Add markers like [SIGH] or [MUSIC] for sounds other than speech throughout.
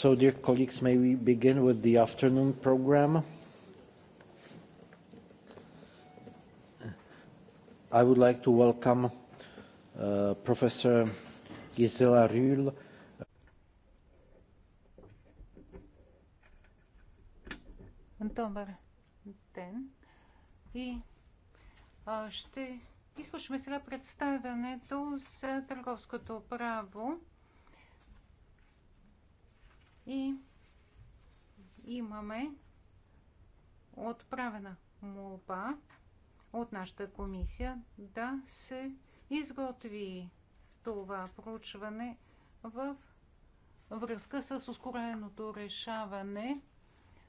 So, dear colleagues, may we begin with the afternoon program? I would like to welcome uh, Professor Gisela Rühl. ден. И ще изслушаме сега представянето за търговското право и имаме отправена молба от нашата комисия да се изготви това проучване в връзка с ускореното решаване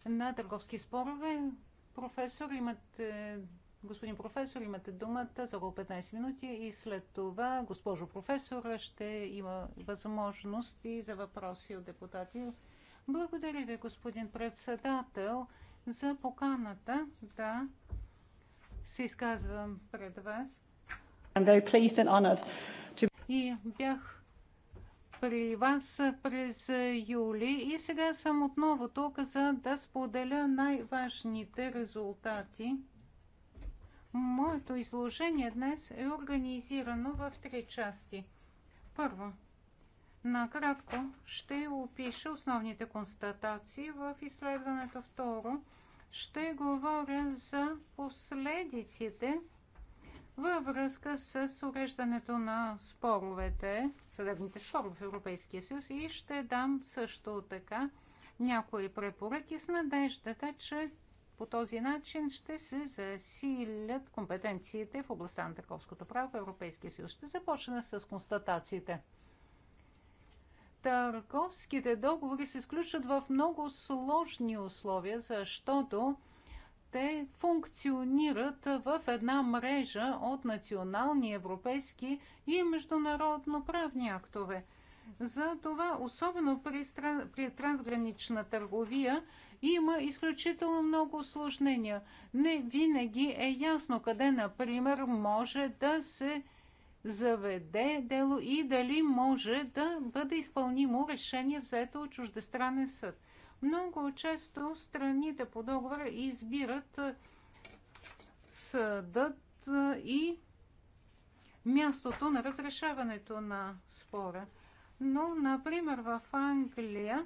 на търговски спорове. Професор, имате Господин професор, имате думата за около 15 минути и след това госпожо професор ще има възможност и за въпроси от депутати. Благодаря ви, господин председател, за поканата да се изказвам пред вас. To... И бях при вас през юли и сега съм отново тук, за да споделя най-важните резултати Моето изложение днес е организирано в три части. Първо, накратко ще опиша основните констатации в изследването. Второ, ще говоря за последиците във връзка с уреждането на споровете, съдебните спорове в Европейския съюз и ще дам също така някои препоръки с надеждата, че по този начин ще се засилят компетенциите в областта на търговското право в Европейския съюз. Ще започна с констатациите. Търговските договори се сключват в много сложни условия, защото те функционират в една мрежа от национални, европейски и международно правни актове. За това, особено при, при трансгранична търговия, има изключително много осложнения. Не винаги е ясно къде, например, може да се заведе дело и дали може да бъде изпълнимо решение взето от чуждестранен съд. Много често страните по договора избират съдът и мястото на разрешаването на спора. Но, например, в Англия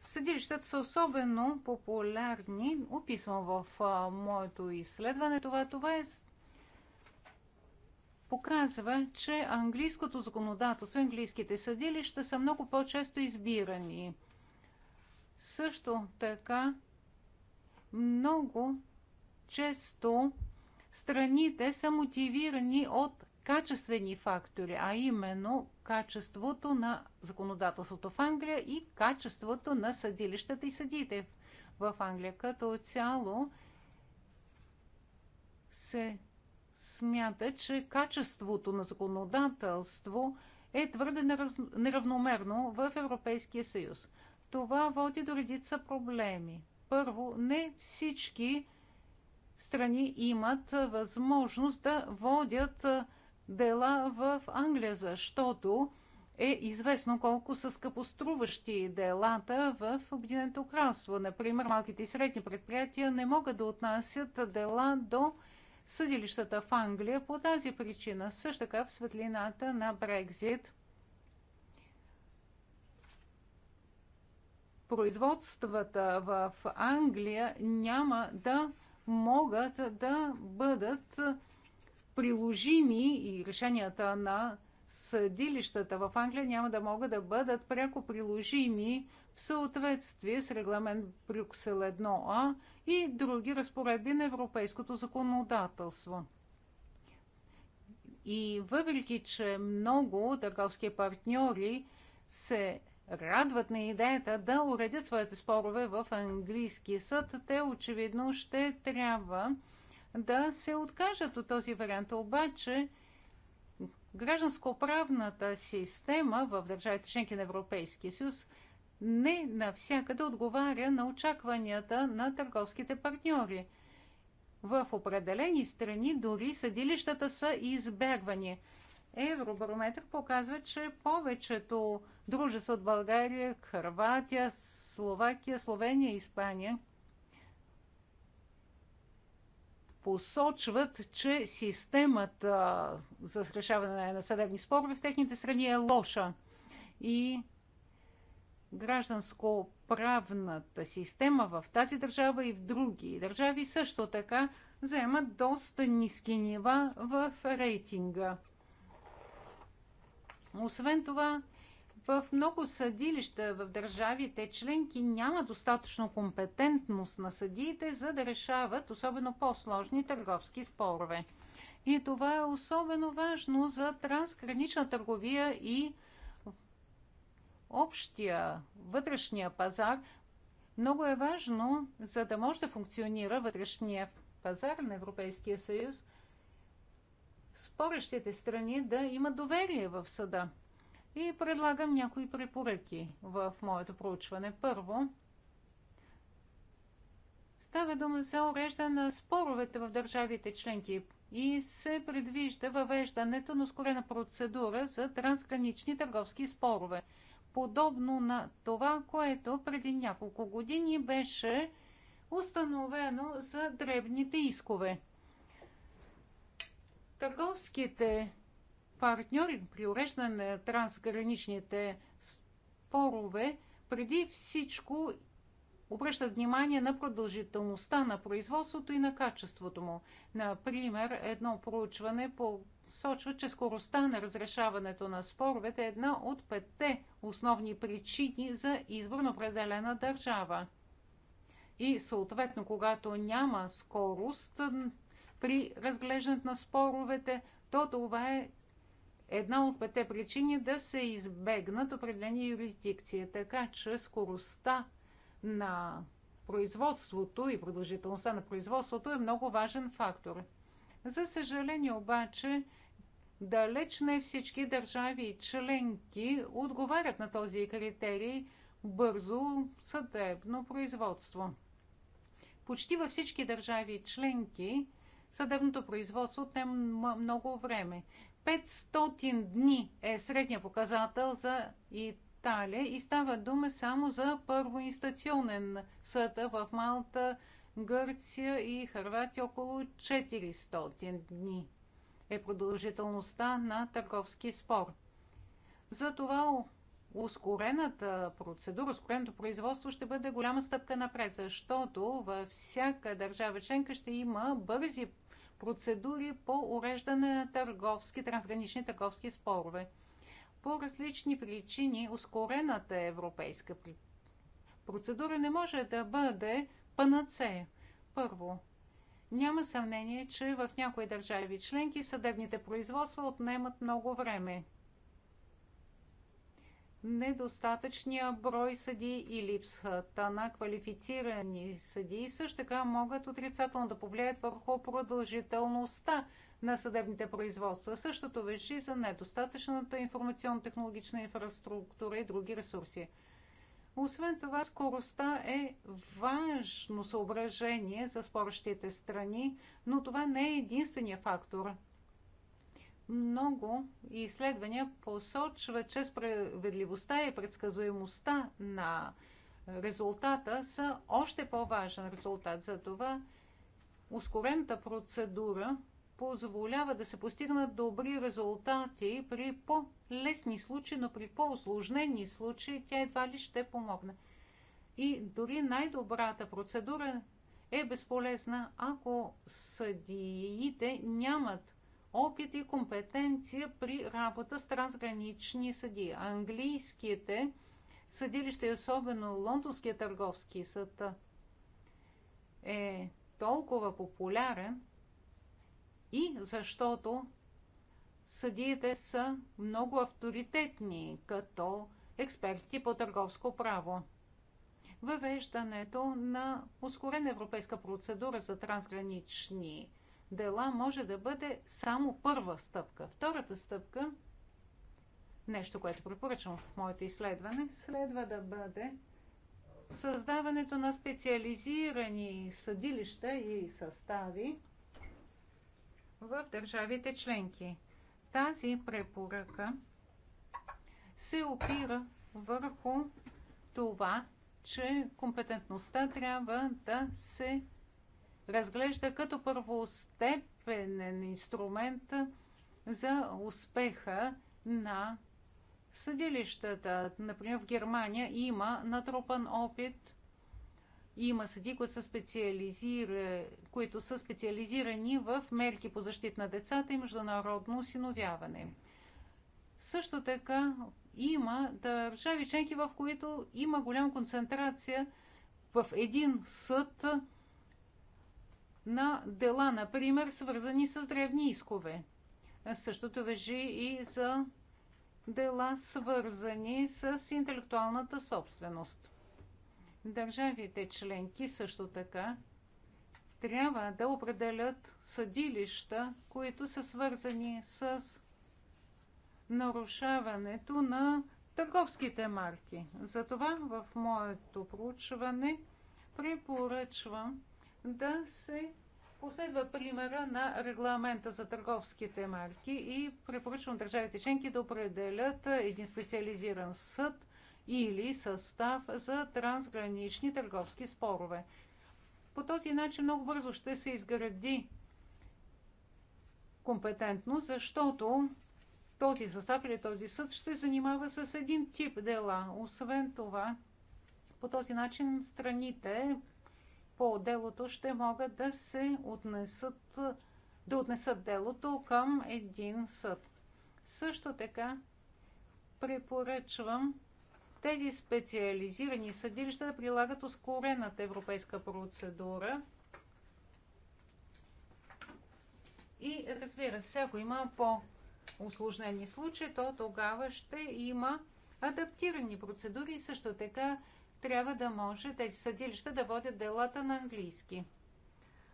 Съдилищата са особено популярни. Описвам в моето изследване това. Това е показва, че английското законодателство, английските съдилища са много по-често избирани. Също така, много често страните са мотивирани от качествени фактори, а именно качеството на законодателството в Англия и качеството на съдилищата и съдиите в Англия. Като цяло се смята, че качеството на законодателство е твърде неравномерно в Европейския съюз. Това води до редица проблеми. Първо, не всички страни имат възможност да водят дела в Англия, защото е известно колко са скъпоструващи делата в Обединеното кралство. Например, малките и средни предприятия не могат да отнасят дела до съдилищата в Англия по тази причина. Също така в светлината на Брекзит производствата в Англия няма да могат да бъдат приложими и решенията на съдилищата в Англия няма да могат да бъдат пряко приложими в съответствие с регламент Брюксел 1А и други разпоредби на европейското законодателство. И въпреки, че много търговски партньори се радват на идеята да уредят своите спорове в английски съд, те очевидно ще трябва да се откажат от този вариант. Обаче гражданско-правната система в държавите членки на Европейския съюз не навсякъде отговаря на очакванията на търговските партньори. В определени страни дори съдилищата са избягвани. Евробарометър показва, че повечето дружества от България, Хрватия, Словакия, Словения и Испания – посочват, че системата за решаване на съдебни спорове в техните страни е лоша. И гражданско-правната система в тази държава и в други държави също така заемат доста ниски нива в рейтинга. Освен това, в много съдилища в държавите членки няма достатъчно компетентност на съдиите, за да решават особено по-сложни търговски спорове. И това е особено важно за трансгранична търговия и общия вътрешния пазар. Много е важно, за да може да функционира вътрешния пазар на Европейския съюз, спорещите страни да имат доверие в съда и предлагам някои препоръки в моето проучване. Първо, става дума за уреждане на споровете в държавите членки и се предвижда въвеждането на ускорена процедура за трансгранични търговски спорове. Подобно на това, което преди няколко години беше установено за дребните искове. Търговските партньори при уреждане на трансграничните спорове преди всичко обръщат внимание на продължителността на производството и на качеството му. Например, едно проучване посочва, че скоростта на разрешаването на споровете е една от петте основни причини за избор на определена държава. И съответно, когато няма скорост при разглеждането на споровете, то това е една от пете причини да се избегнат определени юрисдикции. Така че скоростта на производството и продължителността на производството е много важен фактор. За съжаление обаче, далеч не всички държави и членки отговарят на този критерий бързо съдебно производство. Почти във всички държави и членки съдебното производство отнема много време. 500 дни е средния показател за Италия и става дума само за първоинстационен съд в Малта, Гърция и Харватия около 400 дни е продължителността на търговски спор. Затова ускорената процедура, ускореното производство ще бъде голяма стъпка напред, защото във всяка държава членка ще има бързи процедури по уреждане на търговски, трансгранични търговски спорове. По различни причини ускорената европейска процедура не може да бъде панацея. Първо, няма съмнение, че в някои държави членки съдебните производства отнемат много време недостатъчния брой съди и липсата на квалифицирани съдии също така могат отрицателно да повлияят върху продължителността на съдебните производства. Същото вежи за недостатъчната информационно-технологична инфраструктура и други ресурси. Освен това, скоростта е важно съображение за спорещите страни, но това не е единствения фактор – много изследвания посочват, че справедливостта и предсказуемостта на резултата са още по-важен резултат. За това ускорената процедура позволява да се постигнат добри резултати при по-лесни случаи, но при по-осложнени случаи тя едва ли ще помогне. И дори най-добрата процедура е безполезна, ако съдиите нямат опит и компетенция при работа с трансгранични съди. Английските съдилища и особено Лондонския търговски съд е толкова популярен и защото съдиите са много авторитетни като експерти по търговско право. Въвеждането на ускорена европейска процедура за трансгранични дела може да бъде само първа стъпка. Втората стъпка, нещо, което препоръчвам в моето изследване, следва да бъде създаването на специализирани съдилища и състави в държавите членки. Тази препоръка се опира върху това, че компетентността трябва да се разглежда като първостепенен инструмент за успеха на съдилищата. Например, в Германия има натрупан опит, има съди, които са, които са специализирани в мерки по защита на децата и международно осиновяване. Също така има държави членки, в които има голяма концентрация в един съд на дела, например, свързани с древни искове. Същото въжи и за дела, свързани с интелектуалната собственост. Държавите членки също така трябва да определят съдилища, които са свързани с нарушаването на търговските марки. Затова в моето проучване препоръчвам да се последва примера на регламента за търговските марки и препоръчвам държавите членки да определят един специализиран съд или състав за трансгранични търговски спорове. По този начин много бързо ще се изгради компетентно, защото този състав или този съд ще занимава с един тип дела. Освен това, по този начин страните по делото ще могат да се отнесат, да отнесат делото към един съд. Също така препоръчвам тези специализирани съдилища да прилагат ускорената европейска процедура. И разбира се, ако има по-усложнени случаи, то тогава ще има адаптирани процедури и също така трябва да може тези съдилища да водят делата на английски.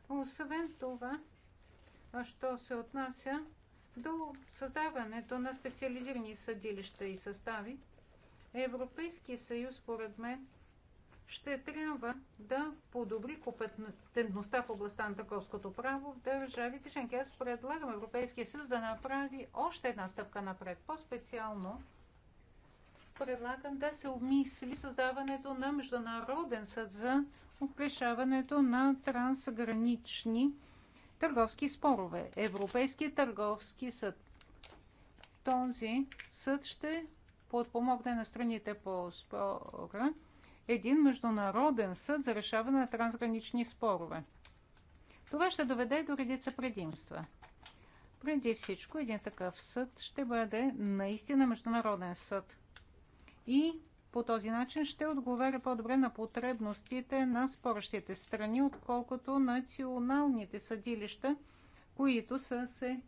Освен това, що се отнася до създаването на специализирани съдилища и състави, Европейския съюз, според мен, ще трябва да подобри компетентността в областта на търговското право в държавите членки. Аз предлагам Европейския съюз да направи още една стъпка напред, по-специално предлагам да се обмисли създаването на Международен съд за решаването на трансгранични търговски спорове. Европейски търговски съд. Този съд ще подпомогне на страните по спора един международен съд за решаване на трансгранични спорове. Това ще доведе до редица предимства. Преди всичко, един такъв съд ще бъде наистина международен съд – и по този начин ще отговаря по-добре на потребностите на спорщите страни, отколкото националните съдилища, които са се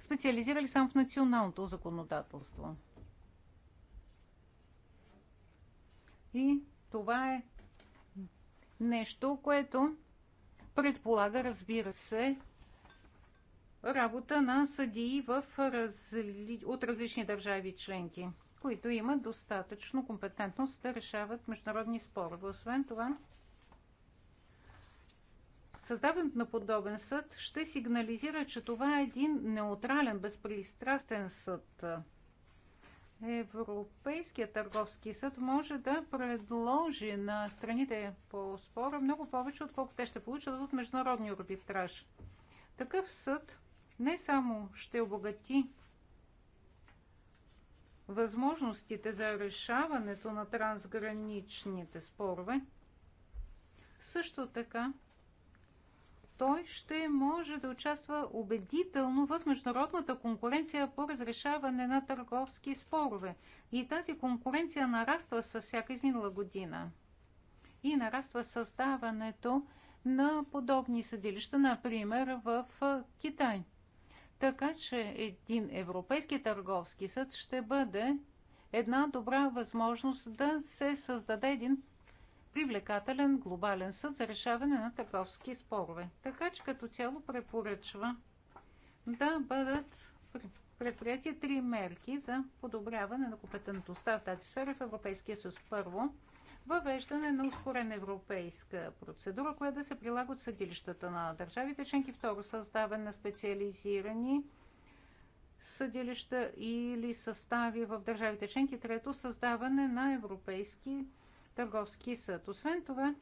специализирали само в националното законодателство. И това е нещо, което предполага, разбира се, работа на съдии в разли... от различни държави членки, които имат достатъчно компетентност да решават международни спорове. Освен това, създаването на подобен съд ще сигнализира, че това е един неутрален, безпристрастен съд. Европейският търговски съд може да предложи на страните по спора много повече, отколкото те ще получат от международния арбитраж. Такъв съд не само ще обогати възможностите за решаването на трансграничните спорове, също така той ще може да участва убедително в международната конкуренция по разрешаване на търговски спорове. И тази конкуренция нараства с всяка изминала година. И нараства създаването на подобни съдилища, например в Китай – така че един европейски търговски съд ще бъде една добра възможност да се създаде един привлекателен глобален съд за решаване на търговски спорове. Така че като цяло препоръчва да бъдат предприяти три мерки за подобряване на компетентността в тази сфера в Европейския съюз. Първо, въвеждане на ускорена европейска процедура, която да се прилага от съдилищата на държавите членки. Второ, създаване на специализирани съдилища или състави в държавите членки. Трето, създаване на Европейски търговски съд. Освен това,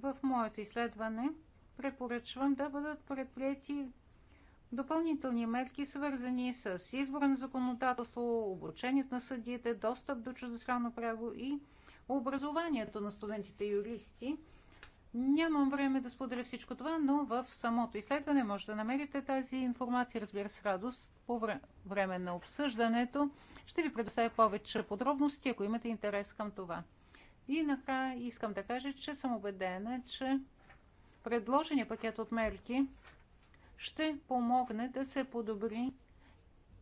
в моето изследване препоръчвам да бъдат предприяти допълнителни мерки, свързани с избора на законодателство, обучението на съдиите, достъп до чуждестранно право и образованието на студентите юристи. Нямам време да споделя всичко това, но в самото изследване може да намерите тази информация, разбира се, с радост по време на обсъждането. Ще ви предоставя повече подробности, ако имате интерес към това. И накрая искам да кажа, че съм убедена, че предложения пакет от мерки ще помогне да се подобри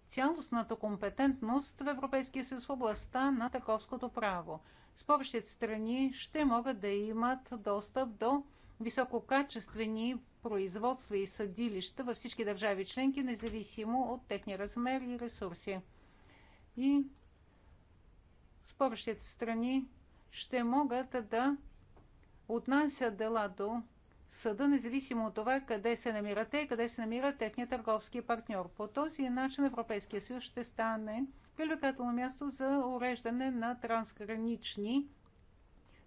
цялостната компетентност в Европейския съюз в областта на търговското право. Спорщите страни ще могат да имат достъп до висококачествени производства и съдилища във всички държави членки, независимо от техния размер и ресурси. И спорещите страни ще могат да отнасят дела до съда, независимо от това къде се намират те и къде се намира техният търговски партньор. По този начин Европейския съюз ще стане привлекателно място за уреждане на трансгранични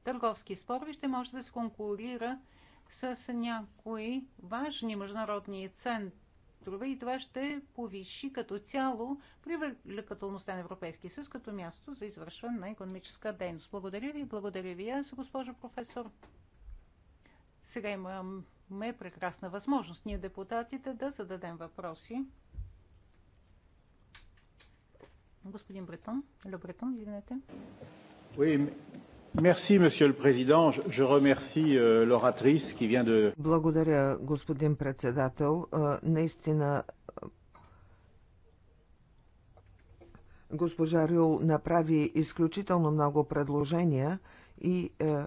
търговски спори. Ще може да се конкурира с някои важни международни центрове и това ще повиши като цяло привлекателността на Европейския съюз като място за извършване на економическа дейност. Благодаря ви, благодаря ви аз, госпожо професор. Сега имаме прекрасна възможност ние депутатите да зададем въпроси. Господин Бретон, Ле Бретон, извинете. Merci, Monsieur le Président. Je remercie euh, l'oratrice qui vient de... Благодаря, господин председател. Е, наистина, е, госпожа Рюл направи изключително много предложения и е,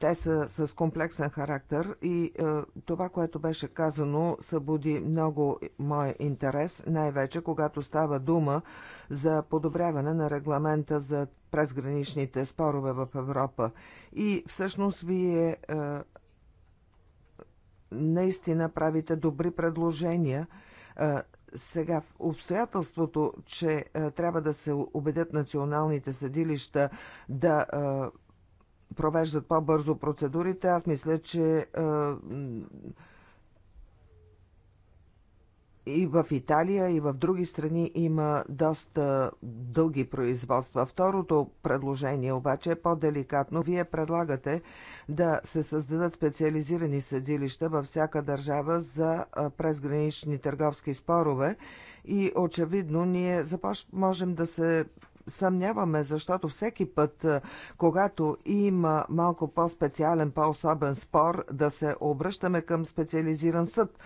те са с комплексен характер и е, това, което беше казано, събуди много мой интерес, най-вече когато става дума за подобряване на регламента за презграничните спорове в Европа. И всъщност вие е, наистина правите добри предложения. Е, сега, обстоятелството, че е, трябва да се убедят националните съдилища да е, провеждат по-бързо процедурите. Аз мисля, че е, и в Италия, и в други страни има доста дълги производства. Второто предложение обаче е по-деликатно. Вие предлагате да се създадат специализирани съдилища във всяка държава за е, презгранични търговски спорове и очевидно ние започ... можем да се съмняваме, защото всеки път, е, когато има малко по-специален, по-особен спор, да се обръщаме към специализиран съд.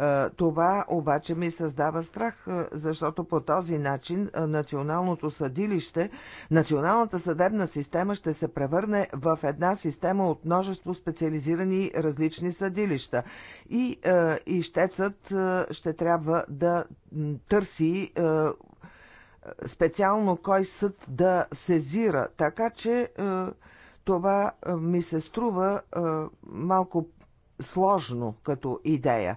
Е, това обаче ми създава страх, е, защото по този начин националното съдилище, националната съдебна система ще се превърне в една система от множество специализирани различни съдилища. И, и щецът ще трябва да търси специално кой съд да сезира. Така че е, това е, ми се струва е, малко сложно като идея.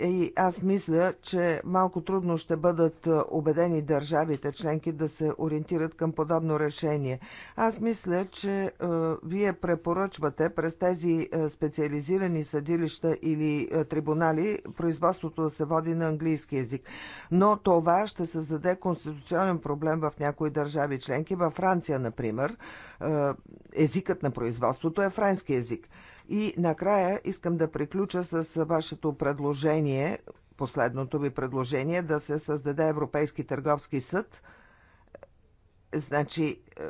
И аз мисля, че малко трудно ще бъдат убедени държавите членки да се ориентират към подобно решение. Аз мисля, че е, вие препоръчвате през тези специализирани съдилища или е, трибунали производството да се води на английски язик. Но това ще създаде конституционен проблем в някои държави членки. Във Франция, например, е, езикът на производството е френски език. И накрая искам да приключа с вашето предложение, последното ви предложение, да се създаде Европейски търговски съд. Значи, е,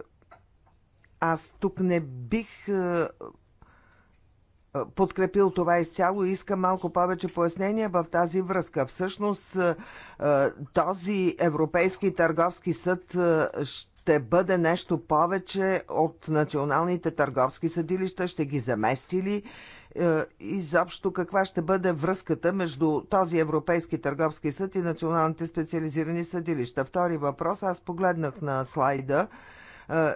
аз тук не бих е, е, подкрепил това изцяло и искам малко повече пояснения в тази връзка. Всъщност този Европейски търговски съд ще ще бъде нещо повече от националните търговски съдилища, ще ги замести ли? Е, изобщо каква ще бъде връзката между този Европейски търговски съд и националните специализирани съдилища. Втори въпрос. Аз погледнах на слайда е,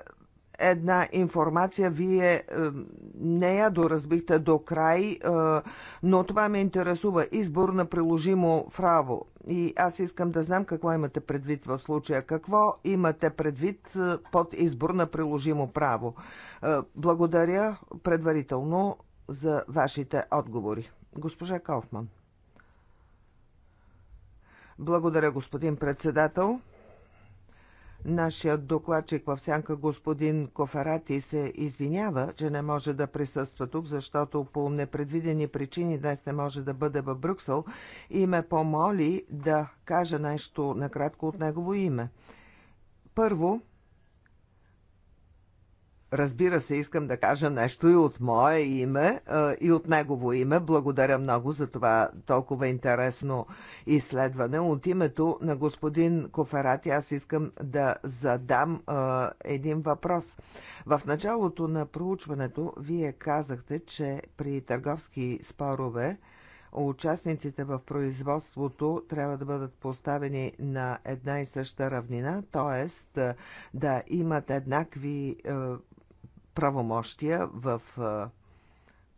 една информация, вие е, не я доразбихте до край, е, но това ме интересува. Избор на приложимо право. И аз искам да знам какво имате предвид в случая. Какво имате предвид е, под избор на приложимо право? Благодаря предварително за вашите отговори. Госпожа Кауфман. Благодаря, господин председател. Нашият докладчик в сянка господин Коферати се извинява, че не може да присъства тук, защото по непредвидени причини днес не може да бъде в Брюксел и ме помоли да кажа нещо накратко от негово име. Първо, Разбира се, искам да кажа нещо и от мое име, и от негово име. Благодаря много за това толкова интересно изследване. От името на господин Коферати аз искам да задам един въпрос. В началото на проучването вие казахте, че при търговски спорове участниците в производството трябва да бъдат поставени на една и съща равнина, т.е. да имат еднакви е, правомощия в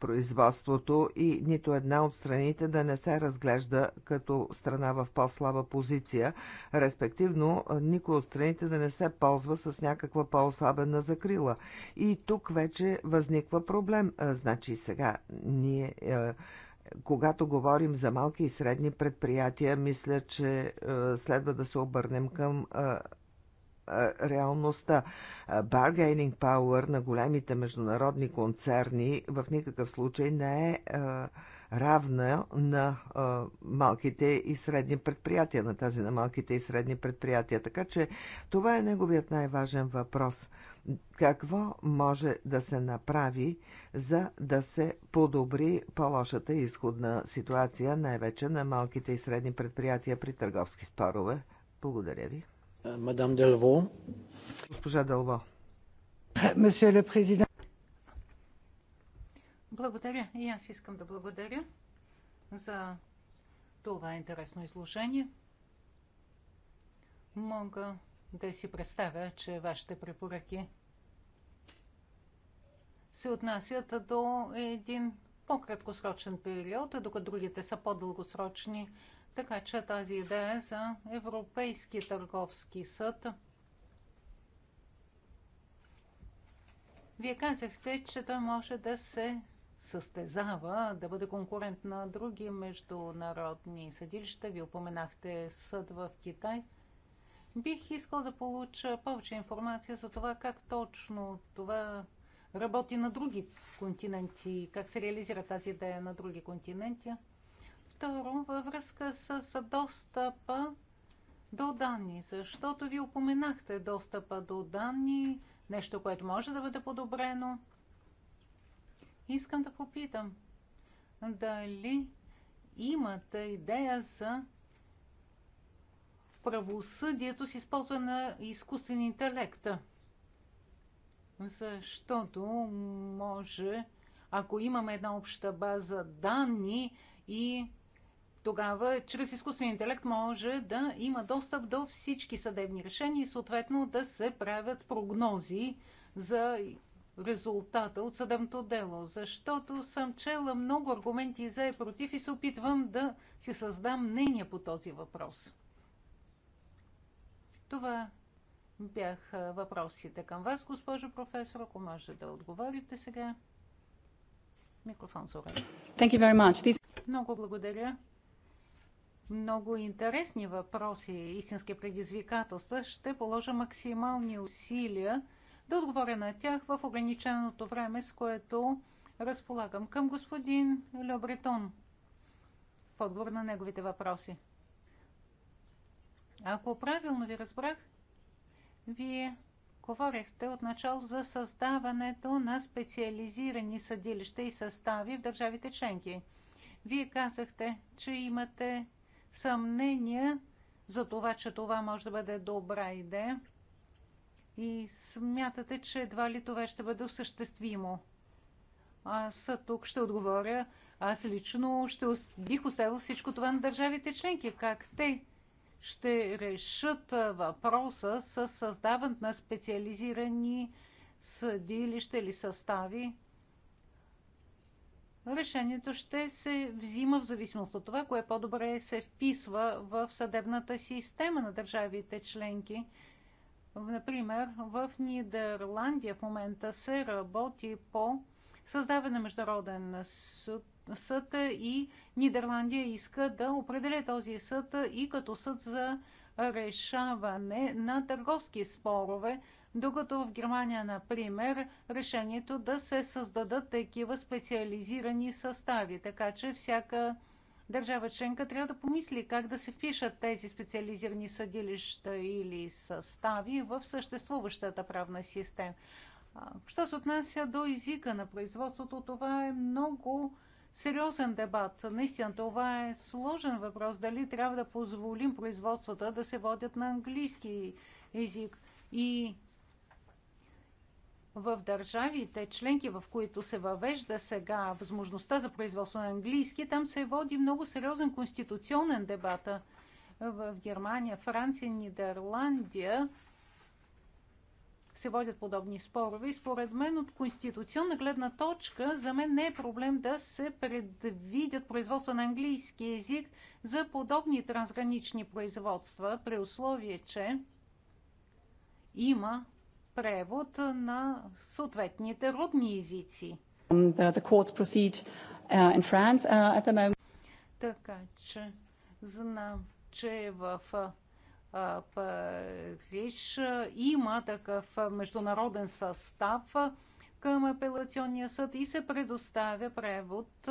производството и нито една от страните да не се разглежда като страна в по-слаба позиция, респективно никой от страните да не се ползва с някаква по-особена закрила. И тук вече възниква проблем. Значи сега ние когато говорим за малки и средни предприятия, мисля, че следва да се обърнем към реалността. Bargaining power на големите международни концерни в никакъв случай не е равна на а, малките и средни предприятия, на тази на малките и средни предприятия. Така че това е неговият най-важен въпрос. Какво може да се направи, за да се подобри по-лошата изходна ситуация, най-вече на малките и средни предприятия при търговски спорове? Благодаря ви. Мадам Делво. Госпожа Делво. Месье ле президент. Благодаря. И аз искам да благодаря за това интересно изложение. Мога да си представя, че вашите препоръки се отнасят до един по-краткосрочен период, докато другите са по-дългосрочни. Така че тази идея е за Европейски търговски съд. Вие казахте, че той може да се състезава, да бъде конкурент на други международни съдилища. Вие упоменахте съд в Китай. Бих искал да получа повече информация за това как точно това работи на други континенти, как се реализира тази идея на други континенти. Второ, във връзка с достъпа до данни, защото ви упоменахте достъпа до данни, нещо, което може да бъде подобрено. Искам да попитам, дали имате идея за правосъдието с използване на изкуствен интелект. Защото може, ако имаме една обща база данни и тогава чрез изкуствен интелект може да има достъп до всички съдебни решения и съответно да се правят прогнози за резултата от съдебното дело, защото съм чела много аргументи за и против и се опитвам да си създам мнение по този въпрос. Това бяха въпросите към вас, госпожо професор. Ако може да отговорите сега. Микрофон за Много благодаря много интересни въпроси, истински предизвикателства. Ще положа максимални усилия да отговоря на тях в ограниченото време, с което разполагам към господин Лебретон в отговор на неговите въпроси. Ако правилно ви разбрах, вие говорихте отначало за създаването на специализирани съдилища и състави в държавите членки. Вие казахте, че имате съмнения за това, че това може да бъде добра идея и смятате, че едва ли това ще бъде осъществимо. Аз тук ще отговоря. Аз лично ще бих оставил всичко това на държавите членки. Как те ще решат въпроса с създаването на специализирани съдилища или състави, решението ще се взима в зависимост от това, кое по-добре се вписва в съдебната система на държавите членки. Например, в Нидерландия в момента се работи по създаване на международен съд, съд и Нидерландия иска да определя този съд и като съд за решаване на търговски спорове, докато в Германия, например, решението да се създадат такива специализирани състави, така че всяка държава членка трябва да помисли как да се впишат тези специализирани съдилища или състави в съществуващата правна система. Що се отнася до езика на производството, това е много сериозен дебат. Наистина, това е сложен въпрос. Дали трябва да позволим производствата да се водят на английски език? И в държавите членки, в които се въвежда сега възможността за производство на английски, там се води много сериозен конституционен дебат. В Германия, Франция, Нидерландия се водят подобни спорове. И според мен от конституционна гледна точка за мен не е проблем да се предвидят производства на английски език за подобни трансгранични производства, при условие, че има превод на съответните родни езици. Um, the, the uh, in France uh, at the moment. Така че знам, че в uh, Париж има такъв международен състав към апелационния съд и се предоставя превод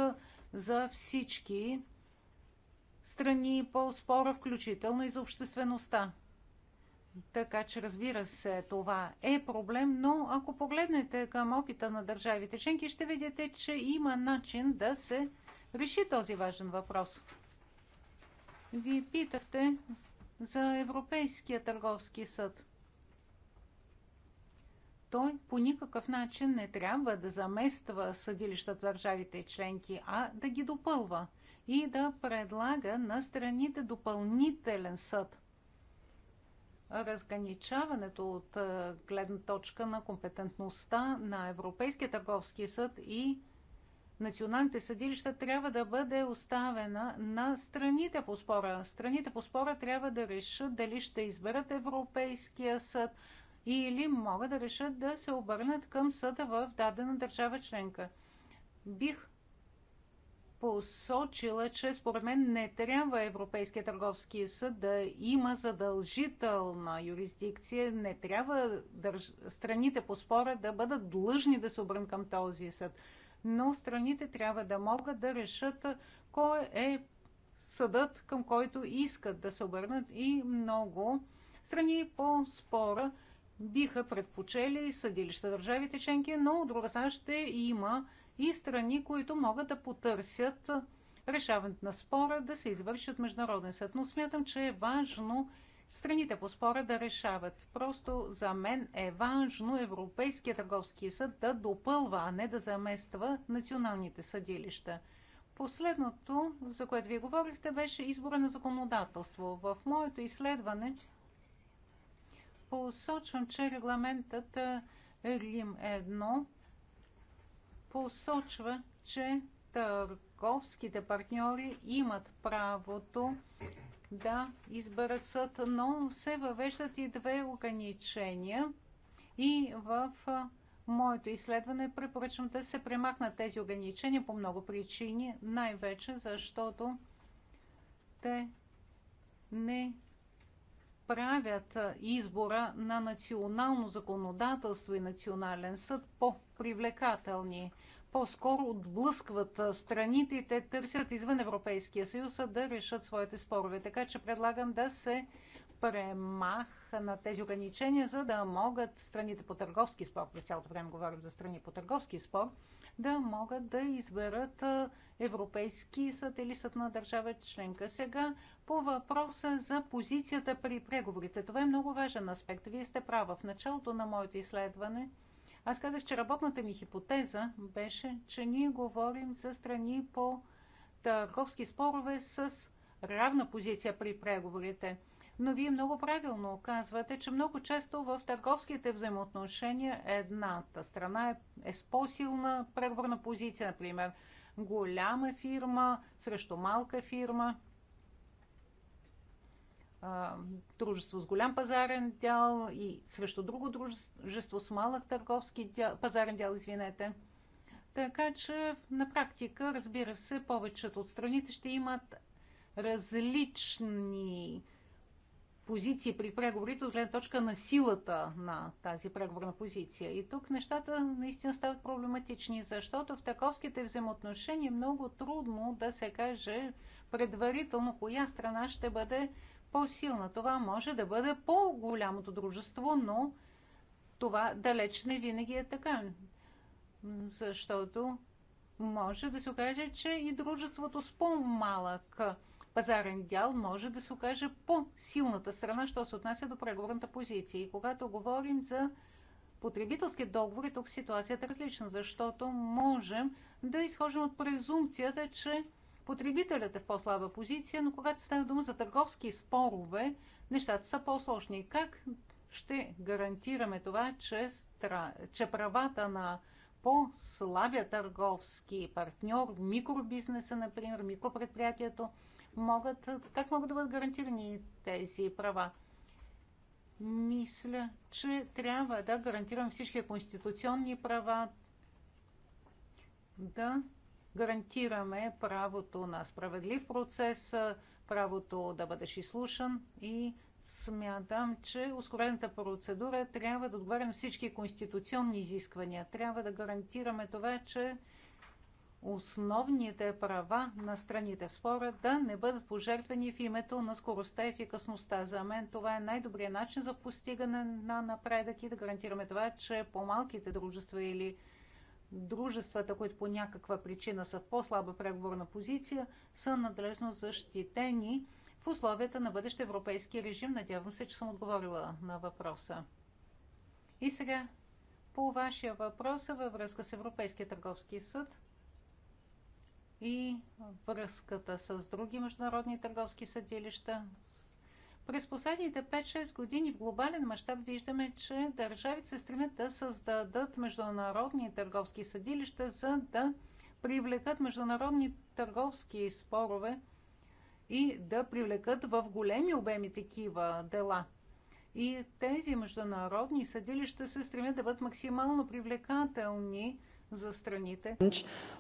за всички страни по спора, включително и за обществеността. Така че, разбира се, това е проблем, но ако погледнете към опита на държавите членки, ще видите, че има начин да се реши този важен въпрос. Вие питахте за Европейския търговски съд. Той по никакъв начин не трябва да замества съдилища в държавите членки, а да ги допълва и да предлага на страните допълнителен съд – разграничаването от гледна точка на компетентността на Европейския търговски съд и националните съдилища трябва да бъде оставена на страните по спора. Страните по спора трябва да решат дали ще изберат Европейския съд или могат да решат да се обърнат към съда в дадена държава членка. Бих посочила, че според мен не трябва Европейския търговски съд да има задължителна юрисдикция, не трябва държ... страните по спора да бъдат длъжни да се обърнат към този съд, но страните трябва да могат да решат кой е съдът, към който искат да се обърнат и много страни по спора биха предпочели съдилища държавите членки, но от друга страна ще има и страни, които могат да потърсят решаването на спора да се извърши от Международен съд. Но смятам, че е важно страните по спора да решават. Просто за мен е важно Европейския търговски съд да допълва, а не да замества националните съдилища. Последното, за което вие говорихте, беше избора на законодателство. В моето изследване посочвам, че регламентът Рим 1 посочва, че търговските партньори имат правото да изберат съд, но се въвеждат и две ограничения и в моето изследване препоръчвам да се премахнат тези ограничения по много причини, най-вече защото те не правят избора на национално законодателство и национален съд по-привлекателни по-скоро отблъскват страните и те търсят извън Европейския съюз да решат своите спорове. Така че предлагам да се премах на тези ограничения, за да могат страните по търговски спор, през цялото време говорим за страни по търговски спор, да могат да изберат Европейски съд или съд на държава членка. Сега по въпроса за позицията при преговорите. Това е много важен аспект. Вие сте права. В началото на моето изследване – аз казах, че работната ми хипотеза беше, че ние говорим за страни по търговски спорове с равна позиция при преговорите. Но вие много правилно казвате, че много често в търговските взаимоотношения едната страна е, е с по-силна преговорна позиция, например, голяма фирма срещу малка фирма – дружество с голям пазарен дял и срещу друго дружество с малък търговски дял, пазарен дял, извинете. Така че на практика, разбира се, повечето от страните ще имат различни позиции при преговорите от гледна точка на силата на тази преговорна позиция. И тук нещата наистина стават проблематични, защото в таковските взаимоотношения е много трудно да се каже предварително коя страна ще бъде по-силна. Това може да бъде по-голямото дружество, но това далеч не винаги е така. Защото може да се окаже, че и дружеството с по-малък пазарен дял може да се окаже по-силната страна, що се отнася до преговорната позиция. И когато говорим за потребителски договори, тук ситуацията е различна, защото можем да изхожим от презумпцията, че потребителят е в по-слаба позиция, но когато стане дума за търговски спорове, нещата са по-сложни. Как ще гарантираме това, че, стра... че правата на по-слабия търговски партньор, микробизнеса, например, микропредприятието, могат, как могат да бъдат гарантирани тези права? Мисля, че трябва да гарантирам всички конституционни права, да гарантираме правото на справедлив процес, правото да бъдеш изслушан и смятам, че ускорената процедура трябва да отговаря на всички конституционни изисквания. Трябва да гарантираме това, че основните права на страните в спора да не бъдат пожертвани в името на скоростта и ефикасността. За мен това е най-добрият начин за постигане на напредък и да гарантираме това, че по-малките дружества или дружествата, които по някаква причина са в по-слаба преговорна позиция, са надлежно защитени в условията на бъдещ европейски режим. Надявам се, че съм отговорила на въпроса. И сега по вашия въпрос е във връзка с Европейския търговски съд и връзката с други международни търговски съдилища. През последните 5-6 години в глобален мащаб виждаме, че държавите се стремят да създадат международни търговски съдилища, за да привлекат международни търговски спорове и да привлекат в големи обеми такива дела. И тези международни съдилища се стремят да бъдат максимално привлекателни за страните.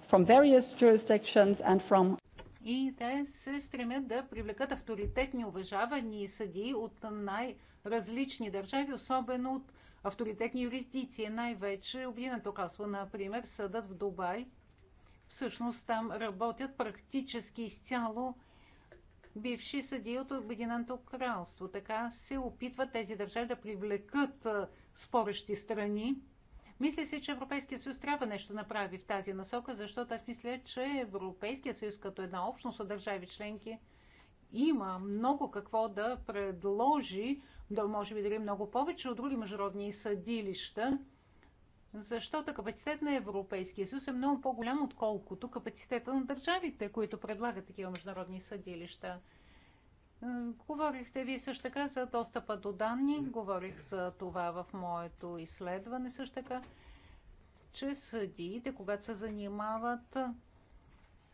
From various jurisdictions and from и те се стремят да привлекат авторитетни, уважавани съдии от най-различни държави, особено от авторитетни юрисдикции, най-вече Обединеното кралство, например, съдът в Дубай. Всъщност там работят практически изцяло бивши съдии от Обединеното кралство. Така се опитват тези държави да привлекат спорещи страни мисля си, че Европейския съюз трябва нещо направи в тази насока, защото аз мисля, че Европейския съюз като една общност от държави членки има много какво да предложи, да може би дали много повече от други международни съдилища, защото капацитет на Европейския съюз е много по-голям, отколкото капацитета на държавите, които предлагат такива международни съдилища. Е, говорихте ви също така за достъпа до данни, говорих за това в моето изследване също така, че съдиите, когато се занимават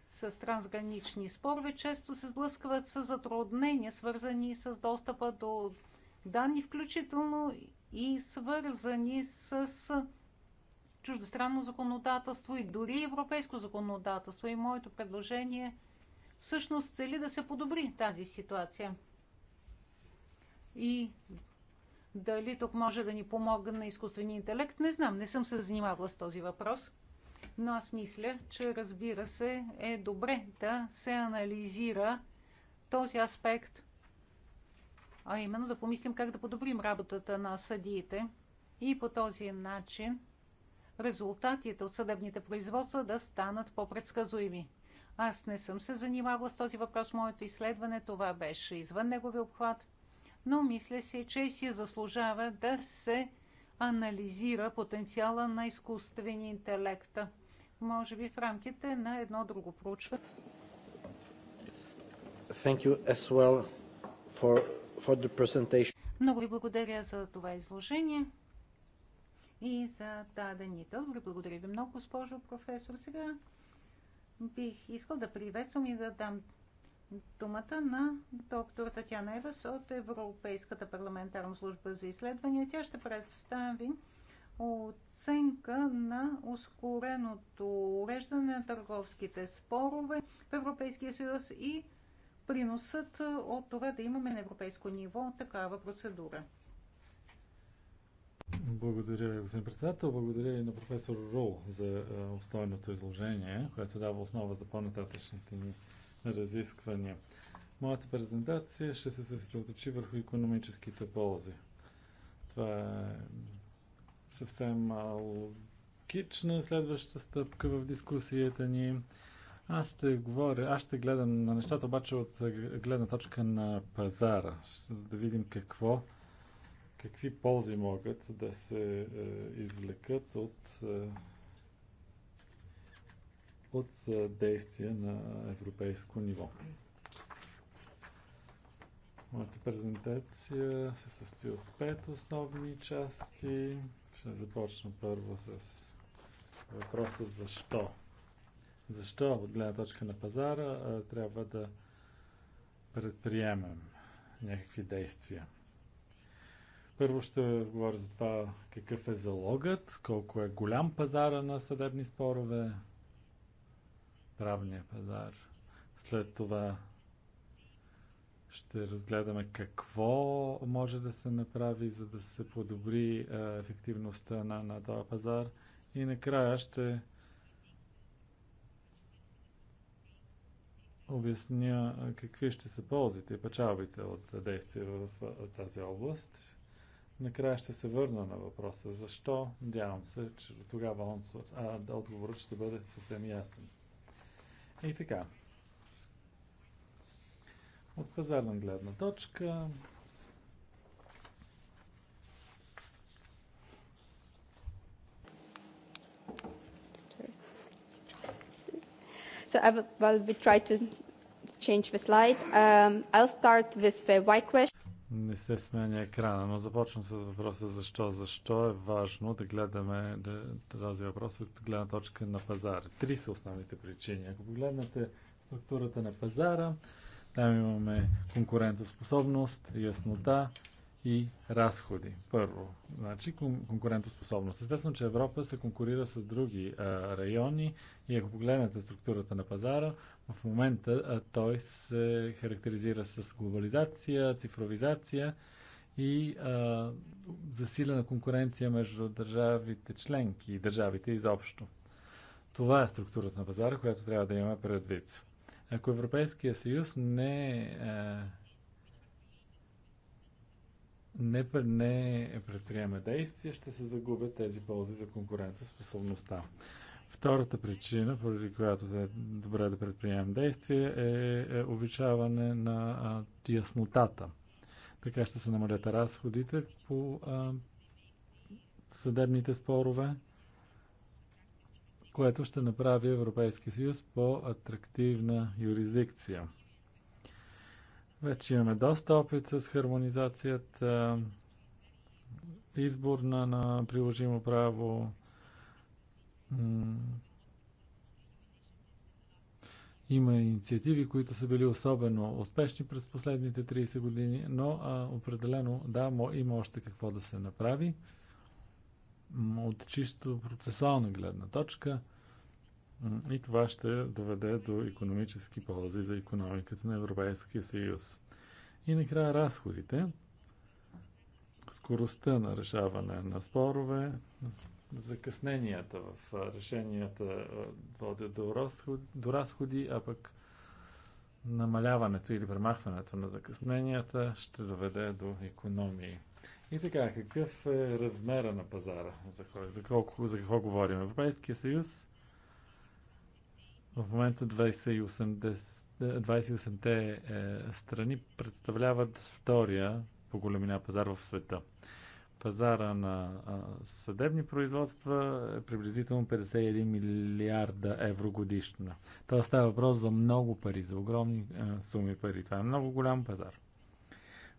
с трансгранични спорове, често се сблъскват с затруднения, свързани с достъпа до данни, включително и свързани с чуждестранно законодателство и дори европейско законодателство. И моето предложение е всъщност цели да се подобри тази ситуация. И дали тук може да ни помогне изкуствения интелект, не знам. Не съм се занимавала с този въпрос. Но аз мисля, че разбира се е добре да се анализира този аспект, а именно да помислим как да подобрим работата на съдиите и по този начин резултатите от съдебните производства да станат по-предсказуеми. Аз не съм се занимавала с този въпрос. Моето изследване това беше извън негови обхват. Но мисля си, че си заслужава да се анализира потенциала на изкуствения интелекта. Може би в рамките на едно друго проучване. Thank you as well for, for the presentation. Много ви благодаря за това изложение и за дадените. Благодаря ви много, госпожо професор. Сега бих искал да приветствам и да дам думата на доктор Татьяна Евас от Европейската парламентарна служба за изследвания. Тя ще представи оценка на ускореното уреждане на търговските спорове в Европейския съюз и приносът от това да имаме на европейско ниво такава процедура. Благодаря ви, господин председател. Благодаря и на професор Рул за е, обстойното изложение, което дава основа за по-нататъчните ни разисквания. Моята презентация ще се съсредоточи върху економическите ползи. Това е съвсем логична следваща стъпка в дискусията ни. Аз ще говоря, аз ще гледам на нещата обаче от гледна точка на пазара. Ще да видим какво какви ползи могат да се е, извлекат от, е, от е, действия на европейско ниво. Моята презентация се състои от пет основни части. Ще започна първо с въпроса защо. Защо от гледна точка на пазара е, трябва да предприемем някакви действия. Първо ще говоря за това какъв е залогът, колко е голям пазара на съдебни спорове, правния пазар. След това ще разгледаме какво може да се направи, за да се подобри ефективността на, на този пазар. И накрая ще обясня какви ще са ползите и печалбите от действия в тази област. Накрая ще се върна на въпроса. Защо? Надявам се, че до тогава он, а, да, отговорът ще бъде съвсем ясен. И така. От пазарна гледна точка So I will, well, we try to change the slide. Um, I'll start with the why question не се сменя екрана, но започвам с въпроса защо. Защо е важно да гледаме да, този въпрос от гледна точка на пазара? Три са основните причини. Ако погледнете структурата на пазара, там имаме конкурентоспособност, яснота, и разходи. Първо, значи конкурентоспособност. Естествено, че Европа се конкурира с други а, райони и ако погледнете структурата на пазара, в момента а, той се характеризира с глобализация, цифровизация и а, засилена конкуренция между държавите членки и държавите изобщо. Това е структурата на пазара, която трябва да имаме предвид. Ако Европейския съюз не е не, не предприеме действия, ще се загубят тези ползи за конкурентоспособността. Втората причина, поради която е добре да предприемем действия е, е увеличаване на яснотата. Така ще се намалят разходите по а, съдебните спорове, което ще направи Европейския съюз по-атрактивна юрисдикция. Вече имаме доста опит с хармонизацията, избор на, на приложимо право, има инициативи, които са били особено успешни през последните 30 години, но а, определено да, има още какво да се направи от чисто процесуална гледна точка. И това ще доведе до економически ползи за економиката на Европейския съюз. И накрая разходите. Скоростта на решаване на спорове, закъсненията в решенията водят до, разход, до разходи, а пък намаляването или премахването на закъсненията ще доведе до економии. И така, какъв е размера на пазара? За, кой, за, колко, за какво говорим? Европейския съюз в момента 28 28-те е, страни представляват втория по големина пазар в света. Пазара на а, съдебни производства е приблизително 51 милиарда евро годишно. Това става въпрос за много пари, за огромни а, суми пари. Това е много голям пазар.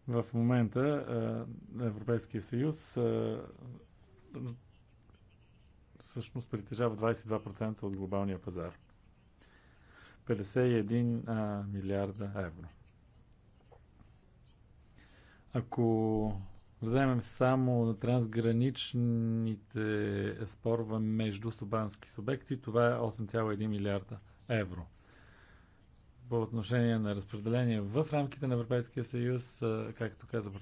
В момента а, Европейския съюз а, всъщност притежава 22% от глобалния пазар. 51 а, милиарда евро. Ако вземем само трансграничните спорва между субански субекти, това е 8,1 милиарда евро. По отношение на разпределение в рамките на Европейския съюз, както каза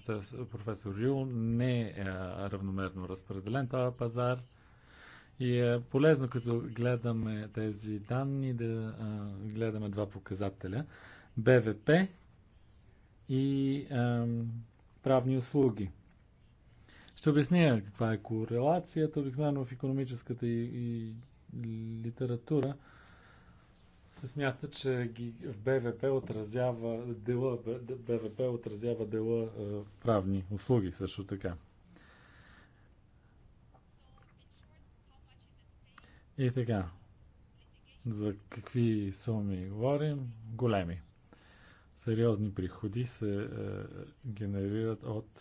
професор Рил, не е равномерно разпределен този пазар – и е полезно, като гледаме тези данни, да а, гледаме два показателя. БВП и а, правни услуги. Ще обясня каква е корелацията. Обикновено в економическата и, и литература се смята, че в БВП отразява дела, БВП отразява дела правни услуги също така. И така, за какви суми говорим? Големи. Сериозни приходи се е, генерират от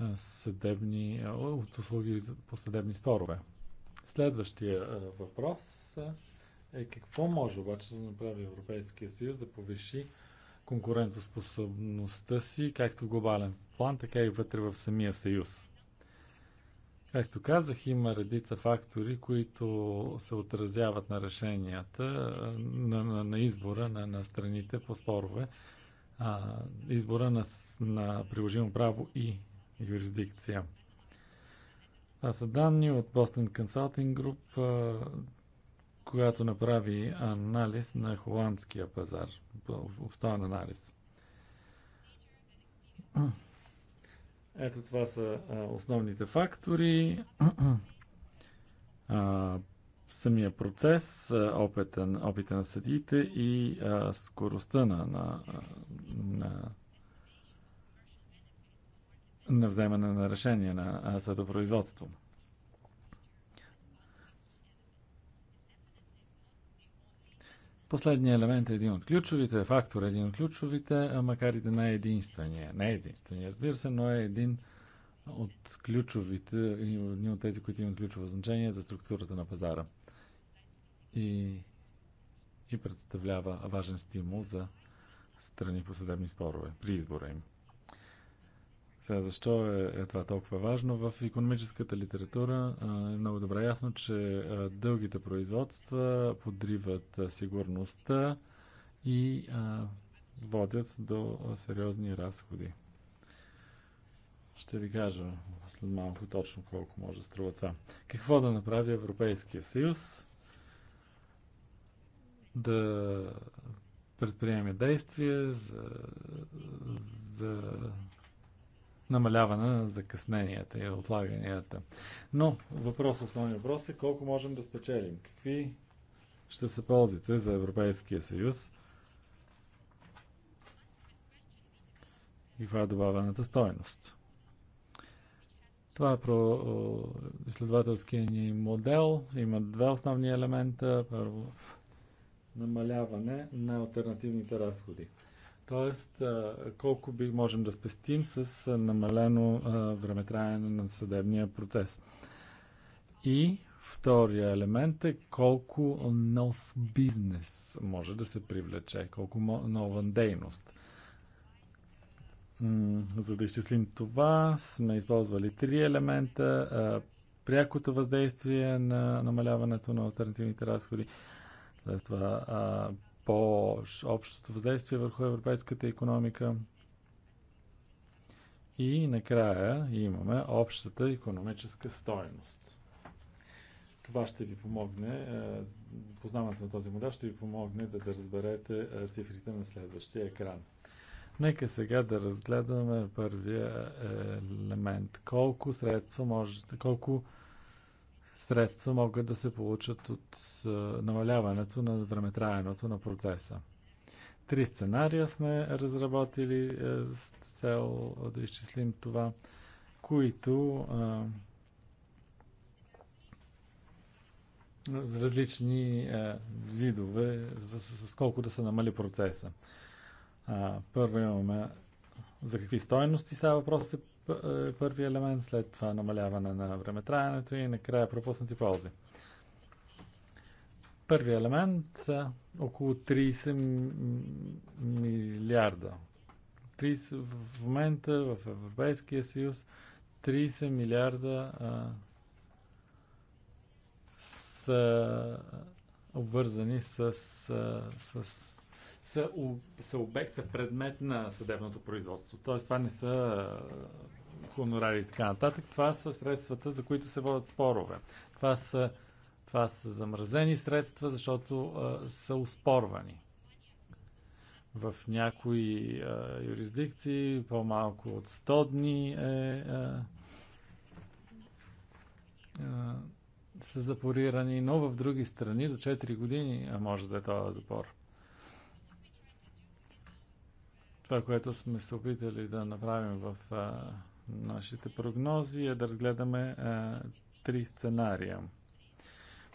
е, съдебни, е, от услуги по съдебни спорове. Следващия е, въпрос е, е какво може обаче да направи Европейския съюз да повиши конкурентоспособността си, както в глобален план, така и вътре в самия съюз. Както казах, има редица фактори, които се отразяват на решенията, на, на, на избора на, на страните по спорове, а, избора на, на приложимо право и юрисдикция. Това са данни от Boston Consulting Group, а, която направи анализ на холандския пазар, Обставен анализ. Ето това са а, основните фактори. [CLEARS THROAT] А, самия процес, опита, опита на съдиите и а, скоростта на, на, на, на вземане на решение на съдопроизводство. Последният елемент е един от ключовите, фактор е един от ключовите, а макар и да не е единствения. Не е единствения, разбира се, но е един от ключовите, един от тези, които имат ключово значение за структурата на пазара. И, и представлява важен стимул за страни по съдебни спорове при избора им. Сега, защо е, е това толкова важно? В економическата литература е много добре ясно, че дългите производства подриват сигурността и а, водят до сериозни разходи. Ще ви кажа след малко точно колко може да струва това. Какво да направи Европейския съюз? Да предприеме действия за, за намаляване на закъсненията и отлаганията. Но въпрос, основният въпрос е колко можем да спечелим? Какви ще са ползите за Европейския съюз? Каква е добавената стойност? Това е про изследователския ни модел. Има два основни елемента. Първо, намаляване на альтернативните разходи. Тоест, колко би можем да спестим с намалено времетраене на съдебния процес. И втория елемент е колко нов бизнес може да се привлече, колко нова дейност. За да изчислим това, сме използвали три елемента. Прякото въздействие на намаляването на альтернативните разходи, след това по общото въздействие върху европейската економика. И накрая имаме общата економическа стоеност. Това ще ви помогне, е, познаването на този модел ще ви помогне да, да разберете е, цифрите на следващия екран. Нека сега да разгледаме първия е, елемент. Колко средства може, колко средства могат да се получат от намаляването на времетраеното на процеса. Три сценария сме разработили е, с цел да изчислим това, които различни е, видове, за, с, колко да се намали процеса. първо имаме за какви стоености става въпрос се е, първи елемент, след това намаляване на времетраенето и накрая пропуснати ползи. Първи елемент са около 30 милиарда. 30, в момента в Европейския съюз 30 милиарда а, са обвързани с, с, с са, са обект, са предмет на съдебното производство. Тоест, това не са хонорари и така нататък, това са средствата, за които се водят спорове. Това са, това са замразени средства, защото а, са успорвани. В някои а, юрисдикции по-малко от 100 дни е, а, а, са запорирани, но в други страни до 4 години може да е това запор. Това, което сме се опитали да направим в а, нашите прогнози е да разгледаме а, е, три сценария.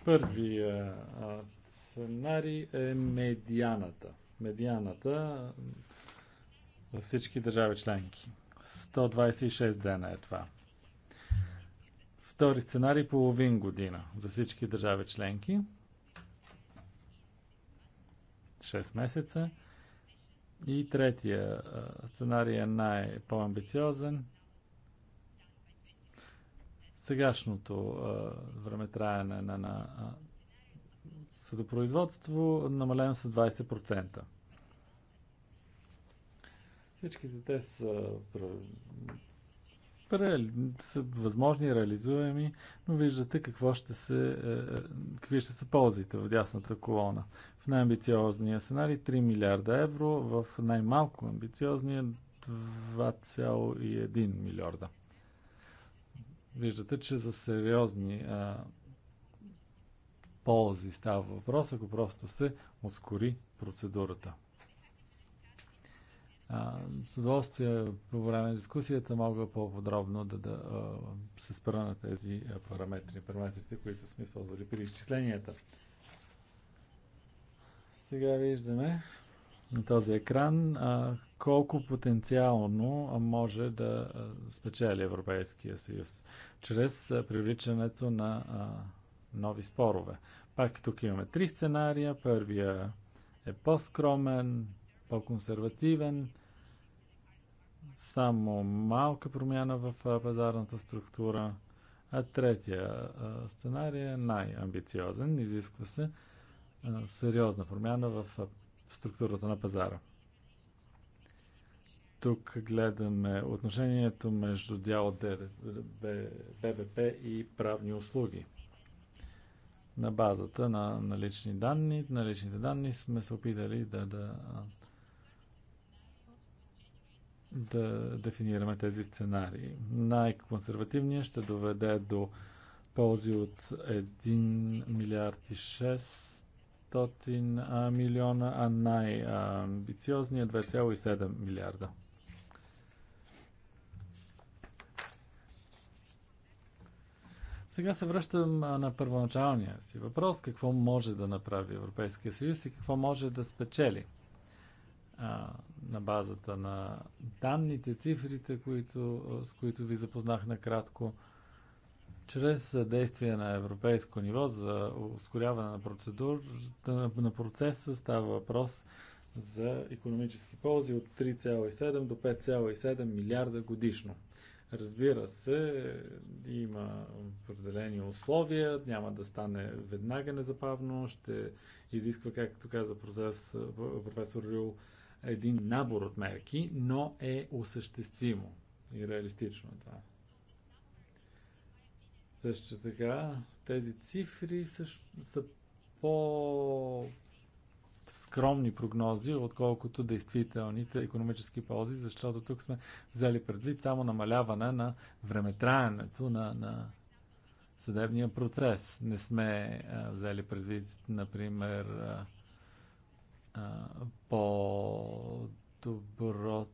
Първият е, сценарий е медианата. Медианата във всички държави членки. 126 дена е това. Втори сценарий половин година за всички държави членки. 6 месеца. И третия е, сценарий е най-по-амбициозен сегашното а, времетраене на, на а, съдопроизводство намалено с 20%. Всичките те са, са възможни, реализуеми, но виждате какво ще се, е, е, какви ще са ползите в дясната колона. В най-амбициозния сценарий 3 милиарда евро, в най-малко амбициозния 2,1 милиарда. Виждате, че за сериозни а, ползи става въпрос, ако просто се ускори процедурата. А, с удоволствие по време на дискусията мога по-подробно да, да а, се спра на тези параметри, параметрите, които сме използвали при изчисленията. Сега виждаме на този екран а, колко потенциално може да спечели Европейския съюз чрез привличането на нови спорове. Пак тук имаме три сценария. Първия е по-скромен, по-консервативен, само малка промяна в пазарната структура. А третия сценарий е най-амбициозен. Изисква се сериозна промяна в структурата на пазара. Тук гледаме отношението между дял от ББП и правни услуги. На базата на налични данни, наличните данни сме се опитали да, да, да дефинираме тези сценарии. Най-консервативният ще доведе до ползи от 1 милиард и 600 милиона, а най-амбициозният 2,7 милиарда. Сега се връщам на първоначалния си въпрос. Какво може да направи Европейския съюз и какво може да спечели а, на базата на данните, цифрите, които, с които ви запознах накратко, чрез действие на европейско ниво за ускоряване на процедур, на процеса става въпрос за економически ползи от 3,7 до 5,7 милиарда годишно. Разбира се, има определени условия, няма да стане веднага незабавно, ще изисква, както каза процес, професор Рюл, един набор от мерки, но е осъществимо и реалистично е това. Също така, тези цифри са по скромни прогнози, отколкото действителните економически ползи, защото тук сме взели предвид само намаляване на времетраенето на, на съдебния процес. Не сме а, взели предвид, например, а, а, по-доброто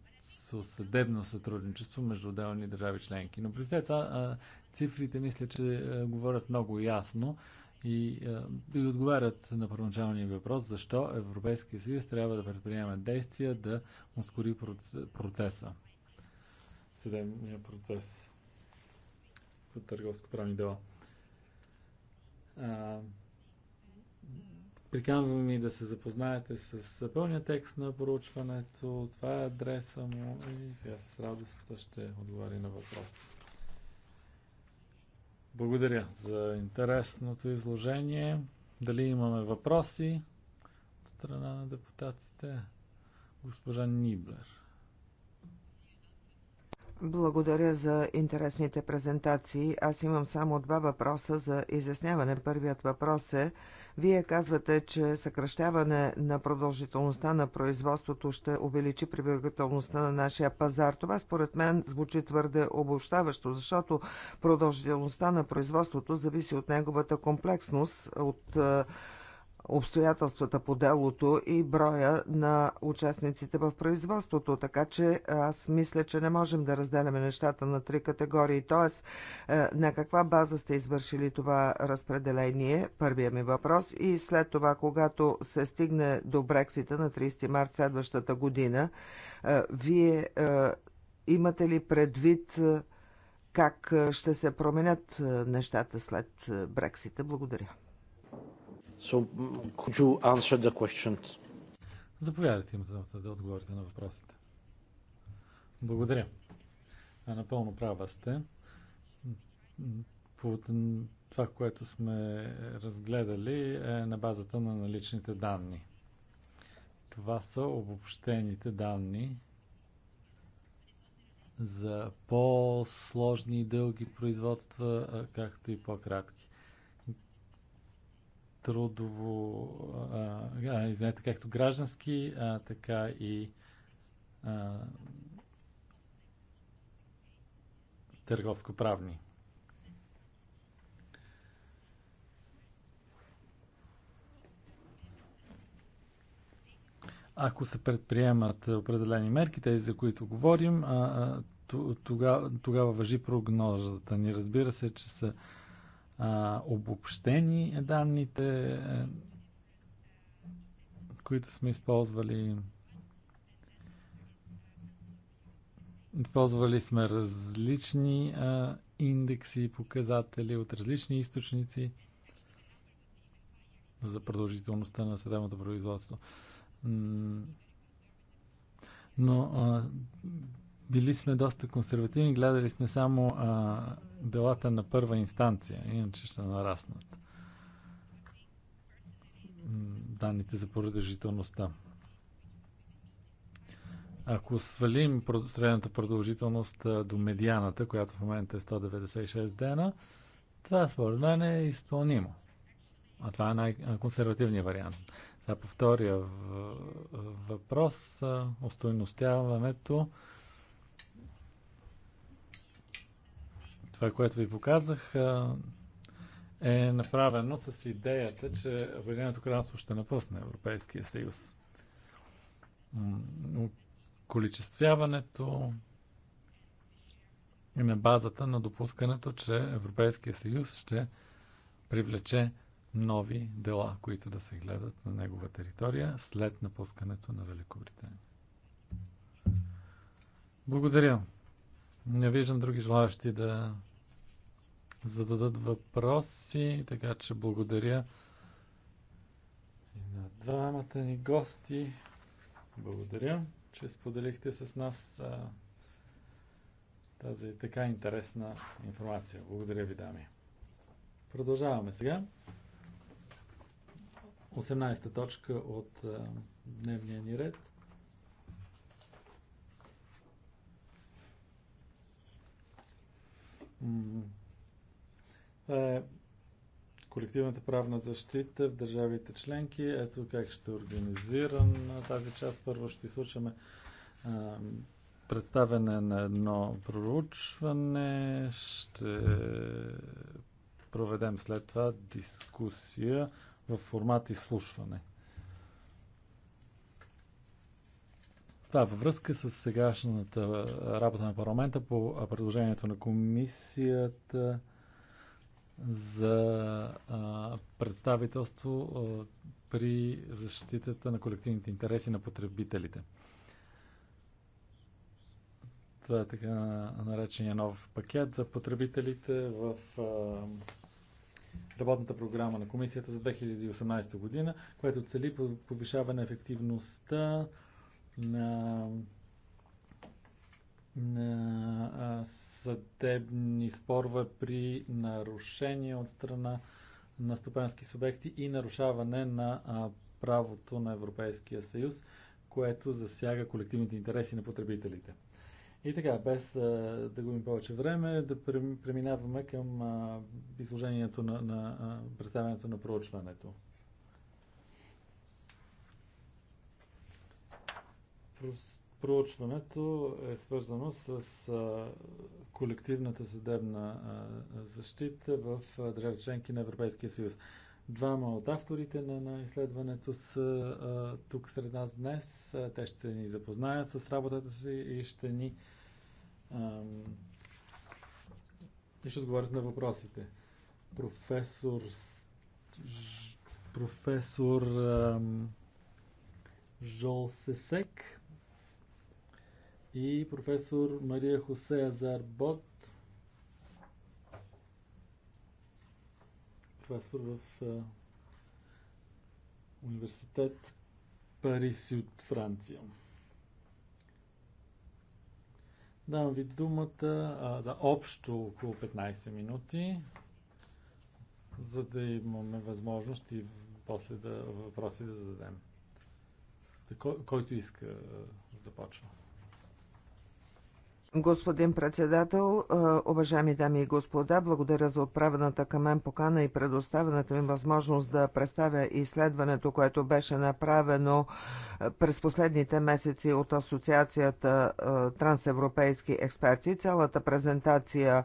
съдебно сътрудничество между отделни държави членки. Но при все това а, цифрите мисля, че а, говорят много ясно. А, и, и отговарят на първоначалния въпрос защо Европейския съюз трябва да предприема действия да ускори процеса. Съдебния процес по търговско-правни дела. Приканвам ви да се запознаете с пълния текст на проучването. Това е адреса му и сега с радост ще отговори на въпроса. Благодаря за интересното изложение. Дали имаме въпроси от страна на депутатите? Госпожа Ниблер. Благодаря за интересните презентации. Аз имам само два въпроса за изясняване. Първият въпрос е, вие казвате, че съкръщаване на продължителността на производството ще увеличи привлекателността на нашия пазар. Това според мен звучи твърде обобщаващо, защото продължителността на производството зависи от неговата комплексност, от е, обстоятелствата по делото и броя на участниците в производството. Така че аз мисля, че не можем да разделяме нещата на три категории. Тоест, е, на каква база сте извършили това разпределение? Първия ми въпрос. И след това, когато се стигне до Брексита на 30 март следващата година, е, вие е, имате ли предвид как ще се променят нещата след Брексита? Благодаря. So, could you answer the questions? Заповядайте им да, да отговорите на въпросите. Благодаря. А напълно права сте. По това, което сме разгледали е на базата на наличните данни. Това са обобщените данни за по-сложни и дълги производства, както и по-кратки трудово, а, извинете, както граждански, а, така и а, търговско-правни. Ако се предприемат определени мерки, тези за които говорим, а, тогава, тогава въжи прогнозата ни. Разбира се, че са а, обобщени данните, е, които сме използвали. Използвали сме различни а, индекси и показатели от различни източници за продължителността на съдебното производство. Но а, били сме доста консервативни, гледали сме само а, делата на първа инстанция, иначе ще нараснат данните за продължителността. Ако свалим средната продължителност до медианата, която в момента е 196 дена, това според мен е изпълнимо. А това е най-консервативният вариант. Сега по втория въпрос, устойностяването Това, което ви показах, е направено с идеята, че Обединеното кралство ще напусне Европейския съюз. Количествяването е на базата на допускането, че Европейския съюз ще привлече нови дела, които да се гледат на негова територия след напускането на Великобритания. Благодаря. Не виждам други желаящи да зададат въпроси, така че благодаря и на двамата ни гости. Благодаря, че споделихте с нас а, тази така интересна информация. Благодаря ви, дами. Продължаваме сега. 18-та точка от а, дневния ни ред. Mm-hmm е колективната правна защита в държавите членки. Ето как ще организирам тази част. Първо ще изслушаме представяне на едно проучване. Ще проведем след това дискусия в формат изслушване. Това е във връзка с сегашната работа на парламента по предложението на комисията за а, представителство а, при защитата на колективните интереси на потребителите. Това е така наречения нов пакет за потребителите в а, работната програма на комисията за 2018 година, което цели повишаване ефективността на на съдебни спорове при нарушение от страна на стопански субекти и нарушаване на правото на Европейския съюз, което засяга колективните интереси на потребителите. И така, без да губим повече време, да преминаваме към изложението на, на представянето на проучването. Просто Проучването е свързано с колективната съдебна защита в държави членки на Европейския съюз. Двама от авторите на, на изследването са а, тук сред нас днес. Те ще ни запознаят с работата си и ще ни а, и ще отговорят на въпросите. Професор професор а, Жол Сесек и професор Мария Хосе Азар Бот, професор в а, университет Парис от Франция. Давам ви думата а, за общо около 15 минути, за да имаме възможност и после да въпроси да зададем. Кой, който иска, започва. Господин председател, уважаеми дами и господа, благодаря за отправената към мен покана и предоставената ми възможност да представя изследването, което беше направено през последните месеци от Асоциацията Трансевропейски експерти. Цялата презентация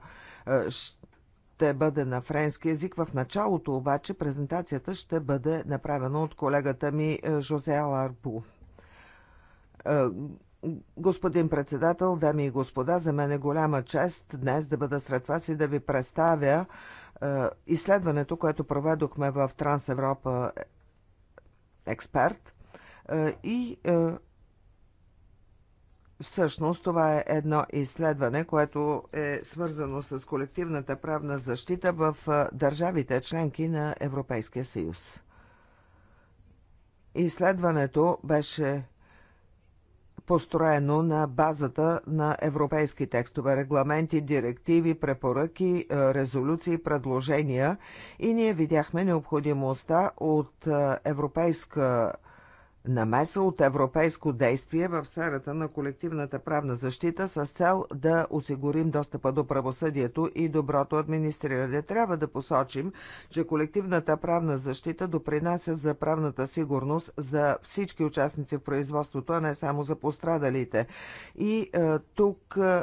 ще бъде на френски язик. В началото обаче презентацията ще бъде направена от колегата ми Жозе Аларбу Господин председател, дами и господа, за мен е голяма чест днес да бъда сред вас и да ви представя е, изследването, което проведохме в Трансевропа е, Експерт. Е, и е, Всъщност това е едно изследване, което е свързано с колективната правна защита в е, държавите членки на Европейския съюз. Изследването беше построено на базата на европейски текстове, регламенти, директиви, препоръки, е, резолюции, предложения и ние видяхме необходимостта от е, европейска намеса от европейско действие в сферата на колективната правна защита с цел да осигурим достъпа до правосъдието и доброто администриране. Трябва да посочим, че колективната правна защита допринася за правната сигурност за всички участници в производството, а не само за пострадалите. И е, тук е,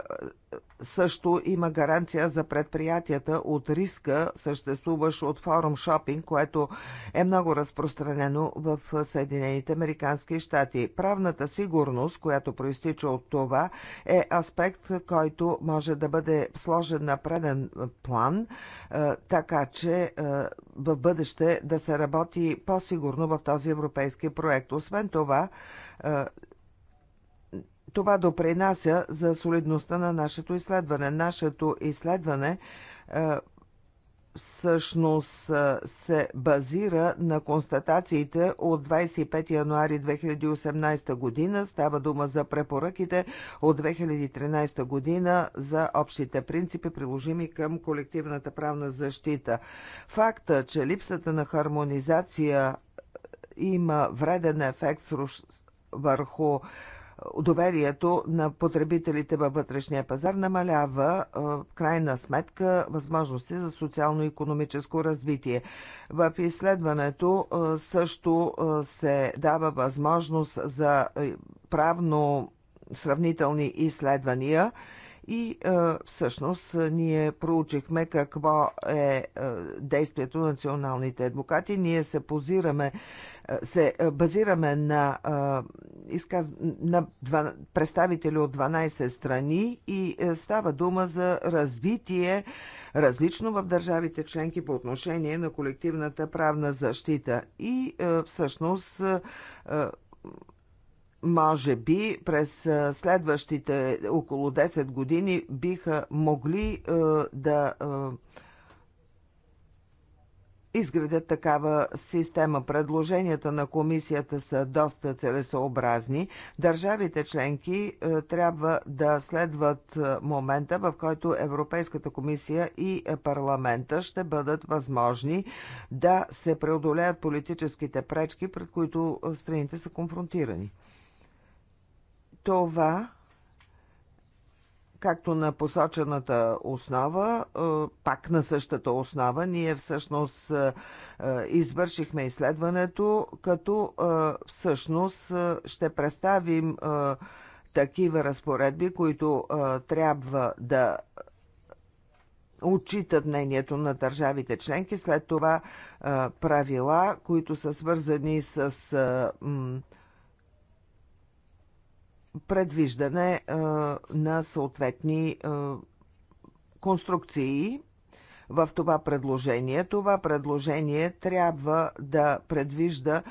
също има гаранция за предприятията от риска, съществуващ от форум шопинг, което е много разпространено в Съединените Американски щати. Правната сигурност, която проистича от това, е аспект, който може да бъде сложен на преден план, е, така че е, в бъдеще да се работи по-сигурно в този европейски проект. Освен това, е, това допринася за солидността на нашето изследване. Нашето изследване е, всъщност е, се базира на констатациите от 25 януари 2018 година. Става дума за препоръките от 2013 година за общите принципи, приложими към колективната правна защита. Факта, че липсата на хармонизация има вреден ефект върху доверието на потребителите във вътрешния пазар намалява в крайна сметка възможности за социално-економическо развитие. В изследването също се дава възможност за правно сравнителни изследвания и а, всъщност ние проучихме какво е, а, действието на националните адвокати. Ние се позираме, се базираме на, а, изказ... на два... представители от 12 страни и а, е, става дума за развитие различно в държавите членки по отношение на колективната правна защита. И а, е, всъщност А, е, може би през следващите около 10 години биха могли да изградят такава система. Предложенията на комисията са доста целесообразни. Държавите членки трябва да следват момента, в който Европейската комисия и парламента ще бъдат възможни да се преодолеят политическите пречки, пред които страните са конфронтирани. Това, както на посочената основа, е, пак на същата основа, ние всъщност е, е, извършихме изследването, като всъщност ще представим такива разпоредби, които трябва да отчитат мнението на държавите членки, след това правила, които са свързани с предвиждане е, на съответни е, конструкции в това предложение. Това предложение трябва да предвижда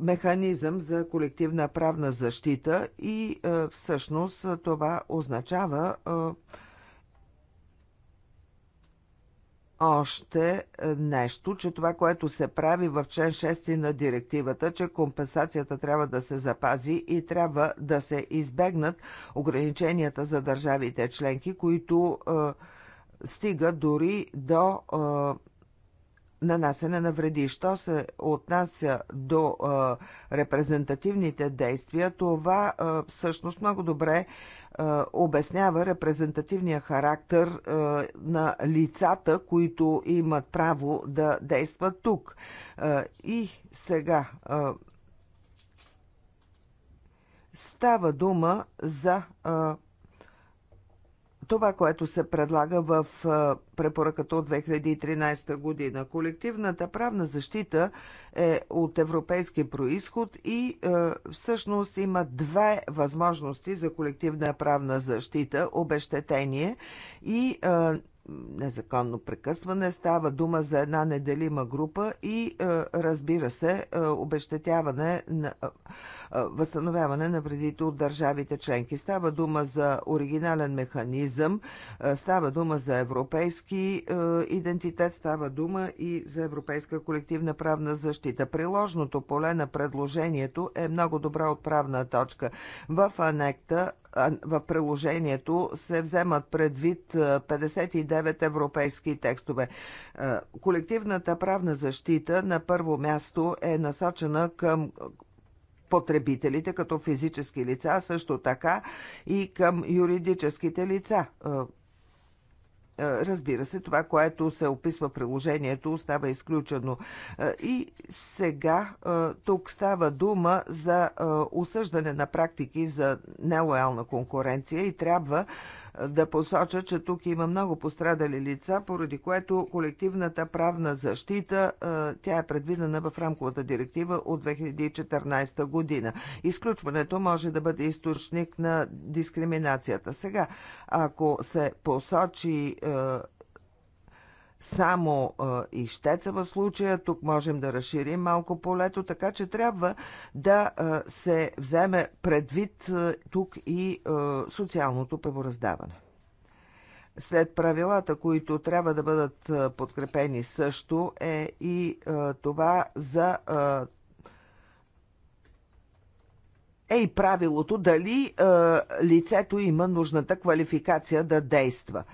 механизъм за колективна правна защита и е, всъщност това означава още е, нещо, че това, което се прави в член 6 на директивата, че компенсацията трябва да се запази и трябва да се избегнат ограниченията за държавите членки, които е, стигат дори до е, нанасене на вреди. Що се отнася до е, репрезентативните действия, това е, всъщност много добре е обяснява репрезентативния характер на лицата, които имат право да действат тук. И сега става дума за това, което се предлага в препоръката от 2013 година. Колективната правна защита е от европейски происход и е, всъщност има две възможности за колективна правна защита – обещетение и е, незаконно прекъсване. Става дума за една неделима група и е, разбира се, е, обещетяване на е, възстановяване на вредите от държавите членки. Става дума за оригинален механизъм, става дума за европейски идентитет, става дума и за европейска колективна правна защита. Приложното поле на предложението е много добра отправна точка. В анекта в приложението се вземат предвид 59 европейски текстове. Колективната правна защита на първо място е насочена към потребителите като физически лица, също така и към юридическите лица е, разбира се, това, което се описва приложението, остава изключено. Е, и сега е, тук става дума за осъждане на практики за нелоялна конкуренция и трябва да посоча, че тук има много пострадали лица, поради което колективната правна защита, е, тя е предвидена в рамковата директива от 2014 година. Изключването може да бъде източник на дискриминацията. Сега, ако се посочи е, само и щеца в случая. Тук можем да разширим малко полето, така че трябва да се вземе предвид тук и социалното правораздаване. След правилата, които трябва да бъдат подкрепени също е и това за е и правилото дали лицето има нужната квалификация да действа.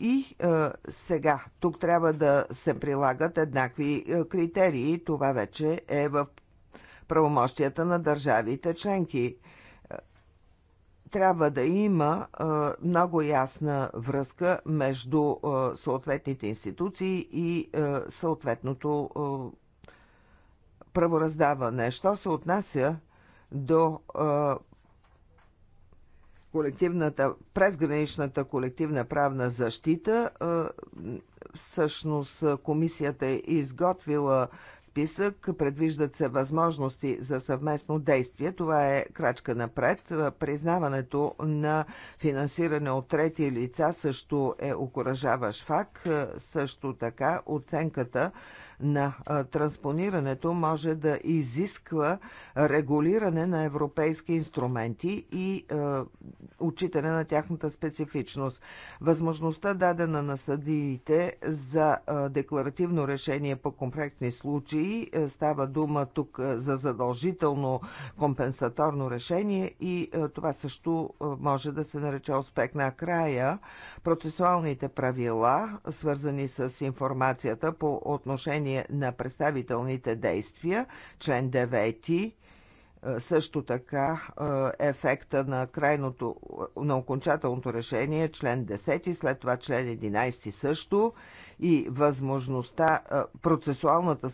И а, е, сега тук трябва да се прилагат еднакви е, критерии. Това вече е в правомощията на държавите членки. Е, трябва да има а, много ясна връзка между а, съответните институции и а, съответното а, правораздаване. Що се отнася до колективната, презграничната колективна правна защита. Всъщност комисията е изготвила списък, предвиждат се възможности за съвместно действие. Това е крачка напред. Признаването на финансиране от трети лица също е окоръжаващ факт. Също така оценката на транспонирането може да изисква регулиране на европейски инструменти и е, отчитане на тяхната специфичност. Възможността дадена на съдиите за декларативно решение по комплексни случаи става дума тук за задължително компенсаторно решение и това също може да се нарече успех. Накрая процесуалните правила, свързани с информацията по отношение отношение на представителните действия, член 9, е, също така е, ефекта на крайното, е, на окончателното решение, член 10, след това член 11 също и възможността, процесуалната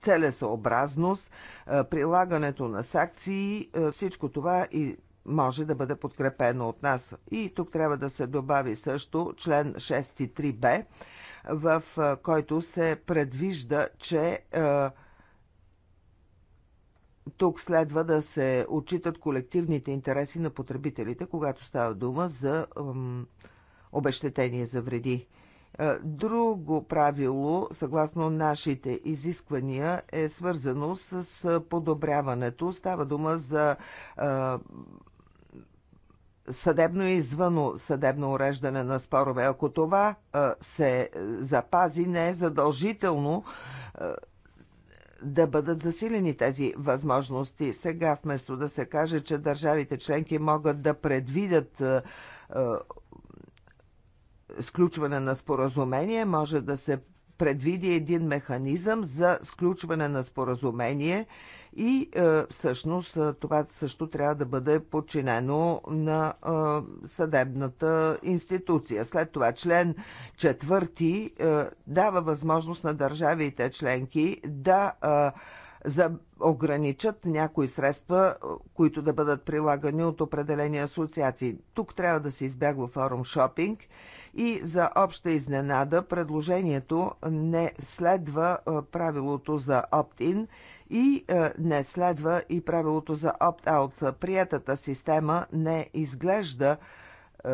целесообразност, прилагането на санкции, всичко това и може да бъде подкрепено от нас. И тук трябва да се добави също член 6.3b, в който се предвижда, че тук следва да се отчитат колективните интереси на потребителите, когато става дума за обещетение за вреди. Друго правило, съгласно нашите изисквания, е свързано с подобряването. Става дума за съдебно и извънно съдебно уреждане на спорове. Ако това се запази, не е задължително да бъдат засилени тези възможности. Сега, вместо да се каже, че държавите членки могат да предвидят сключване на споразумение, може да се предвиди един механизъм за сключване на споразумение и е, всъщност е, това също трябва да бъде подчинено на е, съдебната институция. След това член четвърти е, дава възможност на държавите членки да е, за ограничат някои средства, е, които да бъдат прилагани от определени асоциации. Тук трябва да се избягва форум шопинг и за обща изненада предложението не следва е, правилото за опт-ин и е, не следва и правилото за опт-аут. Приятата система не изглежда е,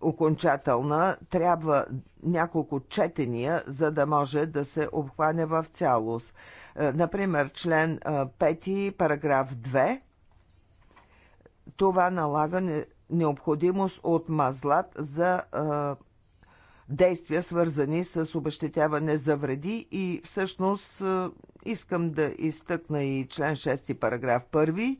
окончателна, трябва няколко четения, за да може да се обхване в цялост. Например, член 5, параграф 2. Това налага необходимост от мазлат за а, действия, свързани с обещетяване за вреди и всъщност искам да изтъкна и член 6 параграф 1.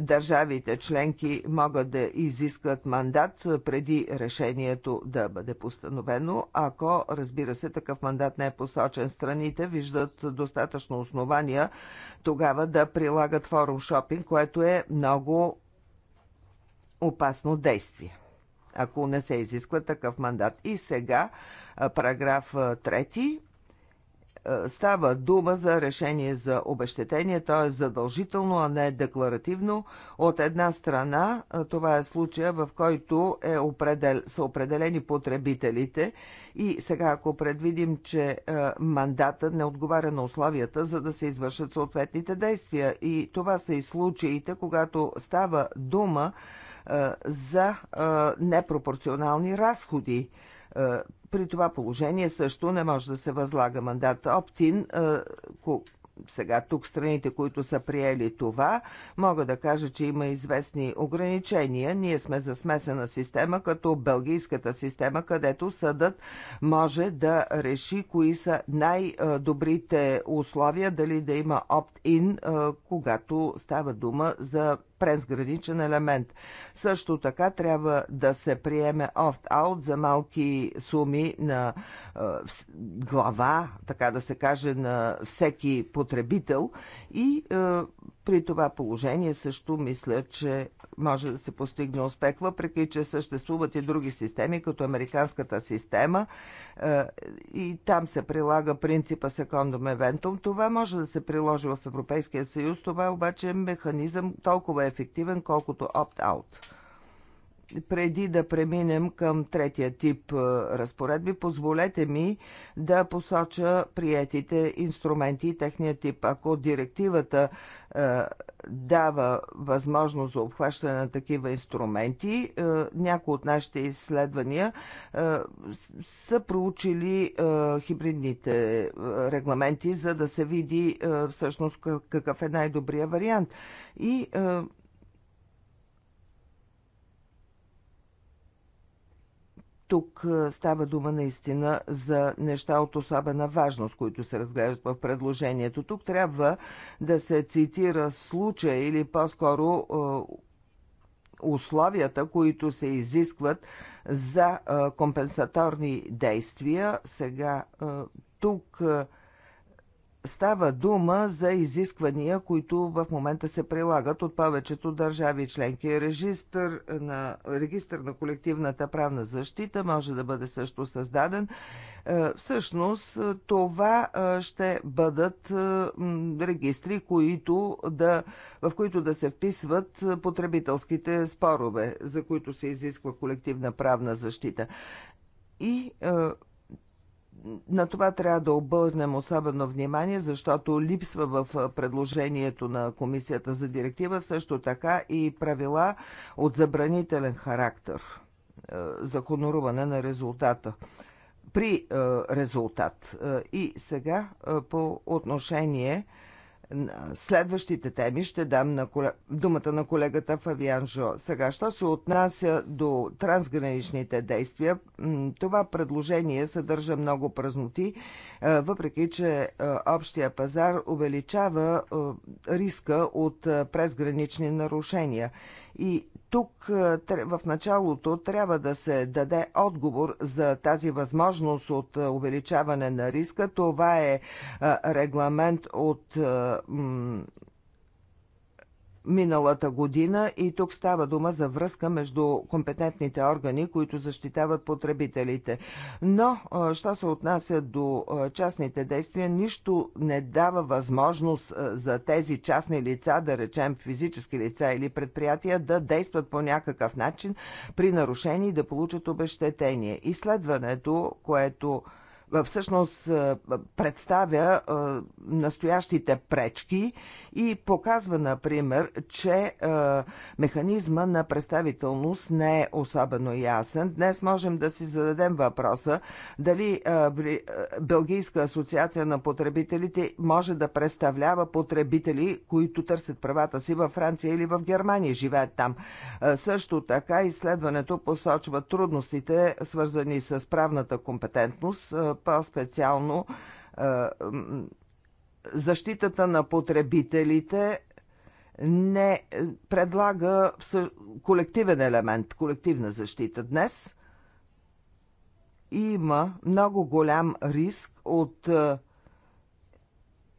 Държавите членки могат да изискат мандат преди решението да бъде постановено, ако, разбира се, такъв мандат не е посочен. Страните виждат достатъчно основания тогава да прилагат форум шопинг, което е много опасно действие, ако не се изисква такъв мандат. И сега параграф 3 става дума за решение за обещетение, то е задължително, а не декларативно. От една страна, това е случая, в който е определ... са определени потребителите и сега ако предвидим, че мандата не отговаря на условията, за да се извършат съответните действия. И това са и случаите, когато става дума за непропорционални разходи. При това положение също не може да се възлага мандат Оптин, сега тук страните, които са приели това, мога да кажа, че има известни ограничения. Ние сме за смесена система, като бългийската система, където съдът може да реши кои са най-добрите условия, дали да има опт-ин, когато става дума за презграничен елемент. Също така трябва да се приеме офт-аут за малки суми на е, глава, така да се каже, на всеки потребител и е, при това положение също мисля, че може да се постигне успех, въпреки че съществуват и други системи, като американската система е, и там се прилага принципа secondum eventum. Това може да се приложи в Европейския съюз, това обаче е механизъм толкова ефективен, колкото опт-аут преди да преминем към третия тип разпоредби, позволете ми да посоча приетите инструменти и техния тип. Ако директивата дава възможност за обхващане на такива инструменти, някои от нашите изследвания са проучили хибридните регламенти, за да се види всъщност какъв е най-добрия вариант. И Тук става дума наистина за неща от особена важност, които се разглеждат в предложението. Тук трябва да се цитира случай или по-скоро условията, които се изискват за компенсаторни действия. Сега тук става дума за изисквания, които в момента се прилагат от повечето държави членки. Регистър на, регистър на колективната правна защита може да бъде също създаден. Е, всъщност е, това е, ще бъдат регистри, които да, в които да се вписват потребителските спорове, за които се изисква колективна правна защита. И на това трябва да обърнем особено внимание, защото липсва в предложението на Комисията за директива също така и правила от забранителен характер за хоноруване на резултата при резултат. И сега по отношение следващите теми ще дам на колег... думата на колегата Фавиан Жо. Сега, що се отнася до трансграничните действия, това предложение съдържа много празноти, е, въпреки че е, общия пазар увеличава е, риска от презгранични нарушения. И тук е, в началото трябва да се даде отговор за тази възможност от е, увеличаване на риска. Това е, е регламент от миналата година и тук става дума за връзка между компетентните органи, които защитават потребителите. Но, що се отнася до частните действия, нищо не дава възможност за тези частни лица, да речем физически лица или предприятия, да действат по някакъв начин при нарушение и да получат обещетение. Изследването, което всъщност представя настоящите пречки и показва, например, че механизма на представителност не е особено ясен. Днес можем да си зададем въпроса дали Белгийска асоциация на потребителите може да представлява потребители, които търсят правата си във Франция или в Германия, живеят там. Също така изследването посочва трудностите, свързани с правната компетентност по-специално е, защитата на потребителите не е, предлага колективен елемент, колективна защита. Днес има много голям риск от е,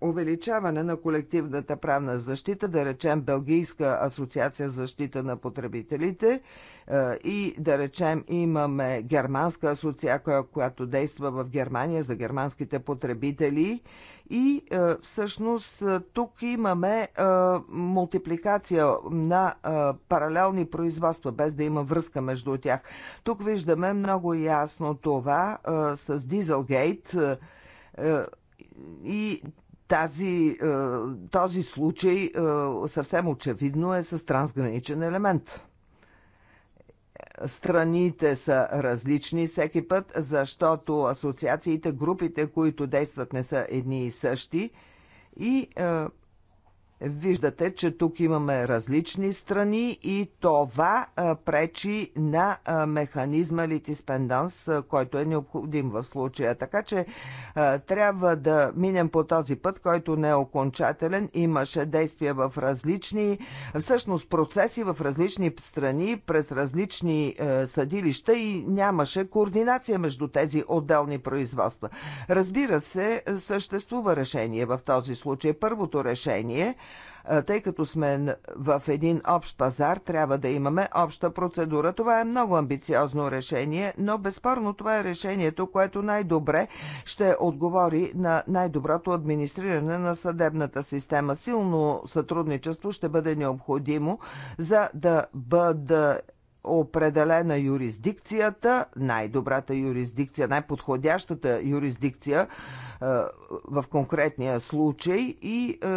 увеличаване на колективната правна защита, да речем Белгийска асоциация защита на потребителите е, и да речем имаме Германска асоциация, която действа в Германия за германските потребители и е, всъщност е, тук имаме мултипликация на паралелни производства, без да има връзка между тях. Тук виждаме много ясно това с Дизелгейт, и тази, е, този случай е, съвсем очевидно е с трансграничен елемент. Страните са различни всеки път, защото асоциациите, групите, които действат, не са едни и същи. И е, Виждате, че тук имаме различни страни и това пречи на механизма литиспенданс, който е необходим в случая. Така че трябва да минем по този път, който не е окончателен. Имаше действия в различни, всъщност процеси в различни страни, през различни съдилища и нямаше координация между тези отделни производства. Разбира се, съществува решение в този случай. Първото решение – тъй като сме в един общ пазар, трябва да имаме обща процедура. Това е много амбициозно решение, но безспорно това е решението, което най-добре ще отговори на най-доброто администриране на съдебната система. Силно сътрудничество ще бъде необходимо, за да бъде определена юрисдикцията, най-добрата юрисдикция, най-подходящата юрисдикция е, в конкретния случай и е,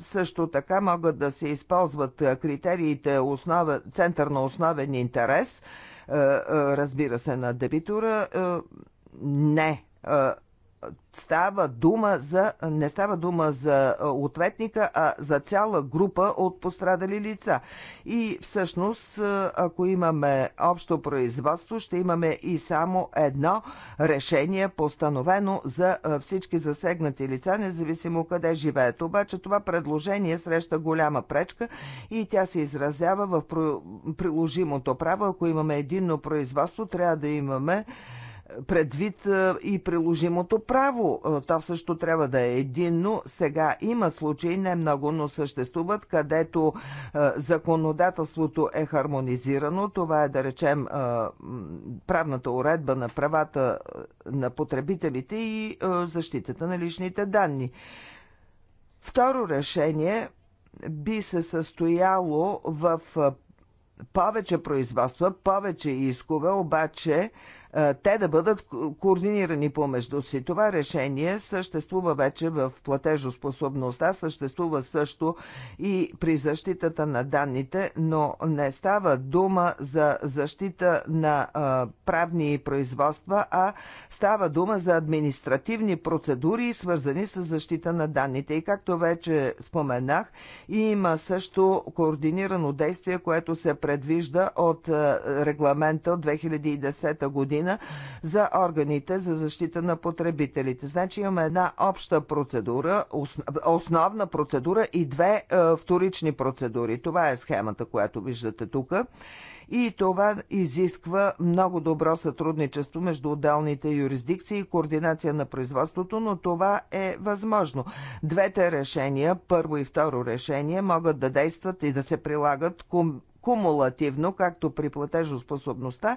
също така могат да се използват критериите основа, център на основен интерес, е, разбира се, на дебитора, не става дума за, не става дума за ответника, а за цяла група от пострадали лица. И всъщност, ако имаме общо производство, ще имаме и само едно решение постановено за всички засегнати лица, независимо къде живеят. Обаче това предложение среща голяма пречка и тя се изразява в приложимото право. Ако имаме единно производство, трябва да имаме предвид и приложимото право. То също трябва да е единно. Сега има случаи, не много, но съществуват, където законодателството е хармонизирано. Това е, да речем, правната уредба на правата на потребителите и защитата на личните данни. Второ решение би се състояло в повече производства, повече искове, обаче е, те да бъдат координирани помежду си. Това решение съществува вече в платежоспособността, съществува също и при защитата на данните, но не става дума за защита на е, правни производства, а става дума за административни процедури, свързани с защита на данните. И както вече споменах, има също координирано действие, което се предвижда от е, регламента от 2010 година година за органите за защита на потребителите. Значи имаме една обща процедура, основна процедура и две е, вторични процедури. Това е схемата, която виждате тук. И това изисква много добро сътрудничество между отделните юрисдикции и координация на производството, но това е възможно. Двете решения, първо и второ решение, могат да действат и да се прилагат кум кумулативно, както при платежоспособността,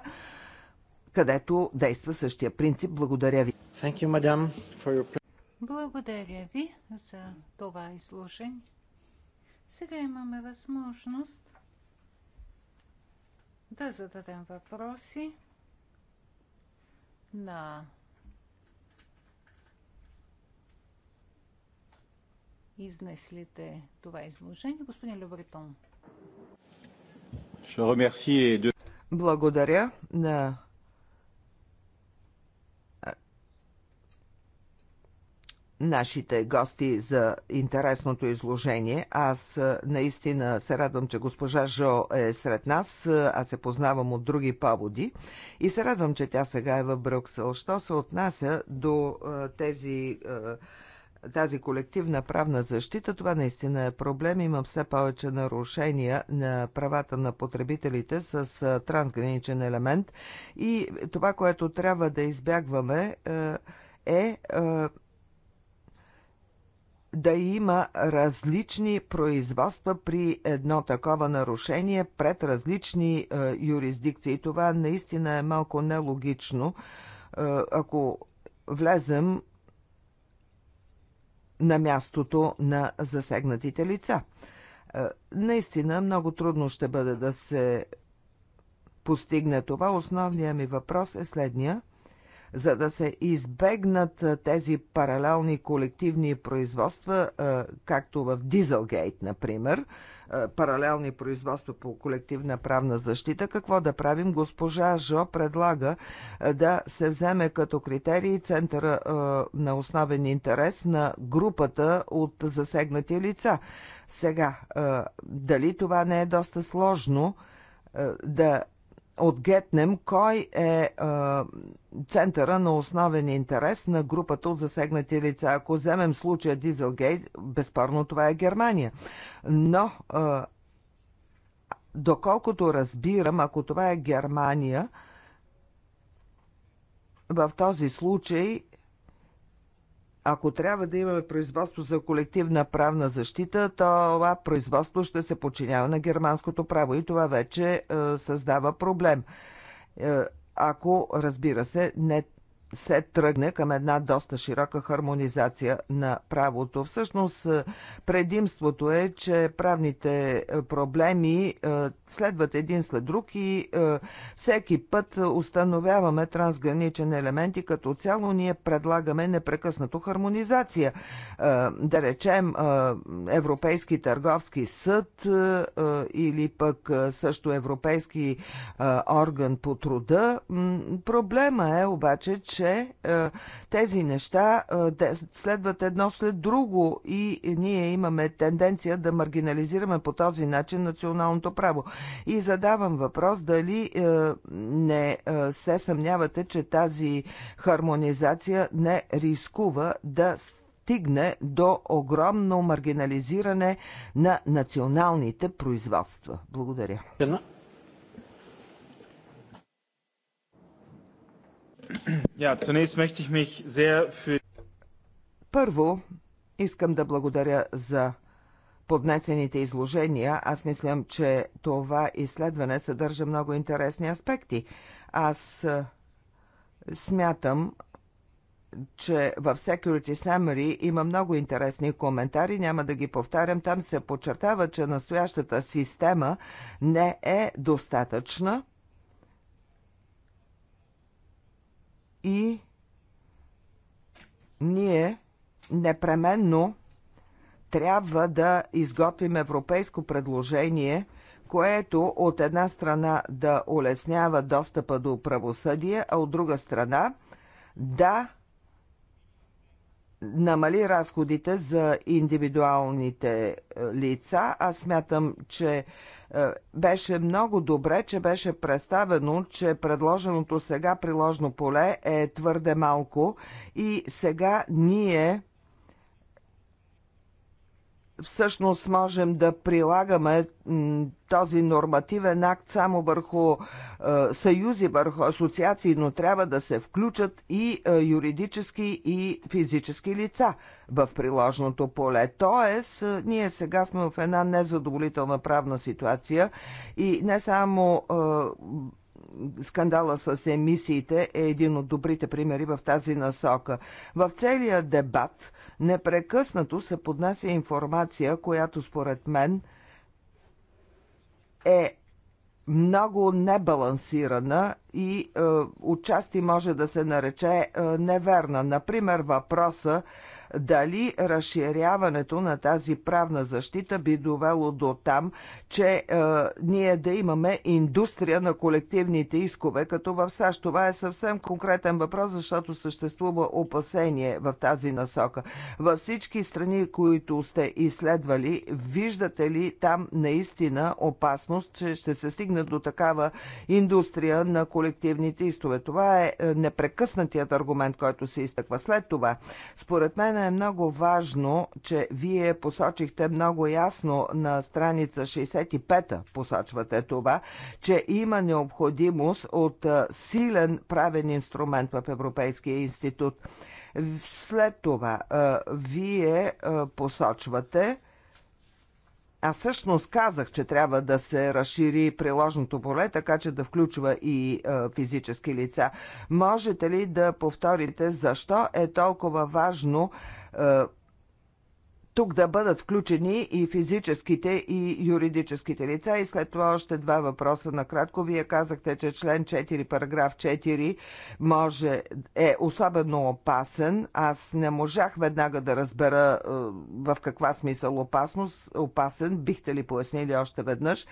където действа същия принцип. Благодаря ви. Thank you, madam, for your... Благодаря ви за това изслушане. Сега имаме възможност да зададем въпроси на изнеслите това изложение. Господин Левритон. Благодаря на нашите гости за интересното изложение. Аз наистина се радвам, че госпожа Жо е сред нас. Аз се познавам от други поводи и се радвам, че тя сега е в Брюксел. Що се отнася до тези тази колективна правна защита, това наистина е проблем. Има все повече нарушения на правата на потребителите с трансграничен елемент. И това, което трябва да избягваме е, е да има различни производства при едно такова нарушение пред различни е, юрисдикции. Това наистина е малко нелогично. Е, ако влезем на мястото на засегнатите лица. Е, наистина много трудно ще бъде да се постигне това. Основният ми въпрос е следния за да се избегнат тези паралелни колективни производства, както в Дизелгейт, например, паралелни производства по колективна правна защита, какво да правим? Госпожа Жо предлага да се вземе като критерий центъра на основен интерес на групата от засегнати лица. Сега, дали това не е доста сложно да отгетнем кой е а, центъра на основен интерес на групата от засегнати лица. Ако вземем случая Дизелгейт, безспорно това е Германия. Но, а, доколкото разбирам, ако това е Германия, в този случай ако трябва да имаме производство за колективна правна защита, това производство ще се подчинява на германското право и това вече е, създава проблем. Е, ако, разбира се, не се тръгне към една доста широка хармонизация на правото. Всъщност, е, предимството е, че правните е, проблеми е, следват един след друг и всеки път установяваме трансграничен елемент и като цяло ние предлагаме непрекъснато хармонизация. Да речем, Европейски търговски съд или пък също Европейски орган по труда. Проблема е обаче, че че е, тези неща е, следват едно след друго и ние имаме тенденция да маргинализираме по този начин националното право. И задавам въпрос дали е, не се съмнявате, че тази хармонизация не рискува да стигне до огромно маргинализиране на националните производства. Благодаря. Първо, искам да благодаря за поднесените изложения. Аз мислям, че това изследване съдържа много интересни аспекти. Аз е, смятам, че в Security Summary има много интересни коментари, няма да ги повтарям. Там се подчертава, че настоящата система не е достатъчна – и ние непременно трябва да изготвим европейско предложение, което от една страна да улеснява достъпа до правосъдие, а от друга страна да намали разходите за индивидуалните е, лица. Аз смятам, че е, беше много добре, че беше представено, че предложеното сега приложно поле е твърде малко и сега ние всъщност можем да прилагаме този нормативен акт само върху е, съюзи, върху асоциации, но трябва да се включат и е, юридически и физически лица в приложното поле. Тоест, е, ние сега сме в една незадоволителна правна ситуация и не само скандала с емисиите е един от добрите примери в тази насока. В целия дебат непрекъснато се поднася информация, която според мен е много небалансирана и е, отчасти може да се нарече е, неверна. Например, въпроса дали разширяването на тази правна защита би довело до там, че е, ние да имаме индустрия на колективните искове, като в САЩ. Това е съвсем конкретен въпрос, защото съществува опасение в тази насока. Във всички страни, които сте изследвали, виждате ли там наистина опасност, че ще се стигне до такава индустрия на колективните искове? Това е, е непрекъснатият аргумент, който се изтъква. След това, според мен, мен е много важно, че вие посочихте много ясно на страница 65-та, посочвате това, че има необходимост от силен правен инструмент в Европейския институт. След това, вие посочвате, аз всъщност казах, че трябва да се разшири приложното поле, така че да включва и е, физически лица. Можете ли да повторите защо е толкова важно е, тук да бъдат включени и физическите и юридическите лица. И след това още два въпроса накратко. Вие казахте, че член 4, параграф 4 може, е особено опасен. Аз не можах веднага да разбера е, в каква смисъл опасност, опасен. Бихте ли пояснили още веднъж?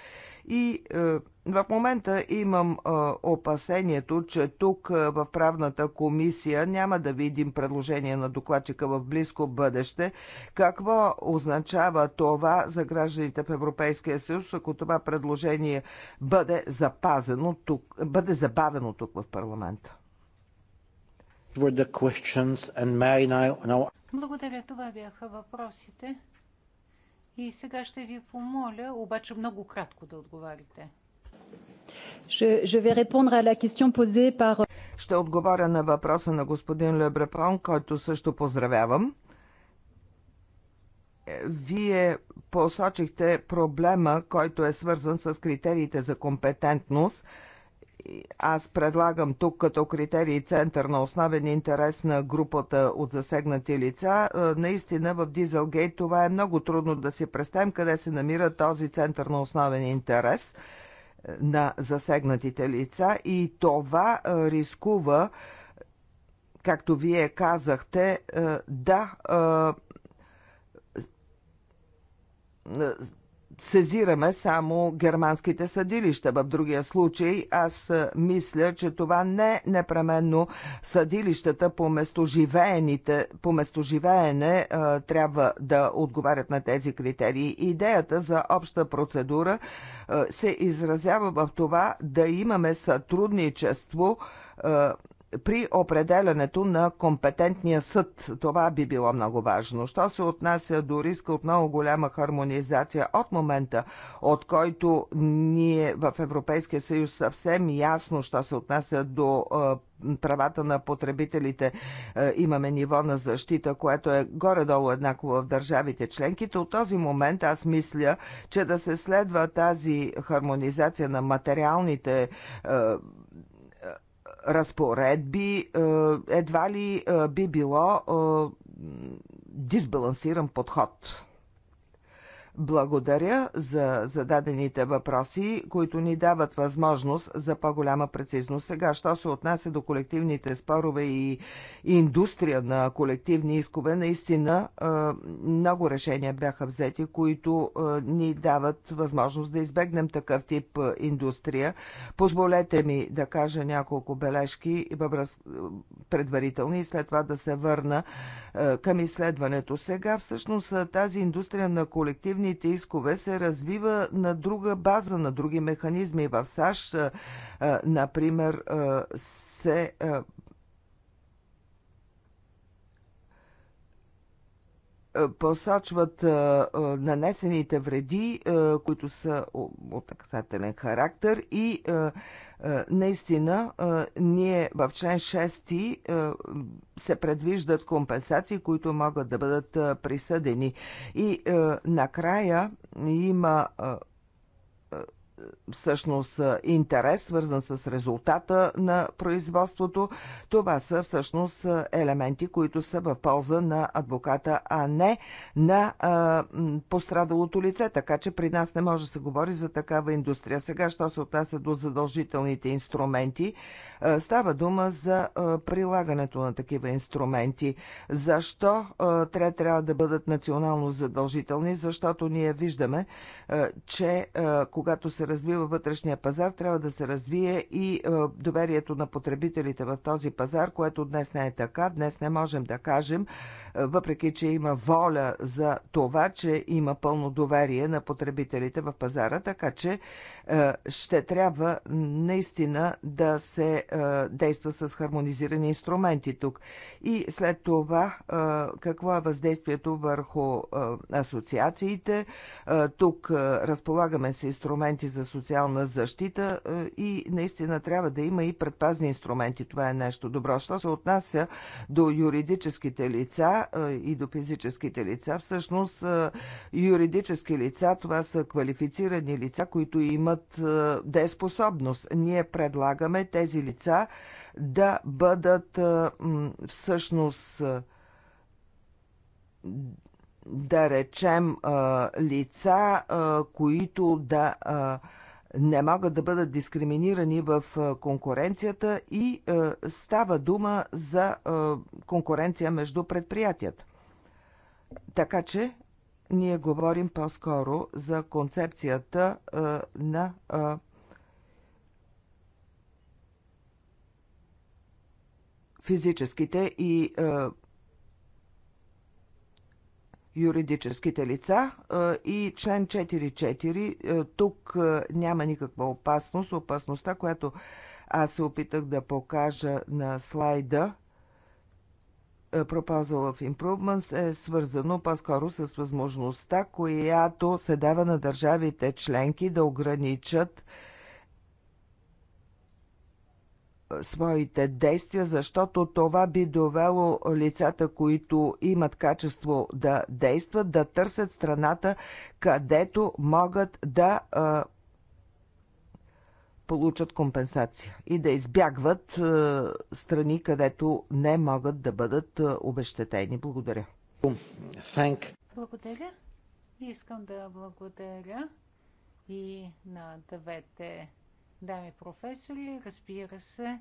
И е, в момента имам е, опасението, че тук е, в правната комисия няма да видим предложение на докладчика в близко бъдеще. Какво означава това за гражданите в Европейския съюз, ако това предложение бъде запазено тук, бъде забавено тук в парламента? Благодаря. Това бяха въпросите. И сега ще ви помоля, обаче много кратко да отговарите. Ще отговоря на въпроса на господин Лебрепон, който също поздравявам. Е, вие посочихте проблема, който е свързан с критериите за компетентност – аз предлагам тук като критерий център на основен интерес на групата от засегнати лица. Е, наистина в Дизелгейт това е много трудно да си представим къде се намира този център на основен интерес е, на засегнатите лица и това е, рискува, както вие казахте, да сезираме само германските съдилища. В другия случай аз мисля, че това не е непременно съдилищата по местоживеените, по местоживеене трябва да отговарят на тези критерии. Идеята за обща процедура се изразява в това да имаме сътрудничество при определенето на компетентния съд. Това би било много важно. Що се отнася до риска от много голяма хармонизация от момента, от който ние в Европейския съюз съвсем ясно, що се отнася до правата на потребителите имаме ниво на защита, което е горе-долу еднакво в държавите членките. От този момент аз мисля, че да се следва тази хармонизация на материалните разпоредби е, едва ли е, би било е, дисбалансиран подход. Благодаря за зададените въпроси, които ни дават възможност за по-голяма прецизност. Сега, що се отнася до колективните спорове и индустрия на колективни искове, наистина много решения бяха взети, които ни дават възможност да избегнем такъв тип индустрия. Позволете ми да кажа няколко бележки предварителни и след това да се върна към изследването. Сега всъщност тази индустрия на колективни съдебните искове се развива на друга база, на други механизми. В САЩ, например, се Е, посочват е, е, нанесените вреди, които са от наказателен характер и наистина ние в член 6 се предвиждат компенсации, които могат да бъдат присъдени. И накрая има всъщност е, интерес, свързан с резултата на производството. Това са всъщност е, елементи, които са в полза на адвоката, а не на а, пострадалото лице. Така че при нас не може да се говори за такава индустрия. Сега, що се отнася до задължителните инструменти, а, е, става дума за а, прилагането на такива инструменти. Защо те трябва да бъдат национално задължителни? Защото ние виждаме, а, че а, когато се се развива вътрешния пазар, трябва да се развие и е, доверието на потребителите в този пазар, което днес не е така. Днес не можем да кажем, е, въпреки че има воля за това, че има пълно доверие на потребителите в пазара, така че е, ще трябва наистина да се е, действа с хармонизирани инструменти тук. И след това е, какво е въздействието върху асоциациите. Тук разполагаме с инструменти за социална защита и наистина трябва да има и предпазни инструменти. Това е нещо добро. Що се отнася до юридическите лица и до физическите лица, всъщност юридически лица това са квалифицирани лица, които имат имат е, дееспособност. Ние предлагаме тези лица да бъдат е, всъщност е, да речем лица, които да не могат да бъдат дискриминирани в конкуренцията и става дума за конкуренция между предприятията. Така че ние говорим по-скоро за концепцията а, на а, физическите и а, юридическите лица и член 4.4. Тук няма никаква опасност. Опасността, която аз се опитах да покажа на слайда, Proposal е, of Improvements е свързано по-скоро с възможността, която се дава на държавите членки да ограничат е, своите действия, защото това би довело лицата, които имат качество да действат, да търсят страната, където могат да а, е, получат компенсация и да избягват е, страни, където не могат да бъдат е, обещетени. Благодаря. Thank. Благодаря. Искам да благодаря и на двете дами професори. Разбира се,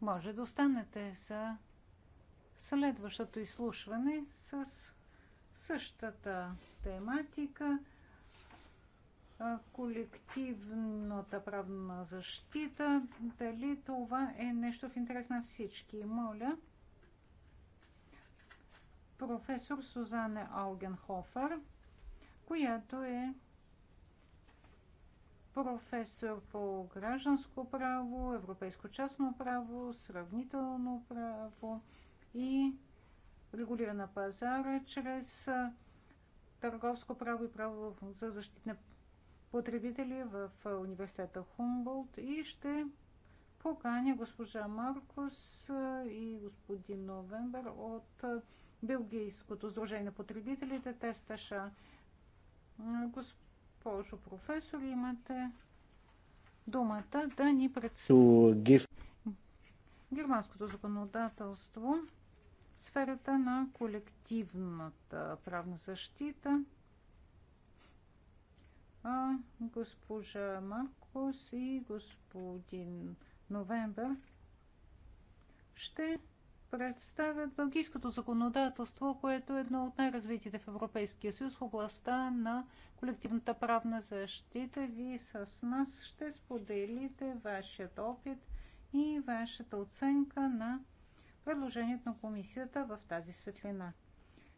може да останете за следващото изслушване с същата тематика колективната правна защита, дали това е нещо в интерес на всички. Моля, професор Сузане Аугенхофер, която е професор по гражданско право, европейско частно право, сравнително право и регулирана пазара чрез търговско право и право за защитна потребители в университета Хумболт и ще поканя госпожа Маркус и господин Новембер от Белгийското сдружение на потребителите Тесташа. Госпожо професор, имате думата да ни представи германското законодателство в сферата на колективната правна защита – а госпожа Маркос и господин Новембър ще представят бългийското законодателство, което е едно от най-развитите в Европейския съюз в областта на колективната правна защита. Вие с нас ще споделите вашият опит и вашата оценка на предложението на комисията в тази светлина.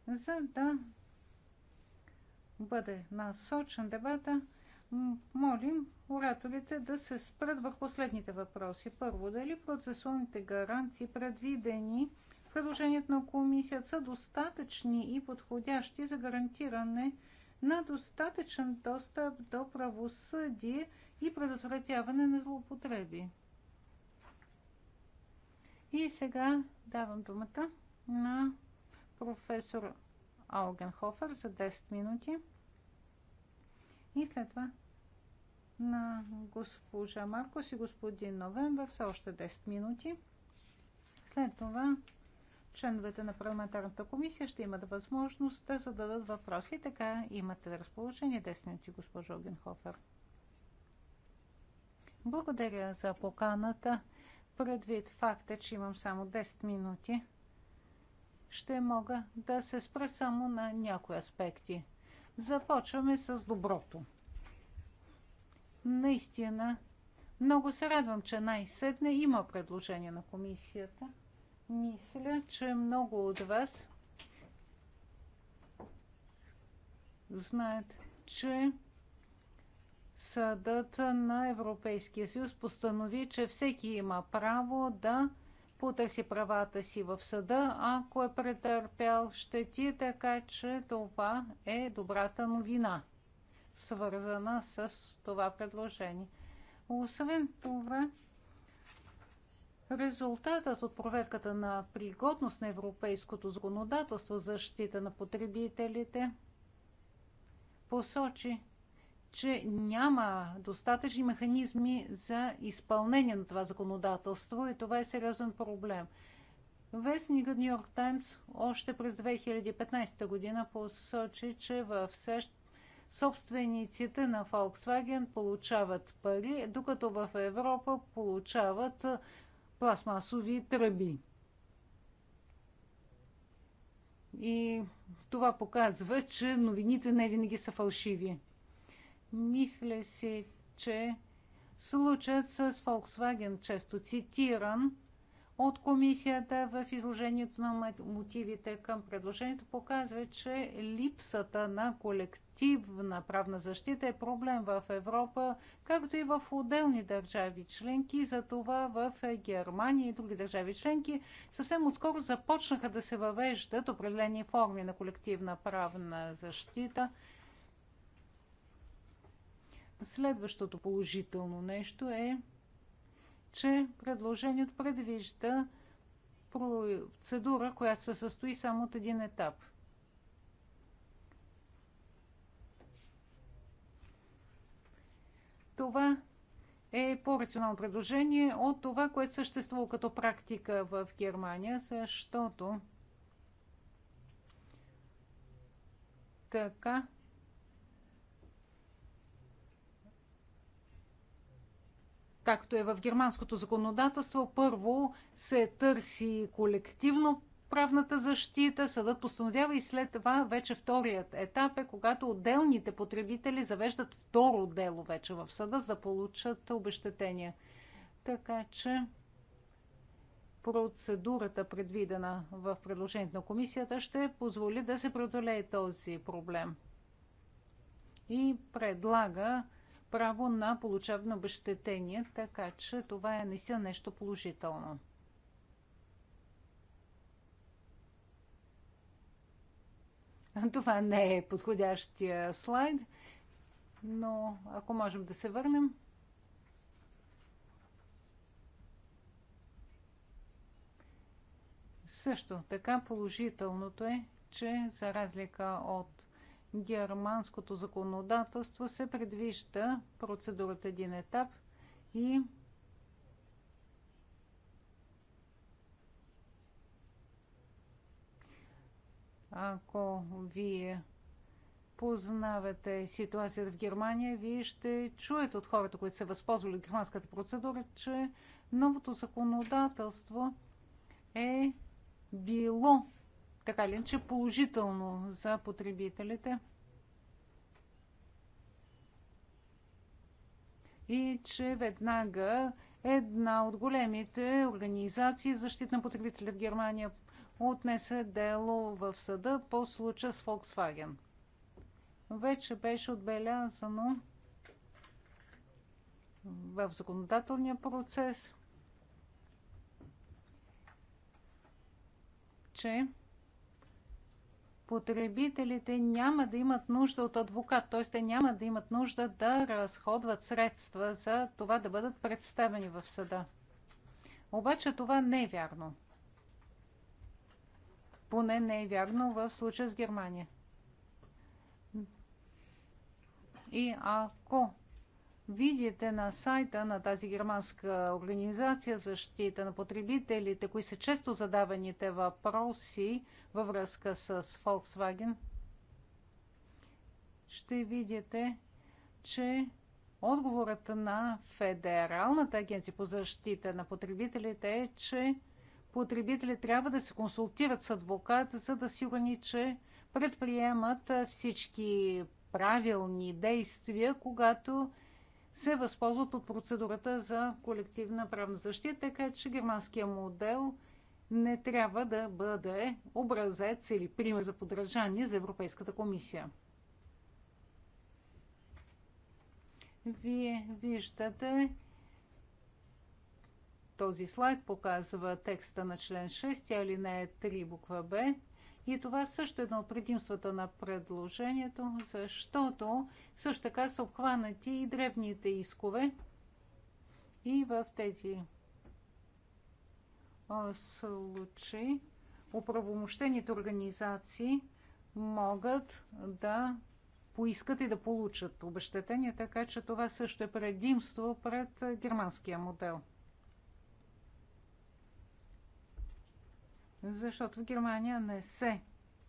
За да бъде насочен дебата, молим ораторите да се спрат върху последните въпроси. Първо, дали процесуалните гаранции, предвидени в предложението на комисията, са достатъчни и подходящи за гарантиране на достатъчен достъп до правосъдие и предотвратяване на злоупотреби. И сега давам думата на професор Аугенхофер за 10 минути. И след това на госпожа Маркос и господин Новембър все още 10 минути. След това членовете на парламентарната комисия ще имат възможност да зададат въпроси. Така имате разположение 10 минути, госпожо Огенхофер. Благодаря за поканата. Предвид факта, че имам само 10 минути, ще мога да се спра само на някои аспекти – Започваме с доброто. Наистина, много се радвам, че най-сетне има предложение на комисията. Мисля, че много от вас знаят, че Съдът на Европейския съюз постанови, че всеки има право да потърси правата си в съда, ако е претърпял щети, така че това е добрата новина, свързана с това предложение. Освен това, Резултатът от проверката на пригодност на европейското законодателство за защита на потребителите посочи, че няма достатъчни механизми за изпълнение на това законодателство и това е сериозен проблем. Вестникът Нью Йорк Таймс още през 2015 година посочи, че в САЩ собствениците на Volkswagen получават пари, докато в Европа получават пластмасови тръби. И това показва, че новините не винаги са фалшиви. Мисля си, че случаят с Volkswagen, често цитиран от комисията в изложението на мотивите към предложението, показва, че липсата на колективна правна защита е проблем в Европа, както и в отделни държави членки. Затова в Германия и други държави членки съвсем отскоро започнаха да се въвеждат определени форми на колективна правна защита – Следващото положително нещо е, че предложението предвижда процедура, която се състои само от един етап. Това е по-рационално предложение от това, което съществува като практика в Германия, защото така както е в германското законодателство, първо се търси колективно правната защита, съдът постановява и след това вече вторият етап е, когато отделните потребители завеждат второ дело вече в съда, за да получат обещетения. Така че процедурата, предвидена в предложението на комисията, ще позволи да се преодолее този проблем. И предлага право на получаване обещетение, така че това е наистина нещо положително. Това не е подходящия слайд, но ако можем да се върнем. Също така положителното е, че за разлика от германското законодателство се предвижда процедурата един етап и ако вие познавате ситуацията в Германия, вие ще чуете от хората, които се възползвали от германската процедура, че новото законодателство е било така ли, че положително за потребителите. И че веднага една от големите организации защита на потребителя в Германия отнесе дело в съда по случая с Volkswagen. Вече беше отбелязано в законодателния процес, че потребителите няма да имат нужда от адвокат, т.е. те няма да имат нужда да разходват средства за това да бъдат представени в съда. Обаче това не е вярно. Поне не е вярно в случая с Германия. И ако видите на сайта на тази германска организация защита на потребителите, кои са често задаваните въпроси във връзка с Volkswagen, ще видите, че отговорът на Федералната агенция по защита на потребителите е, че потребители трябва да се консултират с адвокат, за да сигурни, че предприемат всички правилни действия, когато се възползват от процедурата за колективна правна защита, така че германския модел не трябва да бъде образец или пример за подражание за Европейската комисия. Вие виждате този слайд показва текста на член 6, алинея 3, буква Б. И това също е едно от предимствата на предложението, защото също така са обхванати и древните искове. И в тези случаи оправомощените организации могат да поискат и да получат обещетение, така че това също е предимство пред германския модел. защото в Германия не се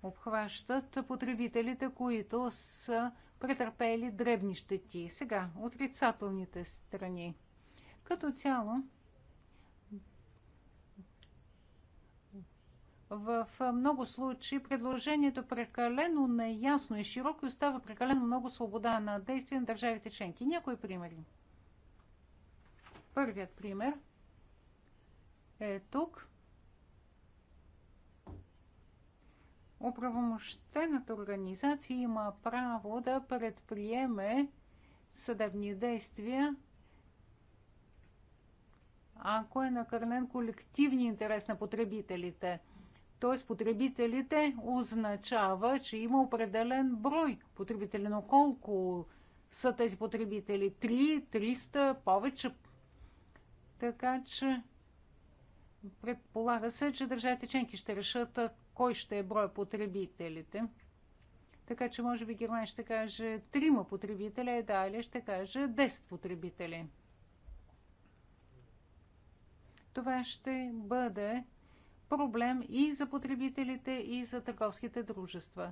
обхващат потребителите, които са претърпели дребни щети. Сега, отрицателните страни. Като цяло, в много случаи предложението прекалено неясно и широко и остава прекалено много свобода на действие на държавите членки. Някои примери. Първият пример е тук – оправомощената организация има право да предприеме съдебни действия, ако е накърнен колективния интерес на потребителите. Т.е. потребителите означава, че има определен брой потребители, но колко са тези потребители? 3, 300, повече. Така че предполага се, че държавите членки ще решат кой ще е брой потребителите. Така че може би Герман ще каже трима потребителя, е, далее ще каже 10 потребители. Това ще бъде проблем и за потребителите, и за търговските дружества.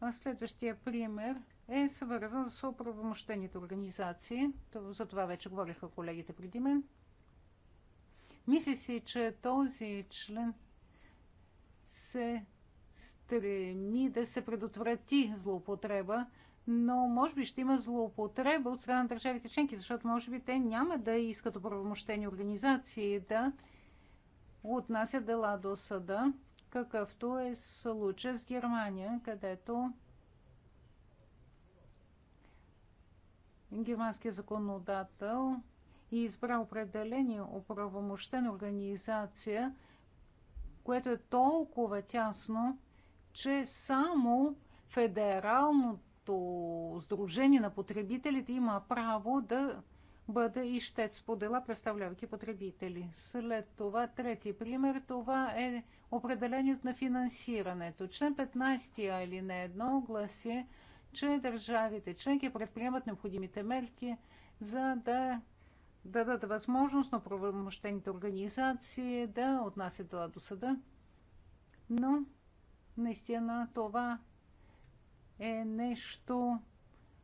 А следващия пример е свързан с оправомощените организации. За това вече говориха колегите преди мен. Мисля си, че този член се стреми да се предотврати злоупотреба, но може би ще има злоупотреба от страна на държавите членки, защото може би те няма да искат оправомощени организации да отнасят дела до съда, какъвто е случай с Германия, където германският законодател е избра определени оправомощена организация което е толкова тясно, че само Федералното сдружение на потребителите има право да бъде ищец по дела, представлявайки потребители. След това трети пример, това е определението на финансирането. Член 15 или не едно гласи, че държавите членки предприемат необходимите мерки, за да дадат възможност на правомощените организации да отнасят дела до съда. Но наистина това е нещо,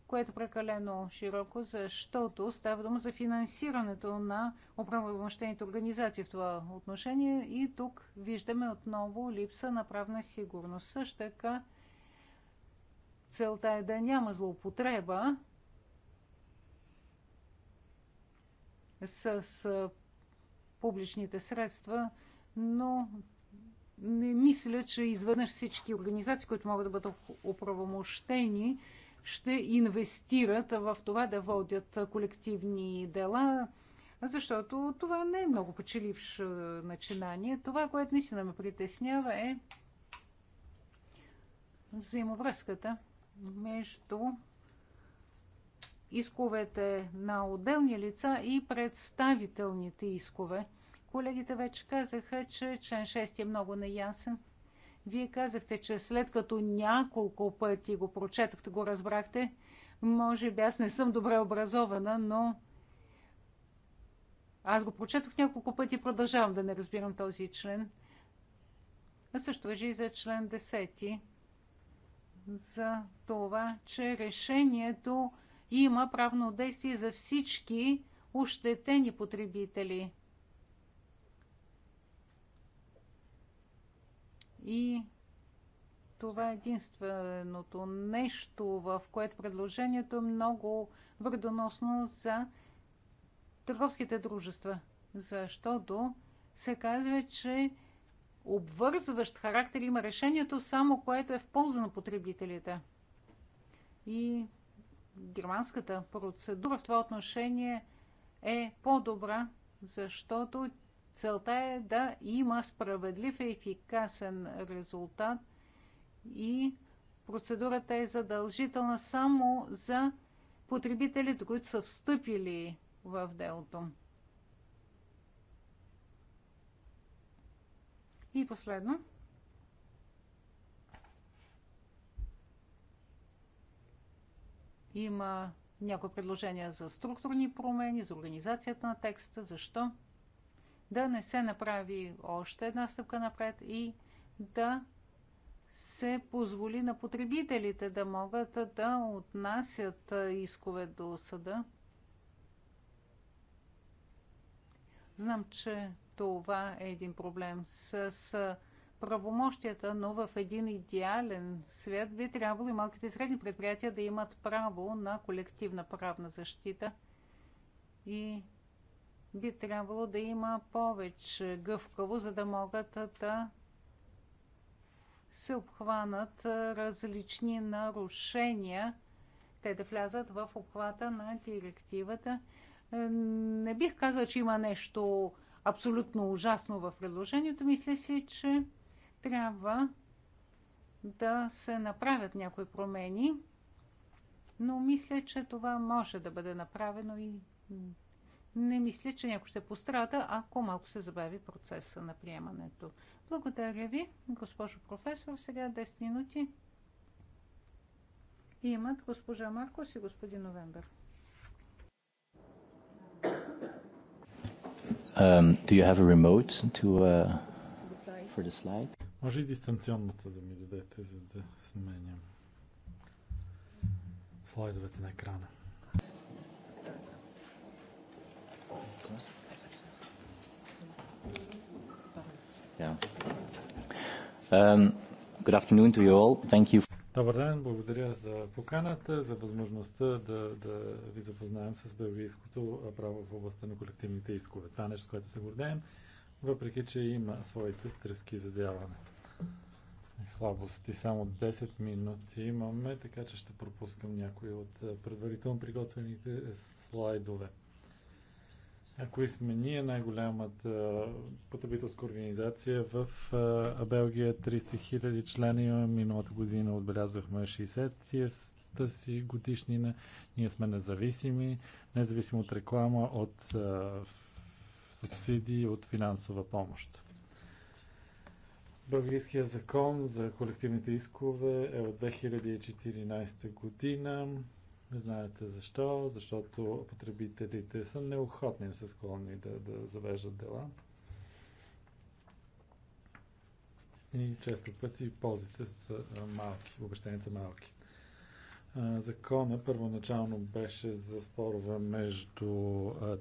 което е прекалено широко, защото става дума за финансирането на оправомощените организации в това отношение и тук виждаме отново липса на правна сигурност. Също така целта е да няма злоупотреба с публичните средства, но не мисля, че изведнъж всички организации, които могат да бъдат оправомощени, ще инвестират в това да водят колективни дела, защото това не е много печеливш начинание. Това, което наистина ме притеснява е взаимовръзката между исковете на отделни лица и представителните искове. Колегите вече казаха, че член 6 е много неясен. Вие казахте, че след като няколко пъти го прочетахте, го разбрахте. Може би аз не съм добре образована, но аз го прочетох няколко пъти и продължавам да не разбирам този член. А също въжи и за член 10. За това, че решението има правно действие за всички ощетени потребители. И това е единственото нещо, в което предложението е много вредоносно за търговските дружества. Защото се казва, че обвързващ характер има решението само, което е в полза на потребителите. И германската процедура в това отношение е по-добра, защото целта е да има справедлив и ефикасен резултат и процедурата е задължителна само за потребителите, които са встъпили в делото. И последно. Има някои предложения за структурни промени, за организацията на текста. Защо? Да не се направи още една стъпка напред и да се позволи на потребителите да могат да отнасят искове до съда. Знам, че това е един проблем с правомощията, но в един идеален свят би трябвало и малките и средни предприятия да имат право на колективна правна защита и би трябвало да има повече гъвкаво, за да могат да се обхванат различни нарушения, те да влязат в обхвата на директивата. Не бих казал, че има нещо абсолютно ужасно в предложението. Мисля си, че трябва да се направят някои промени, но мисля, че това може да бъде направено и не мисля, че някой ще пострада, ако малко се забави процеса на приемането. Благодаря ви, госпожо професор. Сега 10 минути имат госпожа Маркос и господин Новембер. Um, do you have a remote to, uh, for the slide? Може и дистанционната да ми дадете, за да сменям слайдовете на екрана. Добър ден, благодаря за поканата, за възможността да, да ви запознаем с бългийското право в областта на колективните искове. Това е нещо, което се гордеем, въпреки че има своите трески за слабости. Само 10 минути имаме, така че ще пропускам някои от е, предварително приготвените слайдове. Ако сме ние най-голямата е, потребителска организация в е, Белгия, 300 000 члена имаме. Миналата година отбелязахме 60-та си годишнина. Ние сме независими, независимо от реклама, от субсидии, от финансова помощ. Бългийския закон за колективните искове е от 2014 година. Не знаете защо, защото потребителите са неохотни, и са склонни да, да завеждат дела. И често пъти ползите са малки, обещаните са малки. Закона първоначално беше за спорове между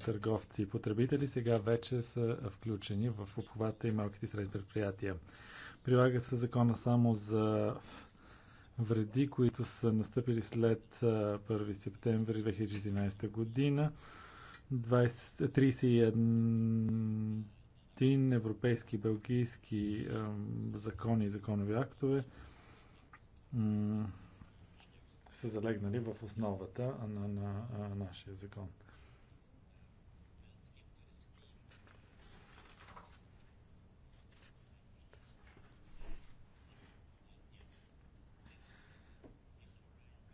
търговци и потребители, сега вече са включени в обхвата и малките и средни предприятия. Прилага се закона само за вреди, които са настъпили след 1 септември 2014 година. 31 европейски и белгийски закони и законови актове са залегнали в основата на, на, на нашия закон.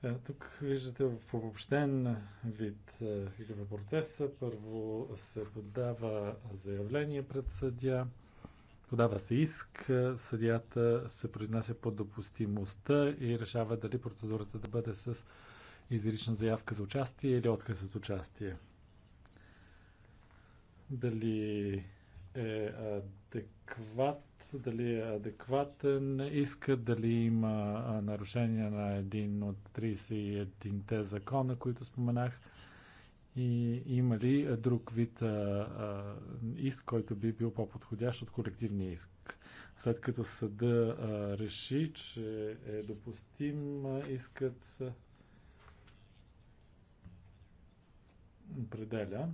Да, е, тук виждате в обобщен вид какъв е процеса. Първо се подава заявление пред съдя, подава се иск, е, съдията се произнася по допустимостта и решава дали процедурата да бъде с изрична заявка за участие или отказ от участие. Дали е адекват, дали е адекватен искат, дали има нарушения на един от 31-те закона, които споменах. И има ли друг вид а, а, иск, който би бил по-подходящ от колективния иск? След като съда а, реши, че е допустим, а, искът определя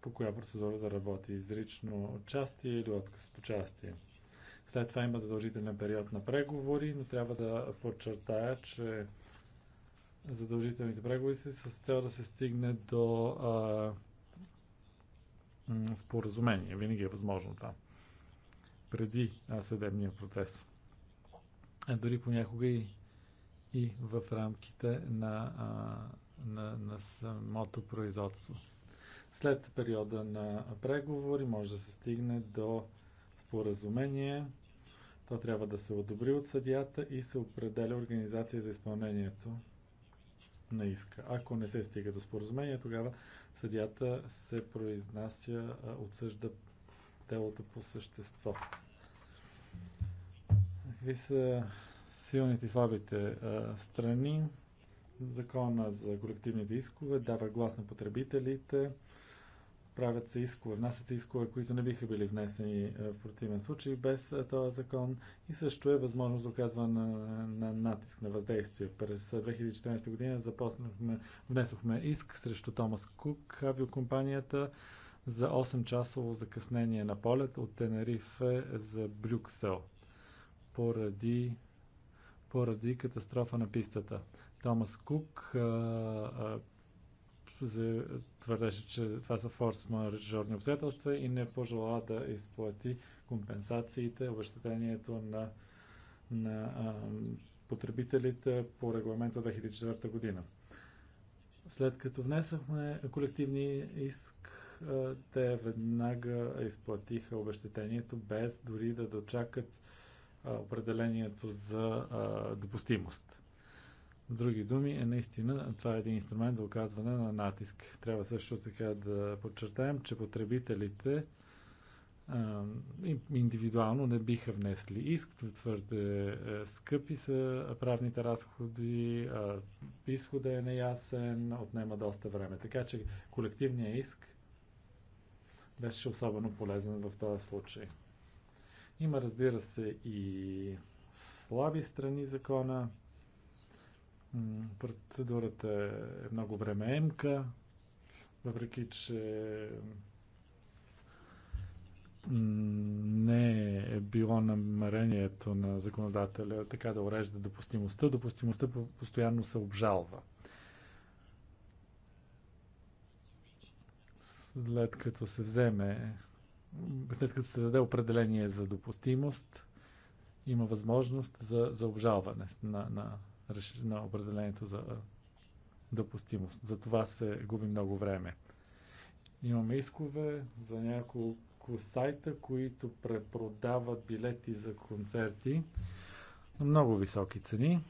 по коя процедура да работи. Изрично участие или отказ от участие. След това има задължителен период на преговори, но трябва да подчертая, че задължителните преговори са с цел да се стигне до а, споразумение. Винаги е възможно това. Преди съдебния процес. А дори понякога и, и в рамките на, а, на, на самото производство. След периода на преговори може да се стигне до споразумение. То трябва да се одобри от съдията и се определя организация за изпълнението на иска. Ако не се стига до споразумение, тогава съдията се произнася, отсъжда делото по същество. Какви са силните и слабите а, страни? Закона за колективните искове дава глас на потребителите, правят се искове, внасят се искове, които не биха били внесени е, в противен случай без е, този закон и също е възможност за оказване на, на натиск, на въздействие. През 2014 е, година започнахме, внесохме иск срещу Томас Кук, авиокомпанията, за 8-часово закъснение на полет от Тенерифе за Брюксел поради, поради катастрофа на пистата. Томас Кук а, а, за, твърдеше, че това са форс-мажорни обстоятелства и не пожела да изплати компенсациите, обещатението на, на а, потребителите по регламента 2004 година. След като внесохме колективни иск, те веднага изплатиха обещетението, без дори да дочакат определението за допустимост други думи, е наистина това е един инструмент за оказване на натиск. Трябва също така да подчертаем, че потребителите а, индивидуално не биха внесли иск. Твърде е, скъпи са правните разходи, а, изхода е неясен, отнема доста време. Така че колективният иск беше особено полезен в този случай. Има, разбира се, и слаби страни закона. Процедурата е много времеемка, въпреки че не е било намерението на законодателя така да урежда допустимостта. Допустимостта постоянно се обжалва. След като се вземе, след като се даде определение за допустимост, има възможност за, за обжалване на, на на определението за допустимост. За това се губи много време. Имаме искове за няколко сайта, които препродават билети за концерти на много високи цени.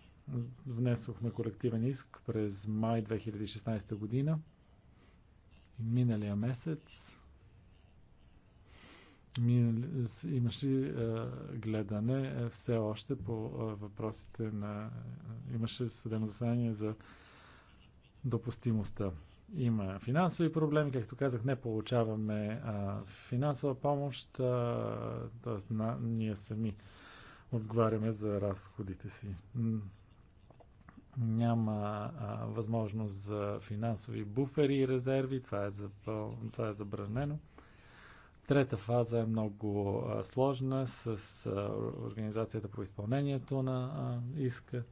Внесохме колективен иск през май 2016 година. И миналия месец имаше гледане все още по въпросите на... Имаше съдебно заседание за допустимостта. Има финансови проблеми, както казах, не получаваме а, финансова помощ, т.е. ние сами отговаряме за разходите си. Няма а, възможност за финансови буфери и резерви, това е, това е забранено. Трета фаза е много а, сложна с а, организацията по изпълнението на а, иска.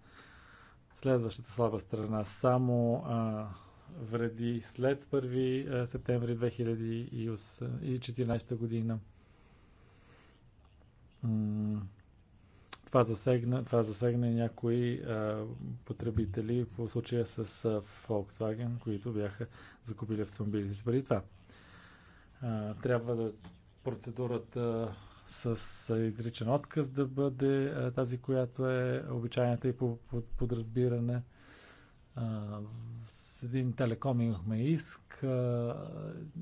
Следващата слаба страна само а, вреди след 1 септември 2014 година. Това засегна, това засегна някои а, потребители по случая с а, Volkswagen, които бяха закупили автомобили преди това а, трябва да процедурата с изричен отказ да бъде а, тази, която е обичайната и по, подразбиране. с един телеком имахме иск а,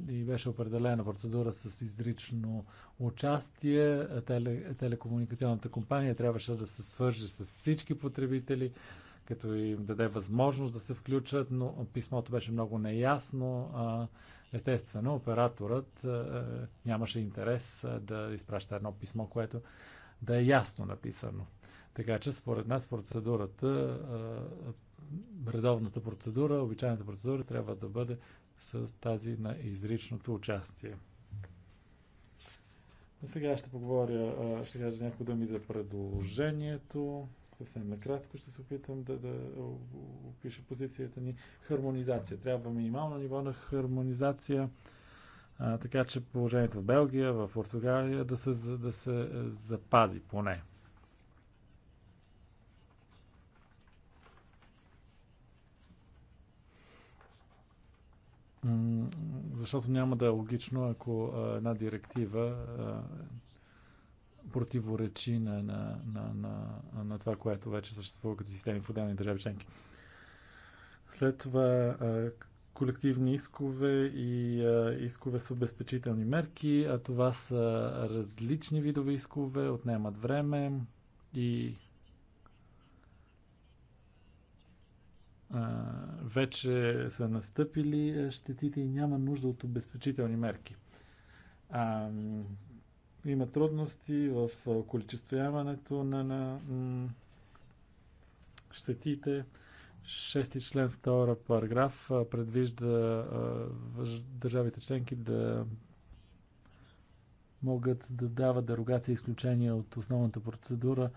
и беше определена процедура с изрично участие. Теле, телекомуникационната компания трябваше да се свърже с всички потребители, като им даде възможност да се включат, но писмото беше много неясно. А, Естествено, операторът е, е, нямаше интерес е, да изпраща едно писмо, което да е ясно написано. Така че, според нас, процедурата, редовната процедура, обичайната процедура трябва да бъде с тази на изричното участие. Сега ще поговоря, ще кажа някои думи за предложението. Съвсем накратко ще се опитам да, да опиша позицията ни. Хармонизация. Трябва минимално ниво на хармонизация, а, така че положението в Белгия, в Португалия да се, да се е, запази поне. защото няма да е логично, ако една директива противоречи на, на, на, на, на това, което вече съществува като системи в отделни държави членки. След това колективни искове и а, искове с обезпечителни мерки, а това са различни видове искове, отнемат време и а, вече са настъпили щетите и няма нужда от обезпечителни мерки. А, има трудности в количествяването на, на щетите. Шести член, втора параграф предвижда държавите членки да могат да дават дерогация и изключения от основната процедура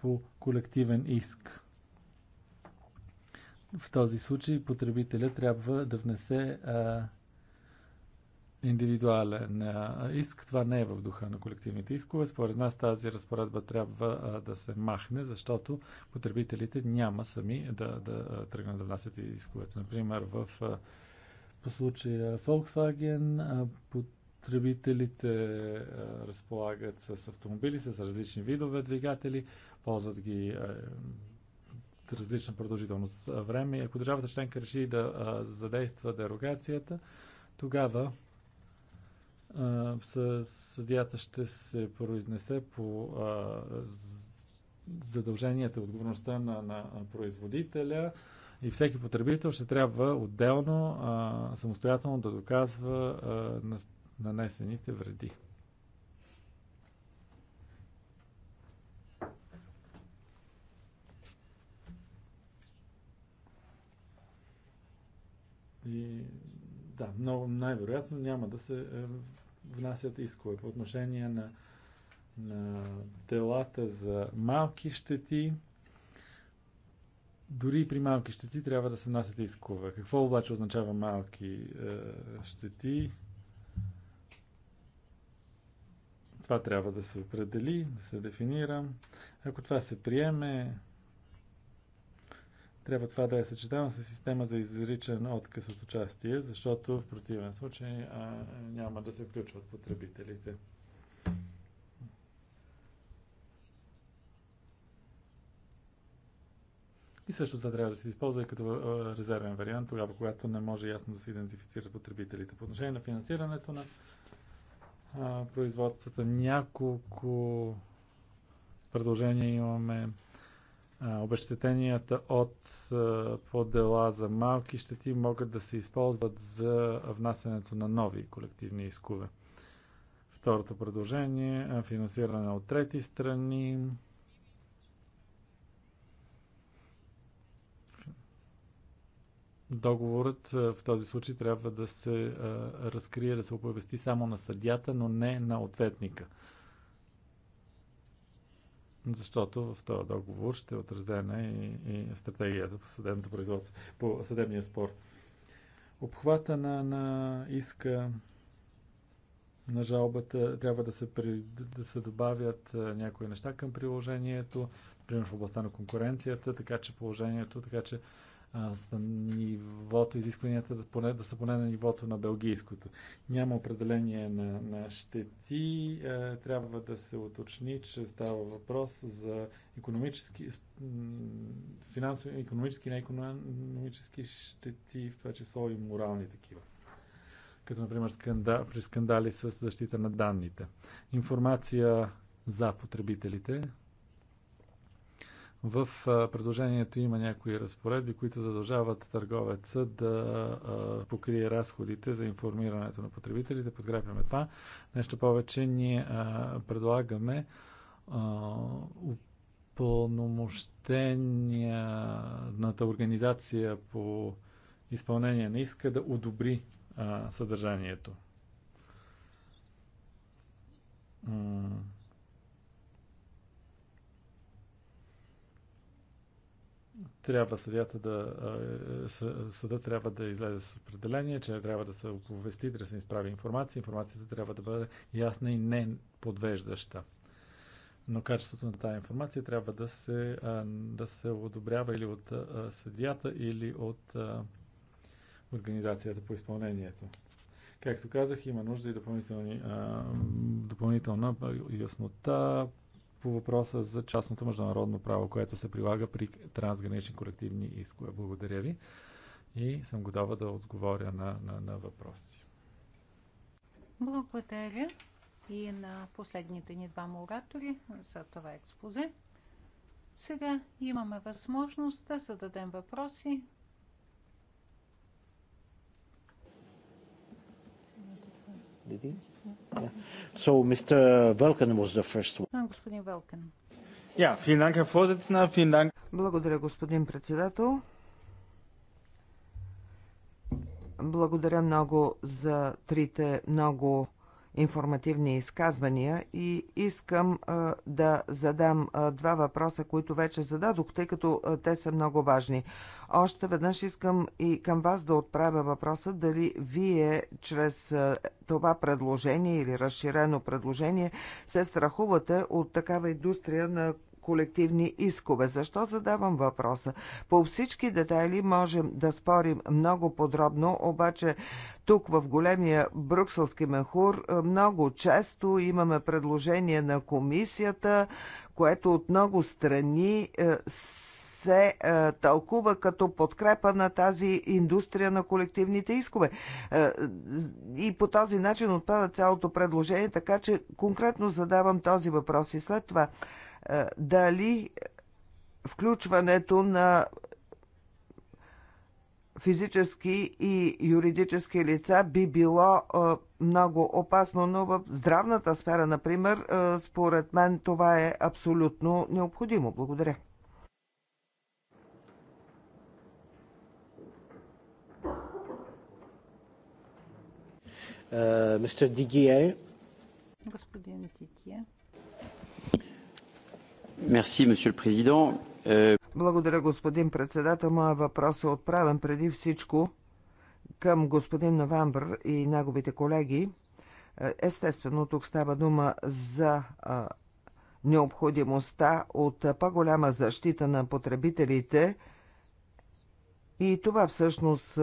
по колективен иск. В този случай потребителя трябва да внесе а, индивидуален иск. Това не е в духа на колективните искове. Според нас тази разпоредба трябва да се махне, защото потребителите няма сами да, да тръгнат да внасят исковете. Например, в по случая Volkswagen потребителите разполагат с автомобили с различни видове двигатели, ползват ги различна продължителност време. Ако държавата членка реши да задейства дерогацията, тогава съдията ще се произнесе по задълженията и отговорността на, на производителя и всеки потребител ще трябва отделно, а, самостоятелно да доказва а, нанесените вреди. И да, много най-вероятно няма да се е, внасят искове по отношение на, на делата за малки щети. Дори при малки щети трябва да се внасят искове. Какво обаче означава малки е, щети? Това трябва да се определи, да се дефинира. Ако това се приеме, трябва това да е съчетано с система за изричен отказ от участие, защото в противен случай а, няма да се включват потребителите. И също това трябва да се използва и като резервен вариант, тогава когато не може ясно да се идентифицират потребителите. По отношение на финансирането на а, производствата, няколко предложения имаме Обещетенията от по дела за малки щети могат да се използват за внасянето на нови колективни искове. Второто предложение финансиране от трети страни. договорът в този случай трябва да се разкрие, да се оповести само на съдята, но не на ответника защото в този договор ще е отразена и, и стратегията по съдебното производство, по съдебния спор. Обхвата на, на иска на жалбата трябва да се, при, да се добавят някои неща към приложението, например в областта на конкуренцията, така че положението, така че са нивото, изискванията да, поне, да са поне на нивото на белгийското. Няма определение на, на щети. Трябва да се уточни, че става въпрос за економически, финансови, економически и неекономически щети, в това число и морални такива като например сканда, при скандали с защита на данните. Информация за потребителите, в предложението има някои разпоредби, които задължават търговеца да покрие разходите за информирането на потребителите. Подкрепяме това. Нещо повече ние предлагаме пълномощената организация по изпълнение на иска да одобри съдържанието. трябва съдята да, е, съда трябва да излезе с определение, че не трябва да се оповести, да се изправи информация. Информацията трябва да бъде ясна и не подвеждаща. Но качеството на тази информация трябва да се, да се одобрява или от съдията, или от организацията по изпълнението. Както казах, има нужда и допълнителна яснота по въпроса за частното международно право, което се прилага при трансгранични колективни искове. Благодаря ви и съм готова да отговоря на, на, на въпроси. Благодаря и на последните ни двама оратори за това експозе. Сега имаме възможност да зададем въпроси Благодаря, господин председател. Благодаря много за трите много информативни изказвания и искам а, да задам а, два въпроса, които вече зададох, тъй като а, те са много важни. Още веднъж искам и към вас да отправя въпроса дали вие чрез а, това предложение или разширено предложение се страхувате от такава индустрия на колективни искове. Защо задавам въпроса? По всички детайли можем да спорим много подробно, обаче тук в големия брюкселски мехур е, много често имаме предложение на комисията, което от много страни е, се е, тълкува като подкрепа на тази индустрия на колективните искове. Е, и по този начин отпада цялото предложение, така че конкретно задавам този въпрос и след това. Е, дали включването на физически и юридически лица би било е, много опасно, но в здравната сфера, например, е, според мен това е абсолютно необходимо. Благодаря. Мистер Дигие. Господин Дигие. Merci, monsieur le président. Euh, Благодаря, господин председател. Моя въпрос е отправен преди всичко към господин Новамбър и неговите колеги. Е, естествено, тук става дума за необходимостта от по-голяма защита на потребителите и това всъщност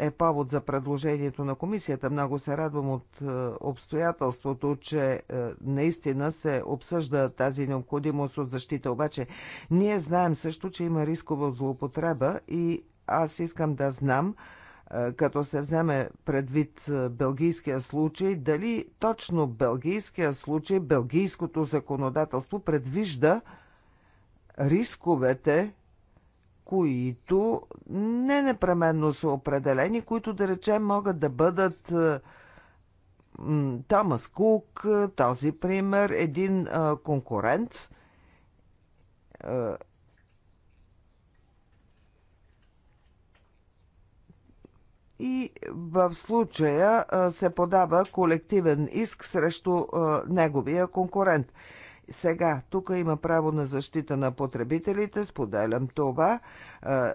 е повод за предложението на комисията. Много се радвам от е, обстоятелството, че е, наистина се обсъжда тази необходимост от защита. Обаче ние знаем също, че има рискова от злоупотреба и аз искам да знам, е, като се вземе предвид белгийския случай, дали точно белгийския случай, белгийското законодателство предвижда рисковете които не непременно са определени, които да речем могат да бъдат е, Томас Кук, е, този пример, един а, е, конкурент. и в случая а, се подава колективен иск срещу а, неговия конкурент. А, сега, тук има право на защита на потребителите, споделям това.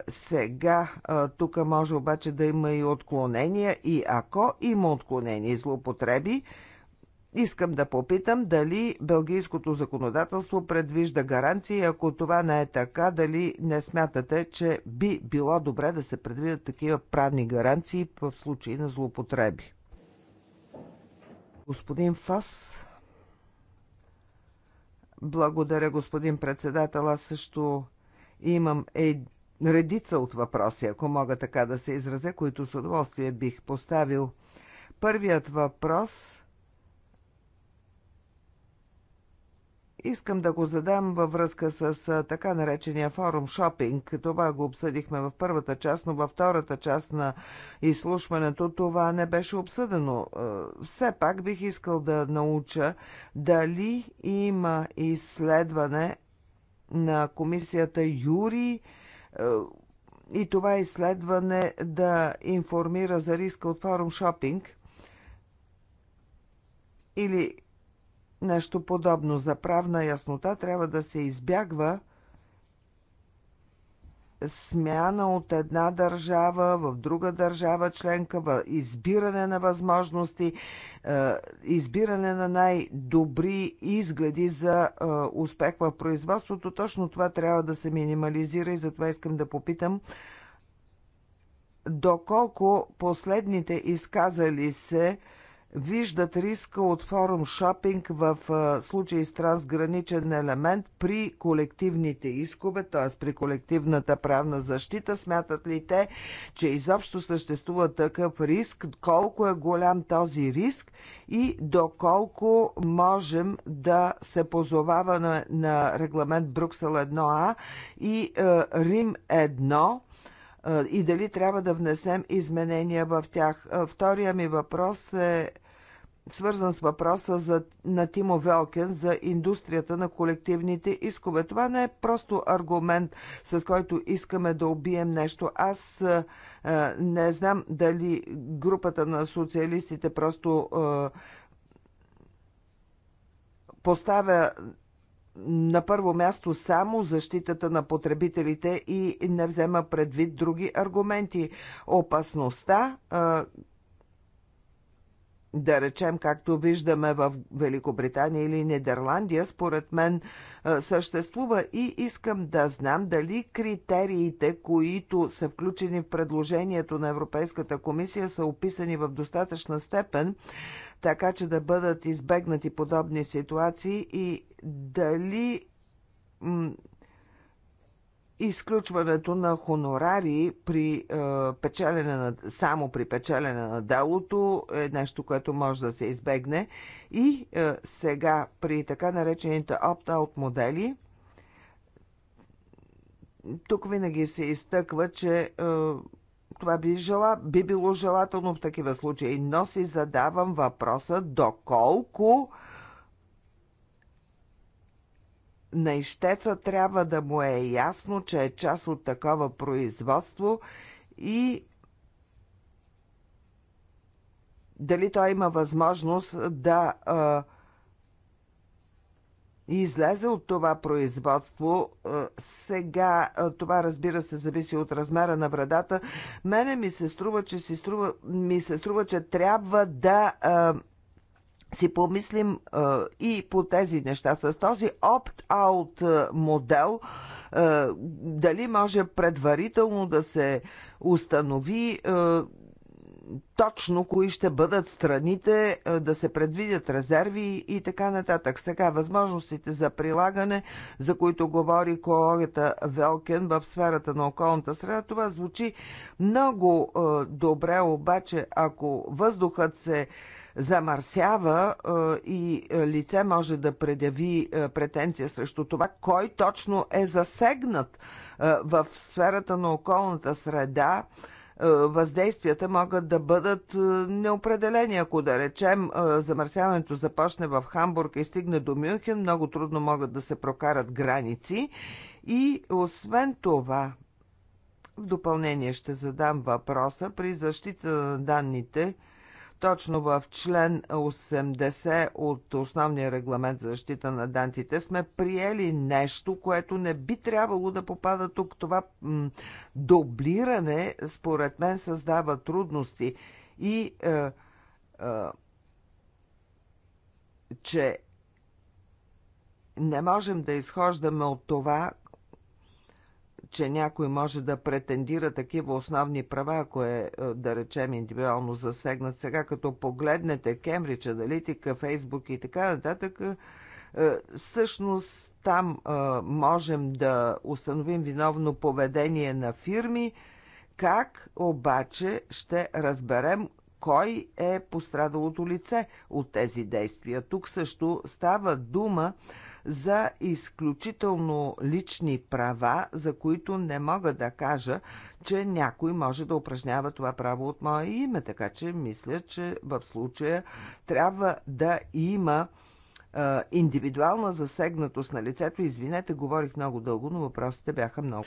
Сега, тук може обаче да има и отклонения и ако има отклонения и злоупотреби, Искам да попитам дали бългийското законодателство предвижда гаранции, ако това не е така, дали не смятате, че би било добре да се предвидят такива правни гаранции в случай на злоупотреби. Господин Фос. Благодаря, господин председател. Аз също имам е, редица от въпроси, ако мога така да се изразя, които с удоволствие бих поставил. Първият въпрос Искам да го задам във връзка с така наречения форум шопинг. Това го обсъдихме в първата част, но във втората част на изслушването това не беше обсъдено. Все пак бих искал да науча дали има изследване на комисията Юри и това изследване да информира за риска от форум шопинг или нещо подобно. За правна яснота трябва да се избягва смяна от една държава в друга държава членка, избиране на възможности, е, избиране на най-добри изгледи за е, успех в производството. Точно това трябва да се минимализира и затова искам да попитам доколко последните изказали се виждат риска от форум шопинг в случай с трансграничен елемент при колективните искове, т.е. при колективната правна защита? Смятат ли те, че изобщо съществува такъв риск? Колко е голям този риск и доколко можем да се позоваваме на регламент Бруксел 1А и Рим 1? и дали трябва да внесем изменения в тях. Втория ми въпрос е свързан с въпроса за, на Тимо Велкен за индустрията на колективните искове. Това не е просто аргумент, с който искаме да убием нещо. Аз а, не знам дали групата на социалистите просто а, поставя на първо място само защитата на потребителите и не взема предвид други аргументи. Опасността, да речем, както виждаме в Великобритания или Нидерландия, според мен съществува и искам да знам дали критериите, които са включени в предложението на Европейската комисия, са описани в достатъчна степен, така че да бъдат избегнати подобни ситуации и дали изключването на хонорари при е, печалене на, само при печалене на делото е нещо, което може да се избегне. И е, сега при така наречените opt-out модели, тук винаги се изтъква, че е, това би, жела, би било желателно в такива случаи, но си задавам въпроса доколко на ищеца трябва да му е ясно, че е част от такова производство и дали той има възможност да а, излезе от това производство. Сега това разбира се зависи от размера на вредата. Мене ми се струва, че, си струва, ми се струва, че трябва да а, си помислим и по тези неща. С този опт-аут модел, дали може предварително да се установи точно кои ще бъдат страните, да се предвидят резерви и така нататък. Сега възможностите за прилагане, за които говори колегата Велкен в сферата на околната среда, това звучи много добре, обаче ако въздухът се замърсява и лице може да предяви претенция срещу това, кой точно е засегнат в сферата на околната среда, въздействията могат да бъдат неопределени. Ако да речем замърсяването започне в Хамбург и стигне до Мюнхен, много трудно могат да се прокарат граници. И освен това, в допълнение ще задам въпроса при защита на данните – точно в член 80 от основния регламент за защита на дантите сме приели нещо, което не би трябвало да попада тук. Това дублиране, според мен, създава трудности и е, е, че не можем да изхождаме от това, че някой може да претендира такива основни права, ако е, е, да речем, индивидуално засегнат. Сега, като погледнете Кембридж, Аналитика, Фейсбук и така нататък, е, всъщност там е, можем да установим виновно поведение на фирми. Как обаче ще разберем кой е пострадалото лице от тези действия? Тук също става дума за изключително лични права, за които не мога да кажа, че някой може да упражнява това право от мое име. Така че мисля, че в случая трябва да има индивидуална засегнатост на лицето. Извинете, говорих много дълго, но въпросите бяха много.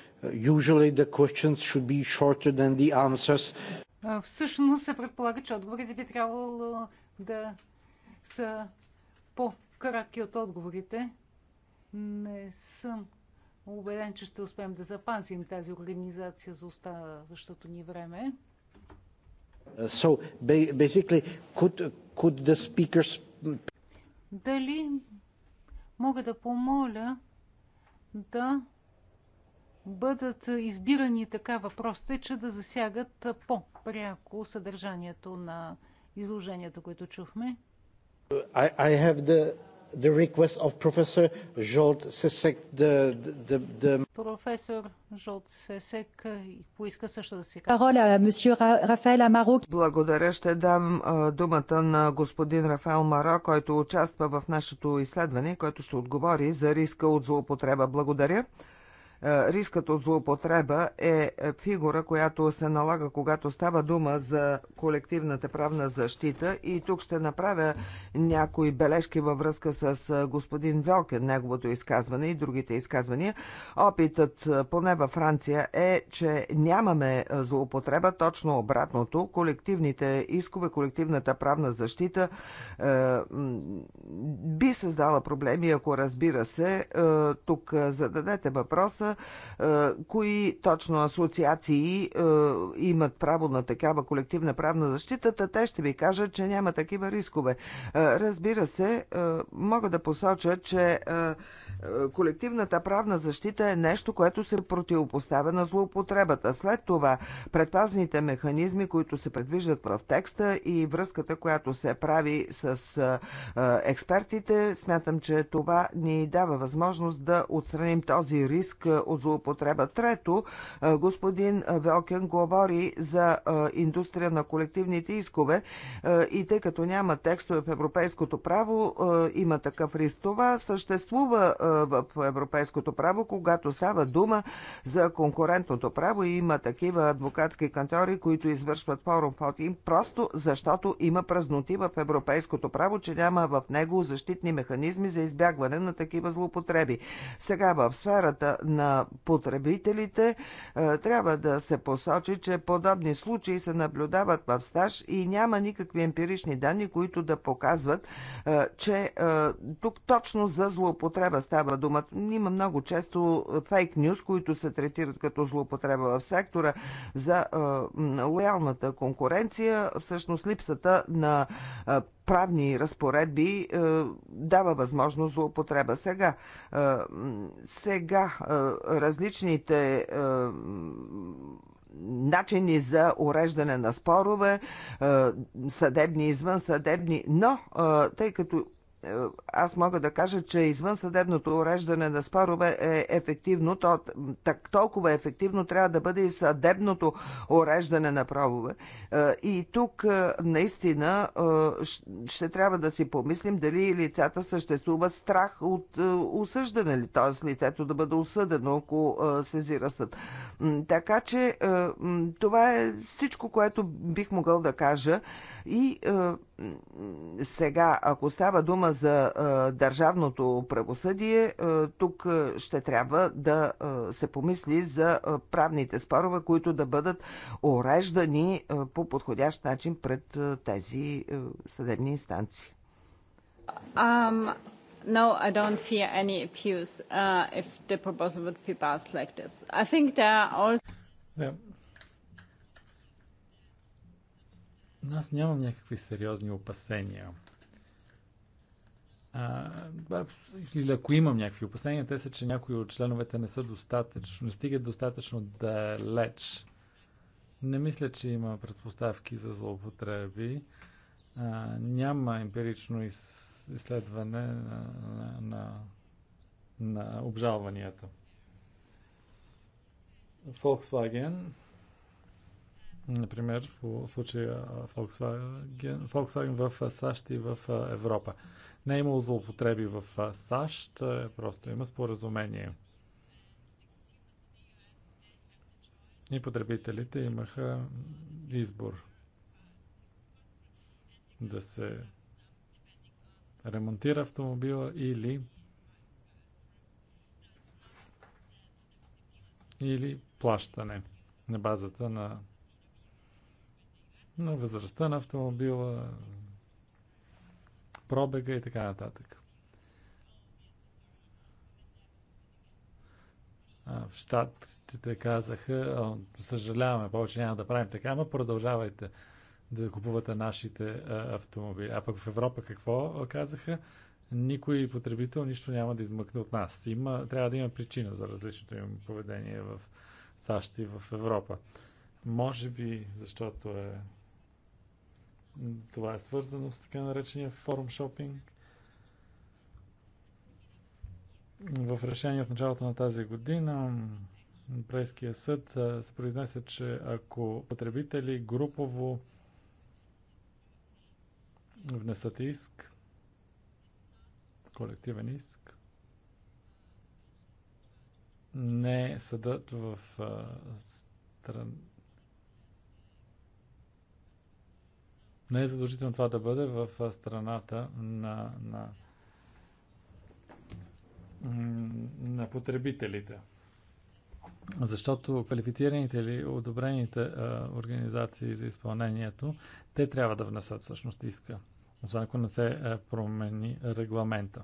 Всъщност се предполага, че отговорите би трябвало да са по-кратки от отговорите. Не съм убеден, че ще успеем да запазим тази организация за оставащото ни време. Uh, so, basically, could, could the speakers... Дали мога да помоля да бъдат избирани така въпросите, че да засягат по-пряко съдържанието на изложенията, които чухме? I, I have the the request of Professor Jolt Sesek. The, the, the... Professor Jolt Sesek поиска също да си каже. Пароля, месье Рафаел Амаро. Благодаря, ще дам думата на господин Рафаел Маро, който участва в нашето изследване, който ще отговори за риска от злоупотреба. Благодаря. Е, рискът от злоупотреба е, е фигура, която се налага, когато става дума за колективната правна защита. И тук ще направя някои бележки във връзка с е, господин Велкен, неговото изказване и другите изказвания. Опитът, поне във Франция, е, че нямаме злоупотреба, точно обратното. Колективните искове, колективната правна защита би създала проблеми, ако разбира се, тук зададете въпроса, е, е, кои точно асоциации е, имат право на такава колективна правна защита, те ще ви кажат, че няма такива рискове. Разбира се, мога да посоча, че колективната правна защита е нещо, което се противопоставя на злоупотребата. След това предпазните механизми, които се предвиждат в текста и връзката, която се прави с експертите, смятам, че това ни дава възможност да отстраним този риск от злоупотреба. Трето, господин Велкен говори за индустрия на колективните искове и тъй като няма текстове в европейското право, има такъв риск. Това съществува в европейското право, когато става дума за конкурентното право и има такива адвокатски кантори, които извършват форум им, просто защото има празноти в европейското право, че няма в него защитни механизми за избягване на такива злоупотреби. Сега в сферата на потребителите е, трябва да се посочи, че подобни случаи се наблюдават в стаж и няма никакви емпирични данни, които да показват, е, че е, тук точно за злоупотреба става става дума. Има много често фейк нюз, които се третират като злоупотреба в сектора за лоялната конкуренция. Всъщност липсата на правни разпоредби дава възможност злоупотреба Сега, сега различните начини за уреждане на спорове, съдебни, извънсъдебни, но тъй като аз мога да кажа, че извън съдебното уреждане на спорове е ефективно, то, так, толкова ефективно трябва да бъде и съдебното уреждане на правове. Е, и тук е, наистина е, ще трябва да си помислим дали лицата съществува страх от осъждане ли, т.е. лицето да бъде осъдено, ако сезира съд. Така че това е всичко, което бих могъл да кажа и сега, ако става дума за а, държавното правосъдие, а, тук ще трябва да а, се помисли за а, правните спорове, които да бъдат уреждани а, по подходящ начин пред а, тези а, съдебни инстанции. Um, no, I don't fear any abuse uh, if the proposal would be passed like this. I think there are also... Yeah. аз нямам някакви сериозни опасения. А, или ако имам някакви опасения, те са, че някои от членовете не са достатъчно, не стигат достатъчно далеч. Не мисля, че има предпоставки за злоупотреби. А, няма емпирично из, изследване на, на, на, на обжалванията. Volkswagen например, по случая Volkswagen, Volkswagen в САЩ и в Европа. Не е имало злоупотреби в САЩ, просто има споразумение. И потребителите имаха избор да се ремонтира автомобила или или плащане на базата на на възрастта на автомобила, пробега и така нататък. в щатите казаха, съжаляваме, повече няма да правим така, ама продължавайте да купувате нашите автомобили. А пък в Европа какво казаха? Никой потребител нищо няма да измъкне от нас. Има, трябва да има причина за различното им поведение в САЩ и в Европа. Може би, защото е това е свързано с така наречения форум шопинг. В решение от началото на тази година Брейския съд се произнесе, че ако потребители групово внесат иск, колективен иск, не съдът в стран... Не е задължително това да бъде в страната на, на, на потребителите. Защото квалифицираните или одобрените а, организации за изпълнението, те трябва да внесат всъщност иска, освен ако не се промени регламента.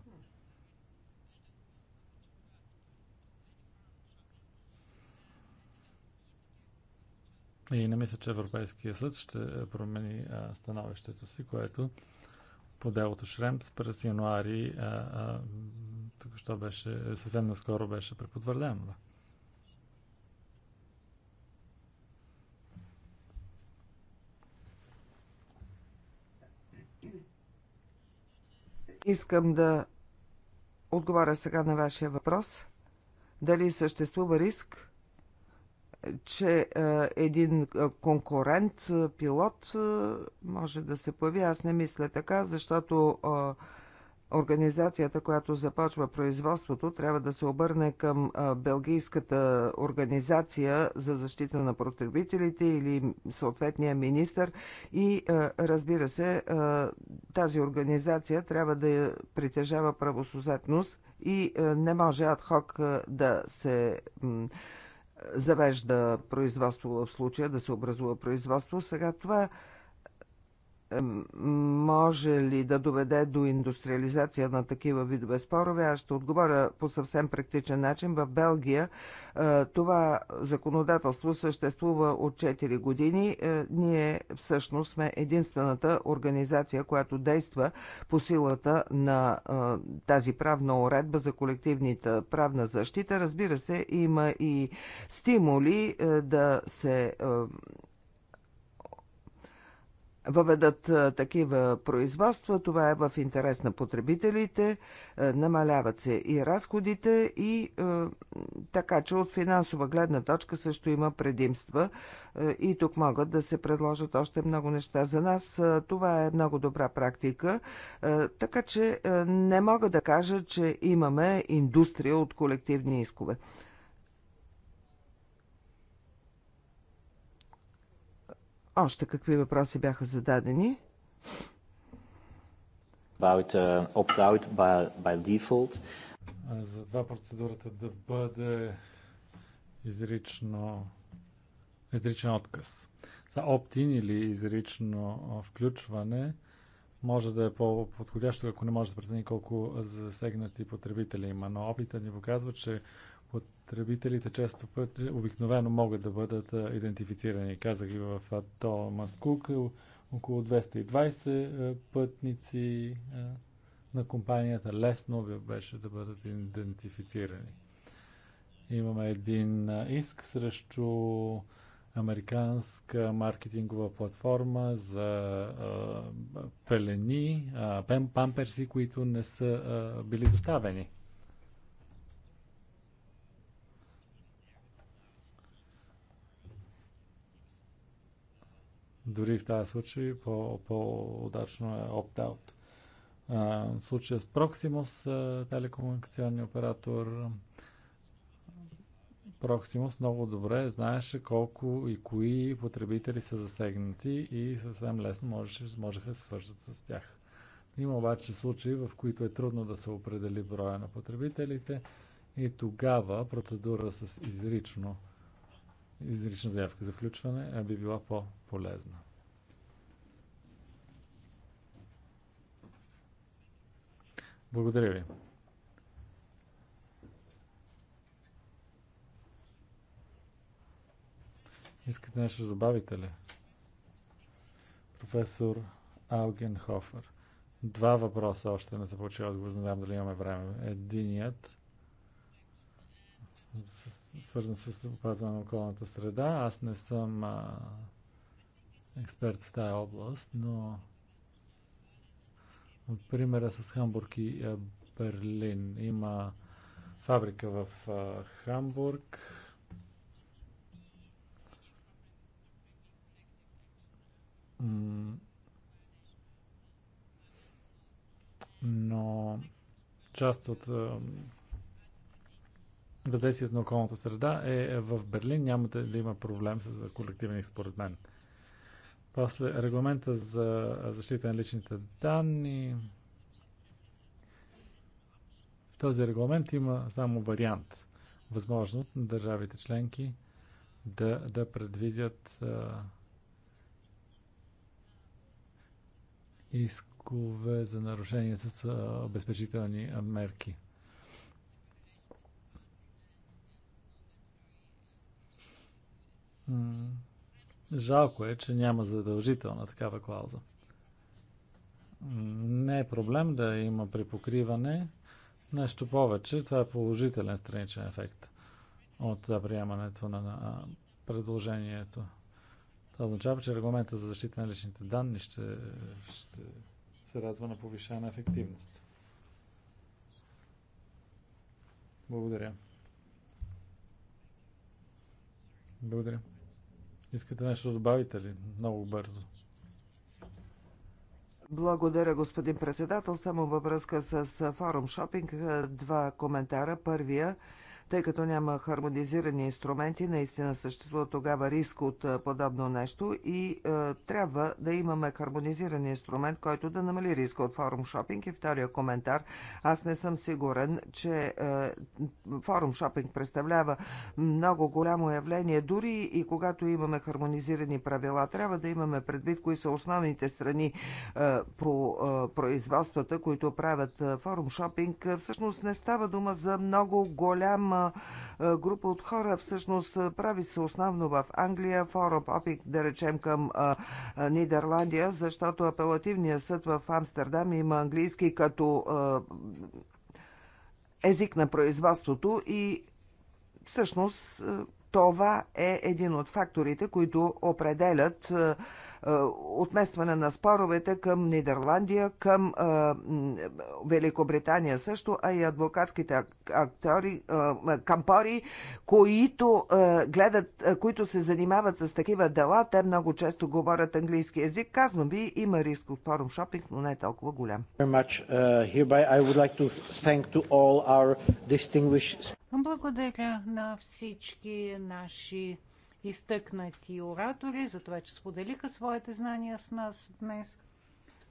И не мисля, че Европейския съд ще промени а, становището си, което по делото Шремц през януари, а, а, току-що беше, съвсем наскоро беше препотвърдено. Да. Искам да отговаря сега на вашия въпрос. Дали съществува риск че е, един е, конкурент, е, пилот може да се появи. Аз не мисля така, защото организацията, която започва производството, трябва да се обърне към Белгийската организация за защита на потребителите или съответния министр. И разбира се, тази организация трябва да притежава правосузетност и не може адхок да се завежда производство в случая, да се образува производство. Сега това може ли да доведе до индустриализация на такива видове спорове. Аз ще отговоря по съвсем практичен начин. В Белгия е, това законодателство съществува от 4 години. Е, ние всъщност сме единствената организация, която действа по силата на е, тази правна уредба за колективната правна защита. Разбира се, има и стимули да се въведат такива производства. Това е в интерес на потребителите, намаляват се и разходите и така, че от финансова гледна точка също има предимства и тук могат да се предложат още много неща. За нас това е много добра практика, така че не мога да кажа, че имаме индустрия от колективни искове. Още какви въпроси бяха зададени? About uh, opt-out by, by default. За това процедурата да бъде изрично изричен отказ. За opt-in или изрично включване може да е по-подходящо, ако не може да прецени колко засегнати потребители има. Но опитът ни показва, че Потребителите често път обикновено могат да бъдат идентифицирани. Казах ви в Томас Кук, около 220 пътници на компанията лесно беше да бъдат идентифицирани. Имаме един иск срещу американска маркетингова платформа за а, пелени, а, памперси, които не са а, били доставени. Дори в тази случай по-удачно по е opt-out. В случая с Proximus, телекомуникационния оператор, Proximus много добре знаеше колко и кои потребители са засегнати и съвсем лесно можеше, можеха да се свържат с тях. Има обаче случаи, в които е трудно да се определи броя на потребителите и тогава процедура с изрично, изрична заявка за включване би била по-полезна. Благодаря ви. Искате нещо да добавите ли? Професор Хофер. Два въпроса още не са получили отговор. Не знам дали имаме време. Единият свързан с опазване на околната среда. Аз не съм а, експерт в тази област, но от примера с Хамбург и е, Берлин. Има фабрика в е, Хамбург. Но част от е, въздействието на околната среда е в Берлин. Няма да има проблем с колективен според мен. После регламента за защита на личните данни. В този регламент има само вариант. Възможно на държавите членки да, да предвидят а, искове за нарушение с а, обезпечителни мерки. Mm. Жалко е, че няма задължителна такава клауза. Не е проблем да има припокриване. Нещо повече, това е положителен страничен ефект от приемането на предложението. Това означава, че регламента за защита на личните данни ще, ще се радва на повишена ефективност. Благодаря. Благодаря. Искате нещо да добавите ли? Много бързо. Благодаря, господин председател. Само във връзка с форум шопинг два коментара. Първия – тъй като няма хармонизирани инструменти, наистина съществува тогава риск от подобно нещо и е, трябва да имаме хармонизиран инструмент, който да намали риска от форум шопинг. И втория коментар, аз не съм сигурен, че е, форум шопинг представлява много голямо явление, дори и когато имаме хармонизирани правила, трябва да имаме предвид кои са основните страни е, по е, производствата, които правят форум шопинг. Всъщност не става дума за много голям голяма група от хора. Всъщност прави се основно в Англия, форум опик да речем към Нидерландия, защото апелативният съд в Амстердам има английски като език на производството и всъщност това е един от факторите, които определят е, отместване на споровете към Нидерландия, към е, Великобритания също, а и адвокатските актори, е, кампори, които гледат, които се занимават с такива дела, те много често говорят английски язик. Казвам ви, има риск от форум шопинг, но не е толкова голям. Благодаря на всички наши изтъкнати оратори за това, че споделиха своите знания с нас днес.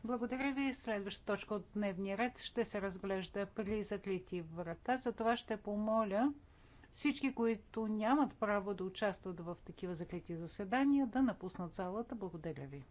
Благодаря ви. Следващата точка от дневния ред ще се разглежда при закрити врата. За това ще помоля всички, които нямат право да участват в такива закрити заседания, да напуснат залата. Благодаря ви.